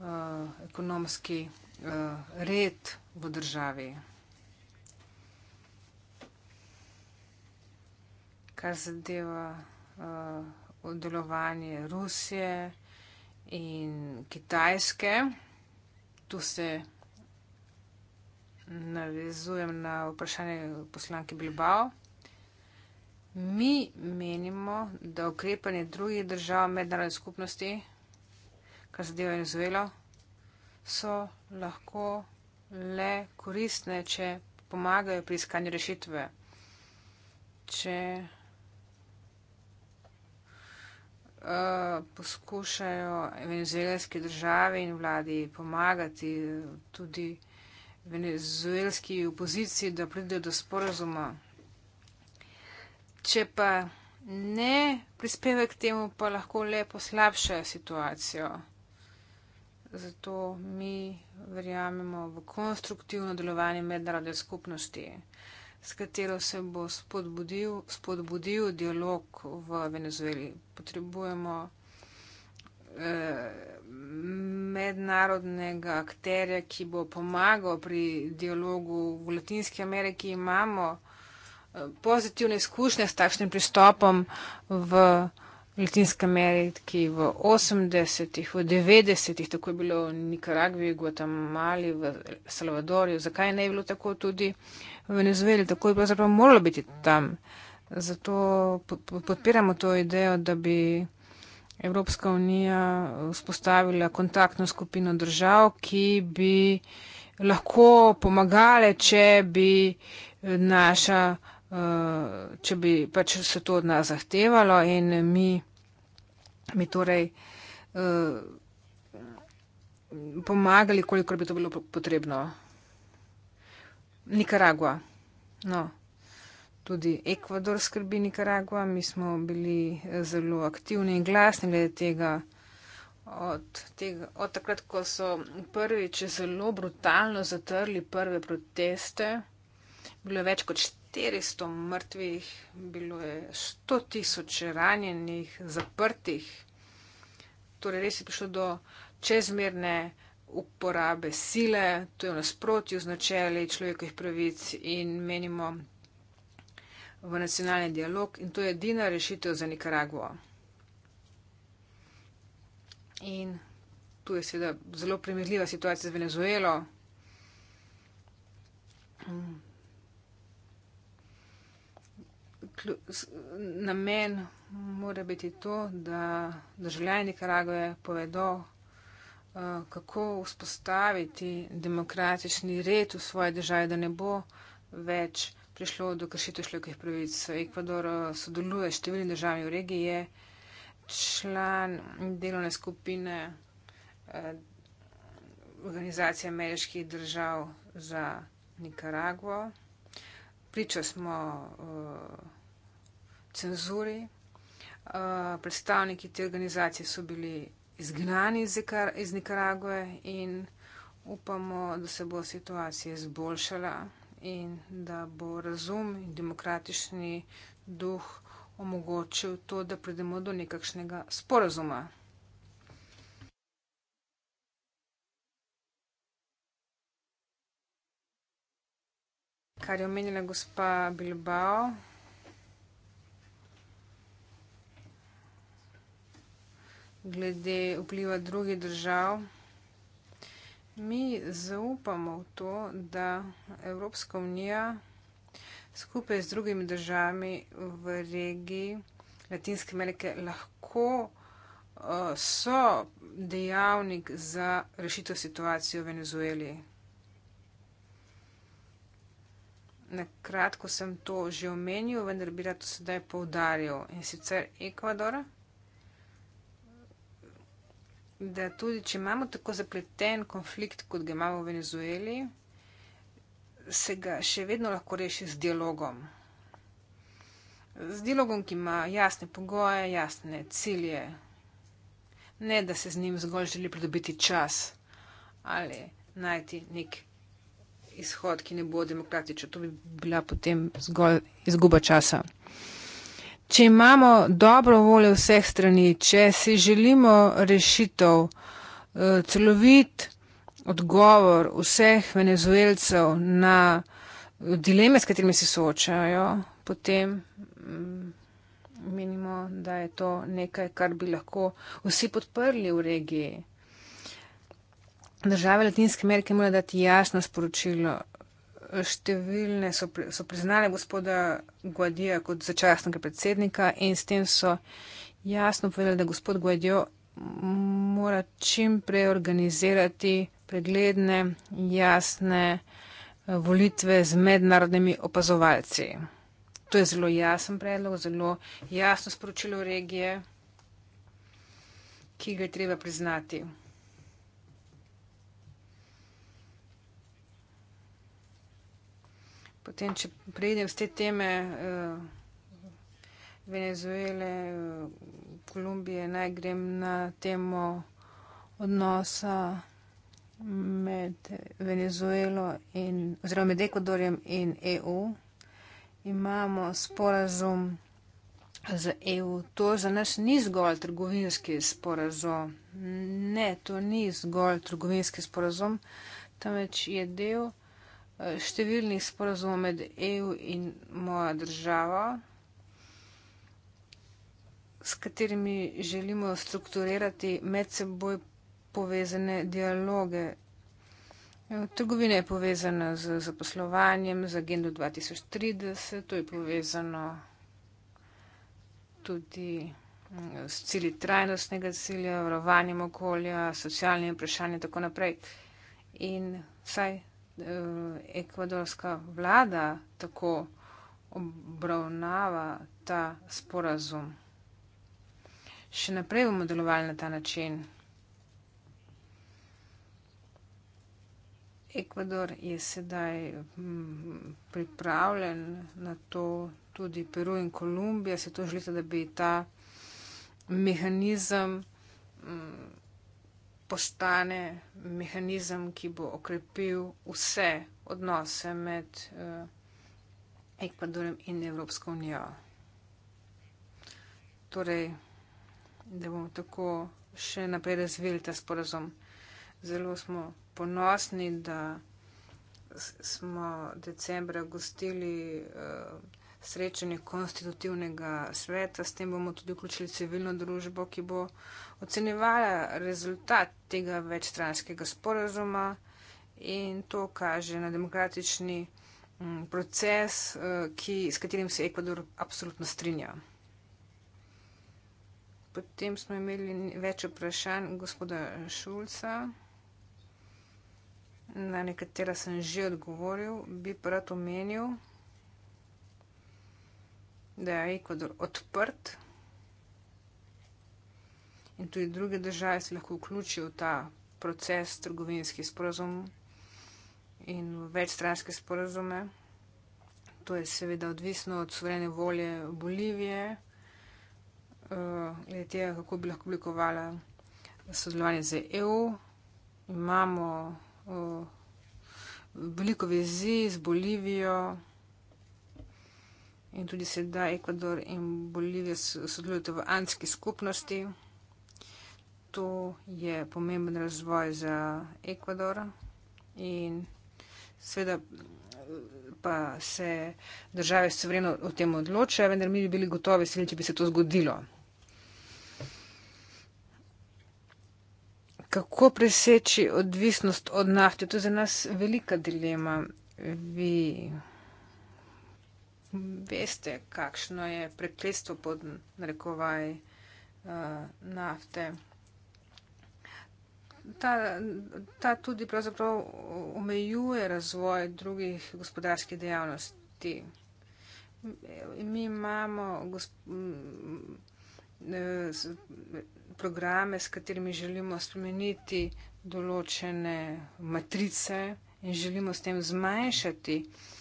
uh, ekonomski uh, red v državi. Kar zadeva uh, delovanje Rusije in Kitajske, tu se navezujem na vprašanje poslanke Bilbao. Mi menimo, da ukrepanje drugih držav mednarodne skupnosti, kar zadeva Venezuelo, so lahko le koristne, če pomagajo pri iskanju rešitve. Če uh, poskušajo venezuelske države in vladi pomagati tudi venezuelski opoziciji, da pride do sporazuma. Če pa ne prispeve k temu, pa lahko le poslabša situacijo. Zato mi verjamemo v konstruktivno delovanje mednarodne skupnosti, s katero se bo spodbudil, spodbudil dialog v Venezueli. Potrebujemo mednarodnega akterja, ki bo pomagal pri dialogu v Latinski Ameriki. Imamo eh, pozitivne izkušnje s takšnim pristopom v Latinski Ameriki v 80-ih, v 90-ih, tako je bilo v Nikaragvi, Guatemali, v Salvadorju. Zakaj ne je bilo tako tudi v Venezueli? Tako je pravzaprav moralo biti tam. Zato podpiramo to idejo, da bi Evropska unija vzpostavila kontaktno skupino držav, ki bi lahko pomagale, če bi naša, eh, če bi pač se to od nas zahtevalo in mi, mi torej eh, pomagali, kolikor bi to bilo potrebno. Nikaragua. No tudi Ekvador skrbi Nicaragua. Mi smo bili eh, zelo aktivni in glasni glede tega. Od, tega, od takrat, ko so prvič zelo brutalno zatrli prve proteste, bilo je več kot 400 mrtvih, bilo je 100 tisoč ranjenih, zaprtih. Torej res je prišlo do čezmerne uporabe sile, to je v nasprotju z načeli človekovih pravic in menimo, v nacionalni dialog in to je edina rešitev za Nikaraguo. In tu je seveda zelo primerljiva situacija z Venezuelo. Namen mora biti to, da državljani Nikaragoje povedo, eh, kako vzpostaviti demokratični red v svoji državi, da ne bo več prišlo do kršitev človekovih pravic. Ekvador eh, sodeluje s številnimi državami v regiji, je član delovne skupine eh, organizacije ameriških držav za Nicaraguo. Priča smo uh, cenzuri. Uh, predstavniki te organizacije so bili izgnani iz, iz Nicaragua in upamo, da se bo situacija izboljšala in da bo razum in demokratični duh omogočil to, da pridemo do nekakšnega sporazuma. Kar je omenila gospa Bilbao. Glede vpliva drugih držav. Mi zaupamo v to, da Evropska unija skupaj z drugimi državami v regiji Latinske Amerike lahko uh, so dejavnik za rešitev situacije v Venezueli. Na kratko sem to že omenil, vendar bi rad to sedaj poudaril. In sicer Ekvadora da tudi če imamo tako zapleten konflikt, kot ga imamo v Venezueli, se ga še vedno lahko reši z dialogom. Z dialogom, ki ima jasne pogoje, jasne cilje. Ne, da se z njim zgolj želi pridobiti čas ali najti nek izhod, ki ne bo demokratičen. To bi bila potem zgolj izguba časa če imamo dobro voljo vseh strani, če si želimo rešitev, eh, celovit odgovor vseh venezuelcev na eh, dileme, s katerimi se soočajo, potem mm, menimo, da je to nekaj, kar bi lahko vsi podprli v regiji. Države Latinske Amerike morajo dati jasno sporočilo, številne so, pri, so priznali gospoda Guadija kot začasnega predsednika in s tem so jasno povedali, da gospod Guadijo mora čim prej organizirati pregledne, jasne eh, volitve z mednarodnimi opazovalci. To je zelo jasen predlog, zelo jasno sporočilo regije, ki ga je treba priznati. Potem, če preidem z te teme uh, Venezuele, uh, Kolumbije, naj grem na temo odnosa med Venezuelo in oziroma med Ekvadorjem in EU. Imamo sporazum z EU. To za nas ni zgolj trgovinski sporazum. Ne, to ni zgolj trgovinski sporazum, temveč je del številnih sporazumov med EU in mojo državo, s katerimi želimo strukturirati med seboj povezane dialoge. Trgovina je povezana z zaposlovanjem, z agendo 2030, to je povezano tudi mm, s cilji trajnostnega cilja, varovanjem okolja, socialnimi vprašanji in tako naprej. In vsaj Eh, ekvadorska vlada tako obravnava ta sporazum. Še naprej bomo delovali na ta način. Ekvador je sedaj mm, pripravljen na to, tudi Peru in Kolumbija se to želite, da bi ta mehanizem mm, postane mehanizem, ki bo okrepil vse odnose med uh, Ekvadorjem in Evropsko unijo. Torej, da bomo tako še naprej razvili ta sporazum. Zelo smo ponosni, da smo decembra gostili uh, srečanje konstitutivnega sveta, s tem bomo tudi vključili civilno družbo, ki bo ocenjevala rezultat tega večstranskega sporazuma in to kaže na demokratični mm, proces, eh, ki, s katerim se Ekvador absolutno strinja. Potem smo imeli več vprašanj gospoda Šulca. Na nekatera sem že odgovoril, bi pa rad omenil da je Ekvador odprt in tudi druge države se lahko vključijo v ta proces trgovinski sporozum in večstranske sporozume. To je seveda odvisno od suverene volje Bolivije, eh, glede tega, kako bi lahko oblikovala sodelovanje z EU. Imamo eh, veliko vezi z Bolivijo. In tudi sedaj Ekvador in Bolivija sodelujete v antski skupnosti. To je pomemben razvoj za Ekvador in seveda pa se države sovereno o tem odločajo, vendar mi bi bili gotovi, sili, če bi se to zgodilo. Kako preseči odvisnost od nafte? To je za nas velika dilema. Vi veste, kakšno je prekletstvo pod narekovaj uh, nafte. Ta, ta tudi pravzaprav omejuje razvoj drugih gospodarskih dejavnosti. Mi imamo mm, eh, programe, s katerimi želimo spremeniti določene matrice in želimo s tem zmanjšati uh,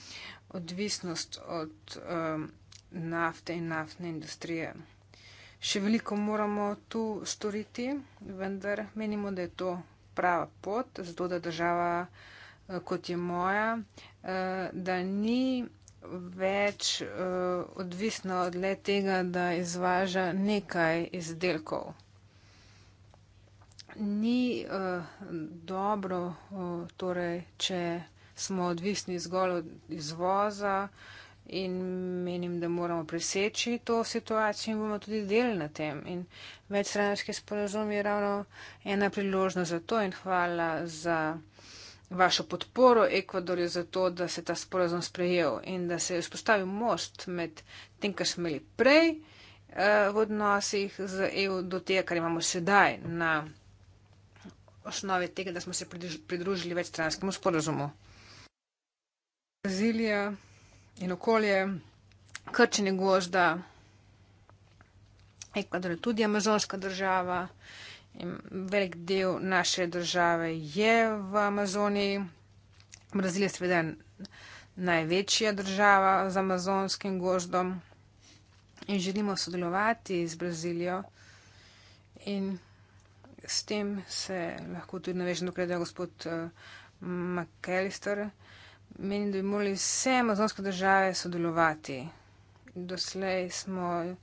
odvisnost od um, nafte in naftne industrije. Še veliko moramo tu storiti, vendar menimo, da je to prava pot, zato da država eh, kot je moja, eh, da ni več eh, odvisna od le tega, da izvaža nekaj izdelkov. Ni dobro, torej, če smo odvisni zgolj od izvoza in menim, da moramo preseči to situacijo in bomo tudi del na tem. In medstranski sporozum je ravno ena priložnost za to in hvala za vašo podporo Ekvadorju za to, da se ta sporozum sprejel in da se je vzpostavil most med tem, kar smo imeli prej eh, v odnosih z EU do tega, kar imamo sedaj na osnovi tega, da smo se pridružili večstranskemu sporozumu. Brazilija in okolje, krčenje gožda, Ekvador je tudi amazonska država in velik del naše države je v Amazoniji. Brazilija je seveda največja država z amazonskim goždom in želimo sodelovati z Brazilijo in s tem se lahko tudi navežem, dokler je gospod eh, McAllister. Uh, Menim, da bi morali vse amazonske države sodelovati. Doslej smo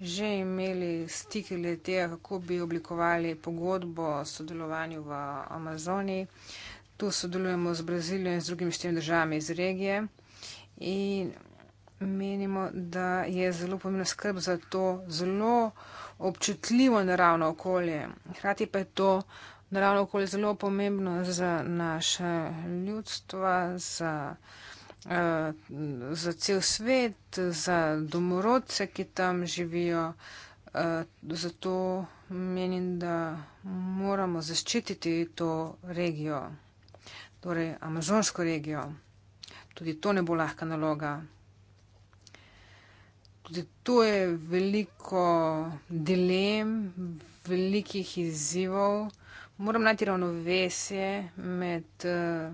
že imeli stik glede tega, kako bi oblikovali pogodbo o sodelovanju v Amazoni. Tu sodelujemo z Brazilijo in z drugimi štirimi državami iz regije. In menimo, da je zelo pomembno skrb za to zelo občutljivo naravno okolje. Hrati pa je to naravno okolje zelo pomembno za naše ljudstva, za, uh, za cel svet, za domorodce, ki tam živijo. Uh, zato menim, da moramo zaščititi to regijo, torej amazonsko regijo. Tudi to ne bo lahka naloga. Tudi tu je veliko dilem, velikih izzivov moram najti ravnovesje med eh,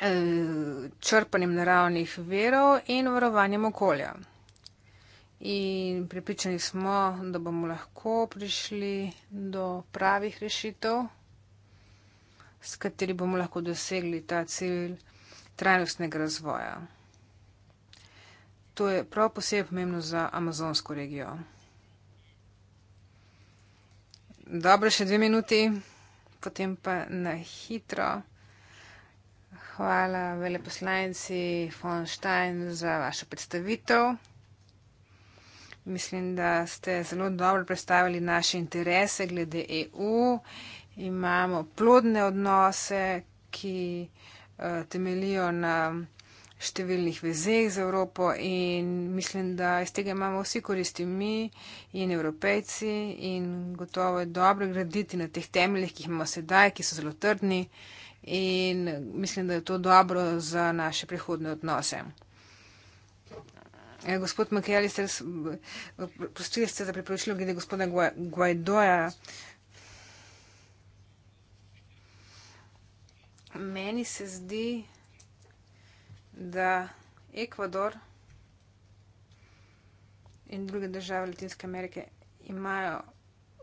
eh, črpanjem naravnih verov in varovanjem okolja. In pripričani smo, da bomo lahko prišli do pravih rešitev, s kateri bomo lahko dosegli ta cilj trajnostnega razvoja. To je prav posebej pomembno za amazonsko regijo dobro, še dve minuti, potem pa na hitro. Hvala veleposlanci von Stein za vašo predstavitev. Mislim, da ste zelo dobro predstavili naše interese glede EU. Imamo plodne odnose, ki uh, eh, temelijo na številnih vezej z Evropo in mislim, da iz tega imamo vsi koristi mi in evropejci in gotovo je dobro graditi na teh temeljih, ki jih imamo sedaj, ki so zelo trdni in mislim, da je to dobro za naše prihodne odnose. Ja, gospod Makeli, prosili ste za priporočilo glede gospoda Guaidoja. Meni se zdi, da Ekvador in druge države Latinske Amerike imajo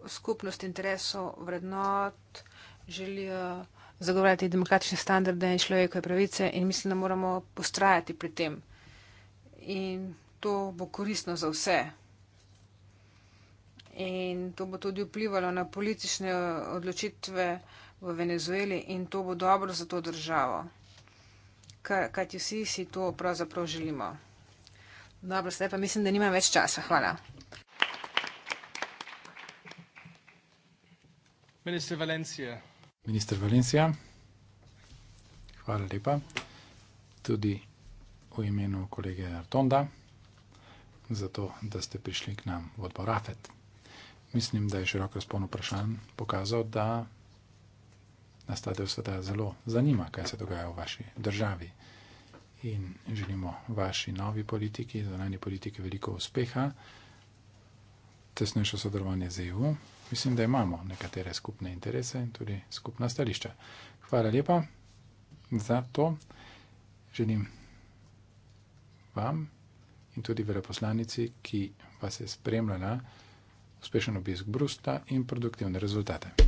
skupnost interesov, vrednot, želijo zagovarjati demokratične standarde in človekove pravice in mislim, da moramo postrajati pri tem. In to bo koristno za vse. In to bo tudi vplivalo na politične odločitve v Venezueli in to bo dobro za to državo kajti vsi si to pravzaprav želimo. Dobro, zdaj pa mislim, da nimam več časa. Hvala. Minister Valencija. Minister Valencija, hvala lepa. Tudi v imenu kolege Artonda, zato, da ste prišli k nam v odbor AFET. Mislim, da je širok razpon vprašanj pokazal, da nas ta del sveta zelo zanima, kaj se dogaja v vaši državi. In želimo vaši novi politiki, zunanji politiki, veliko uspeha, tesnejšo sodelovanje z EU. Mislim, da imamo nekatere skupne interese in tudi skupna stališča. Hvala lepa za to. Želim vam in tudi veleposlanici, ki vas je spremljala, uspešen obisk Brusta in produktivne rezultate.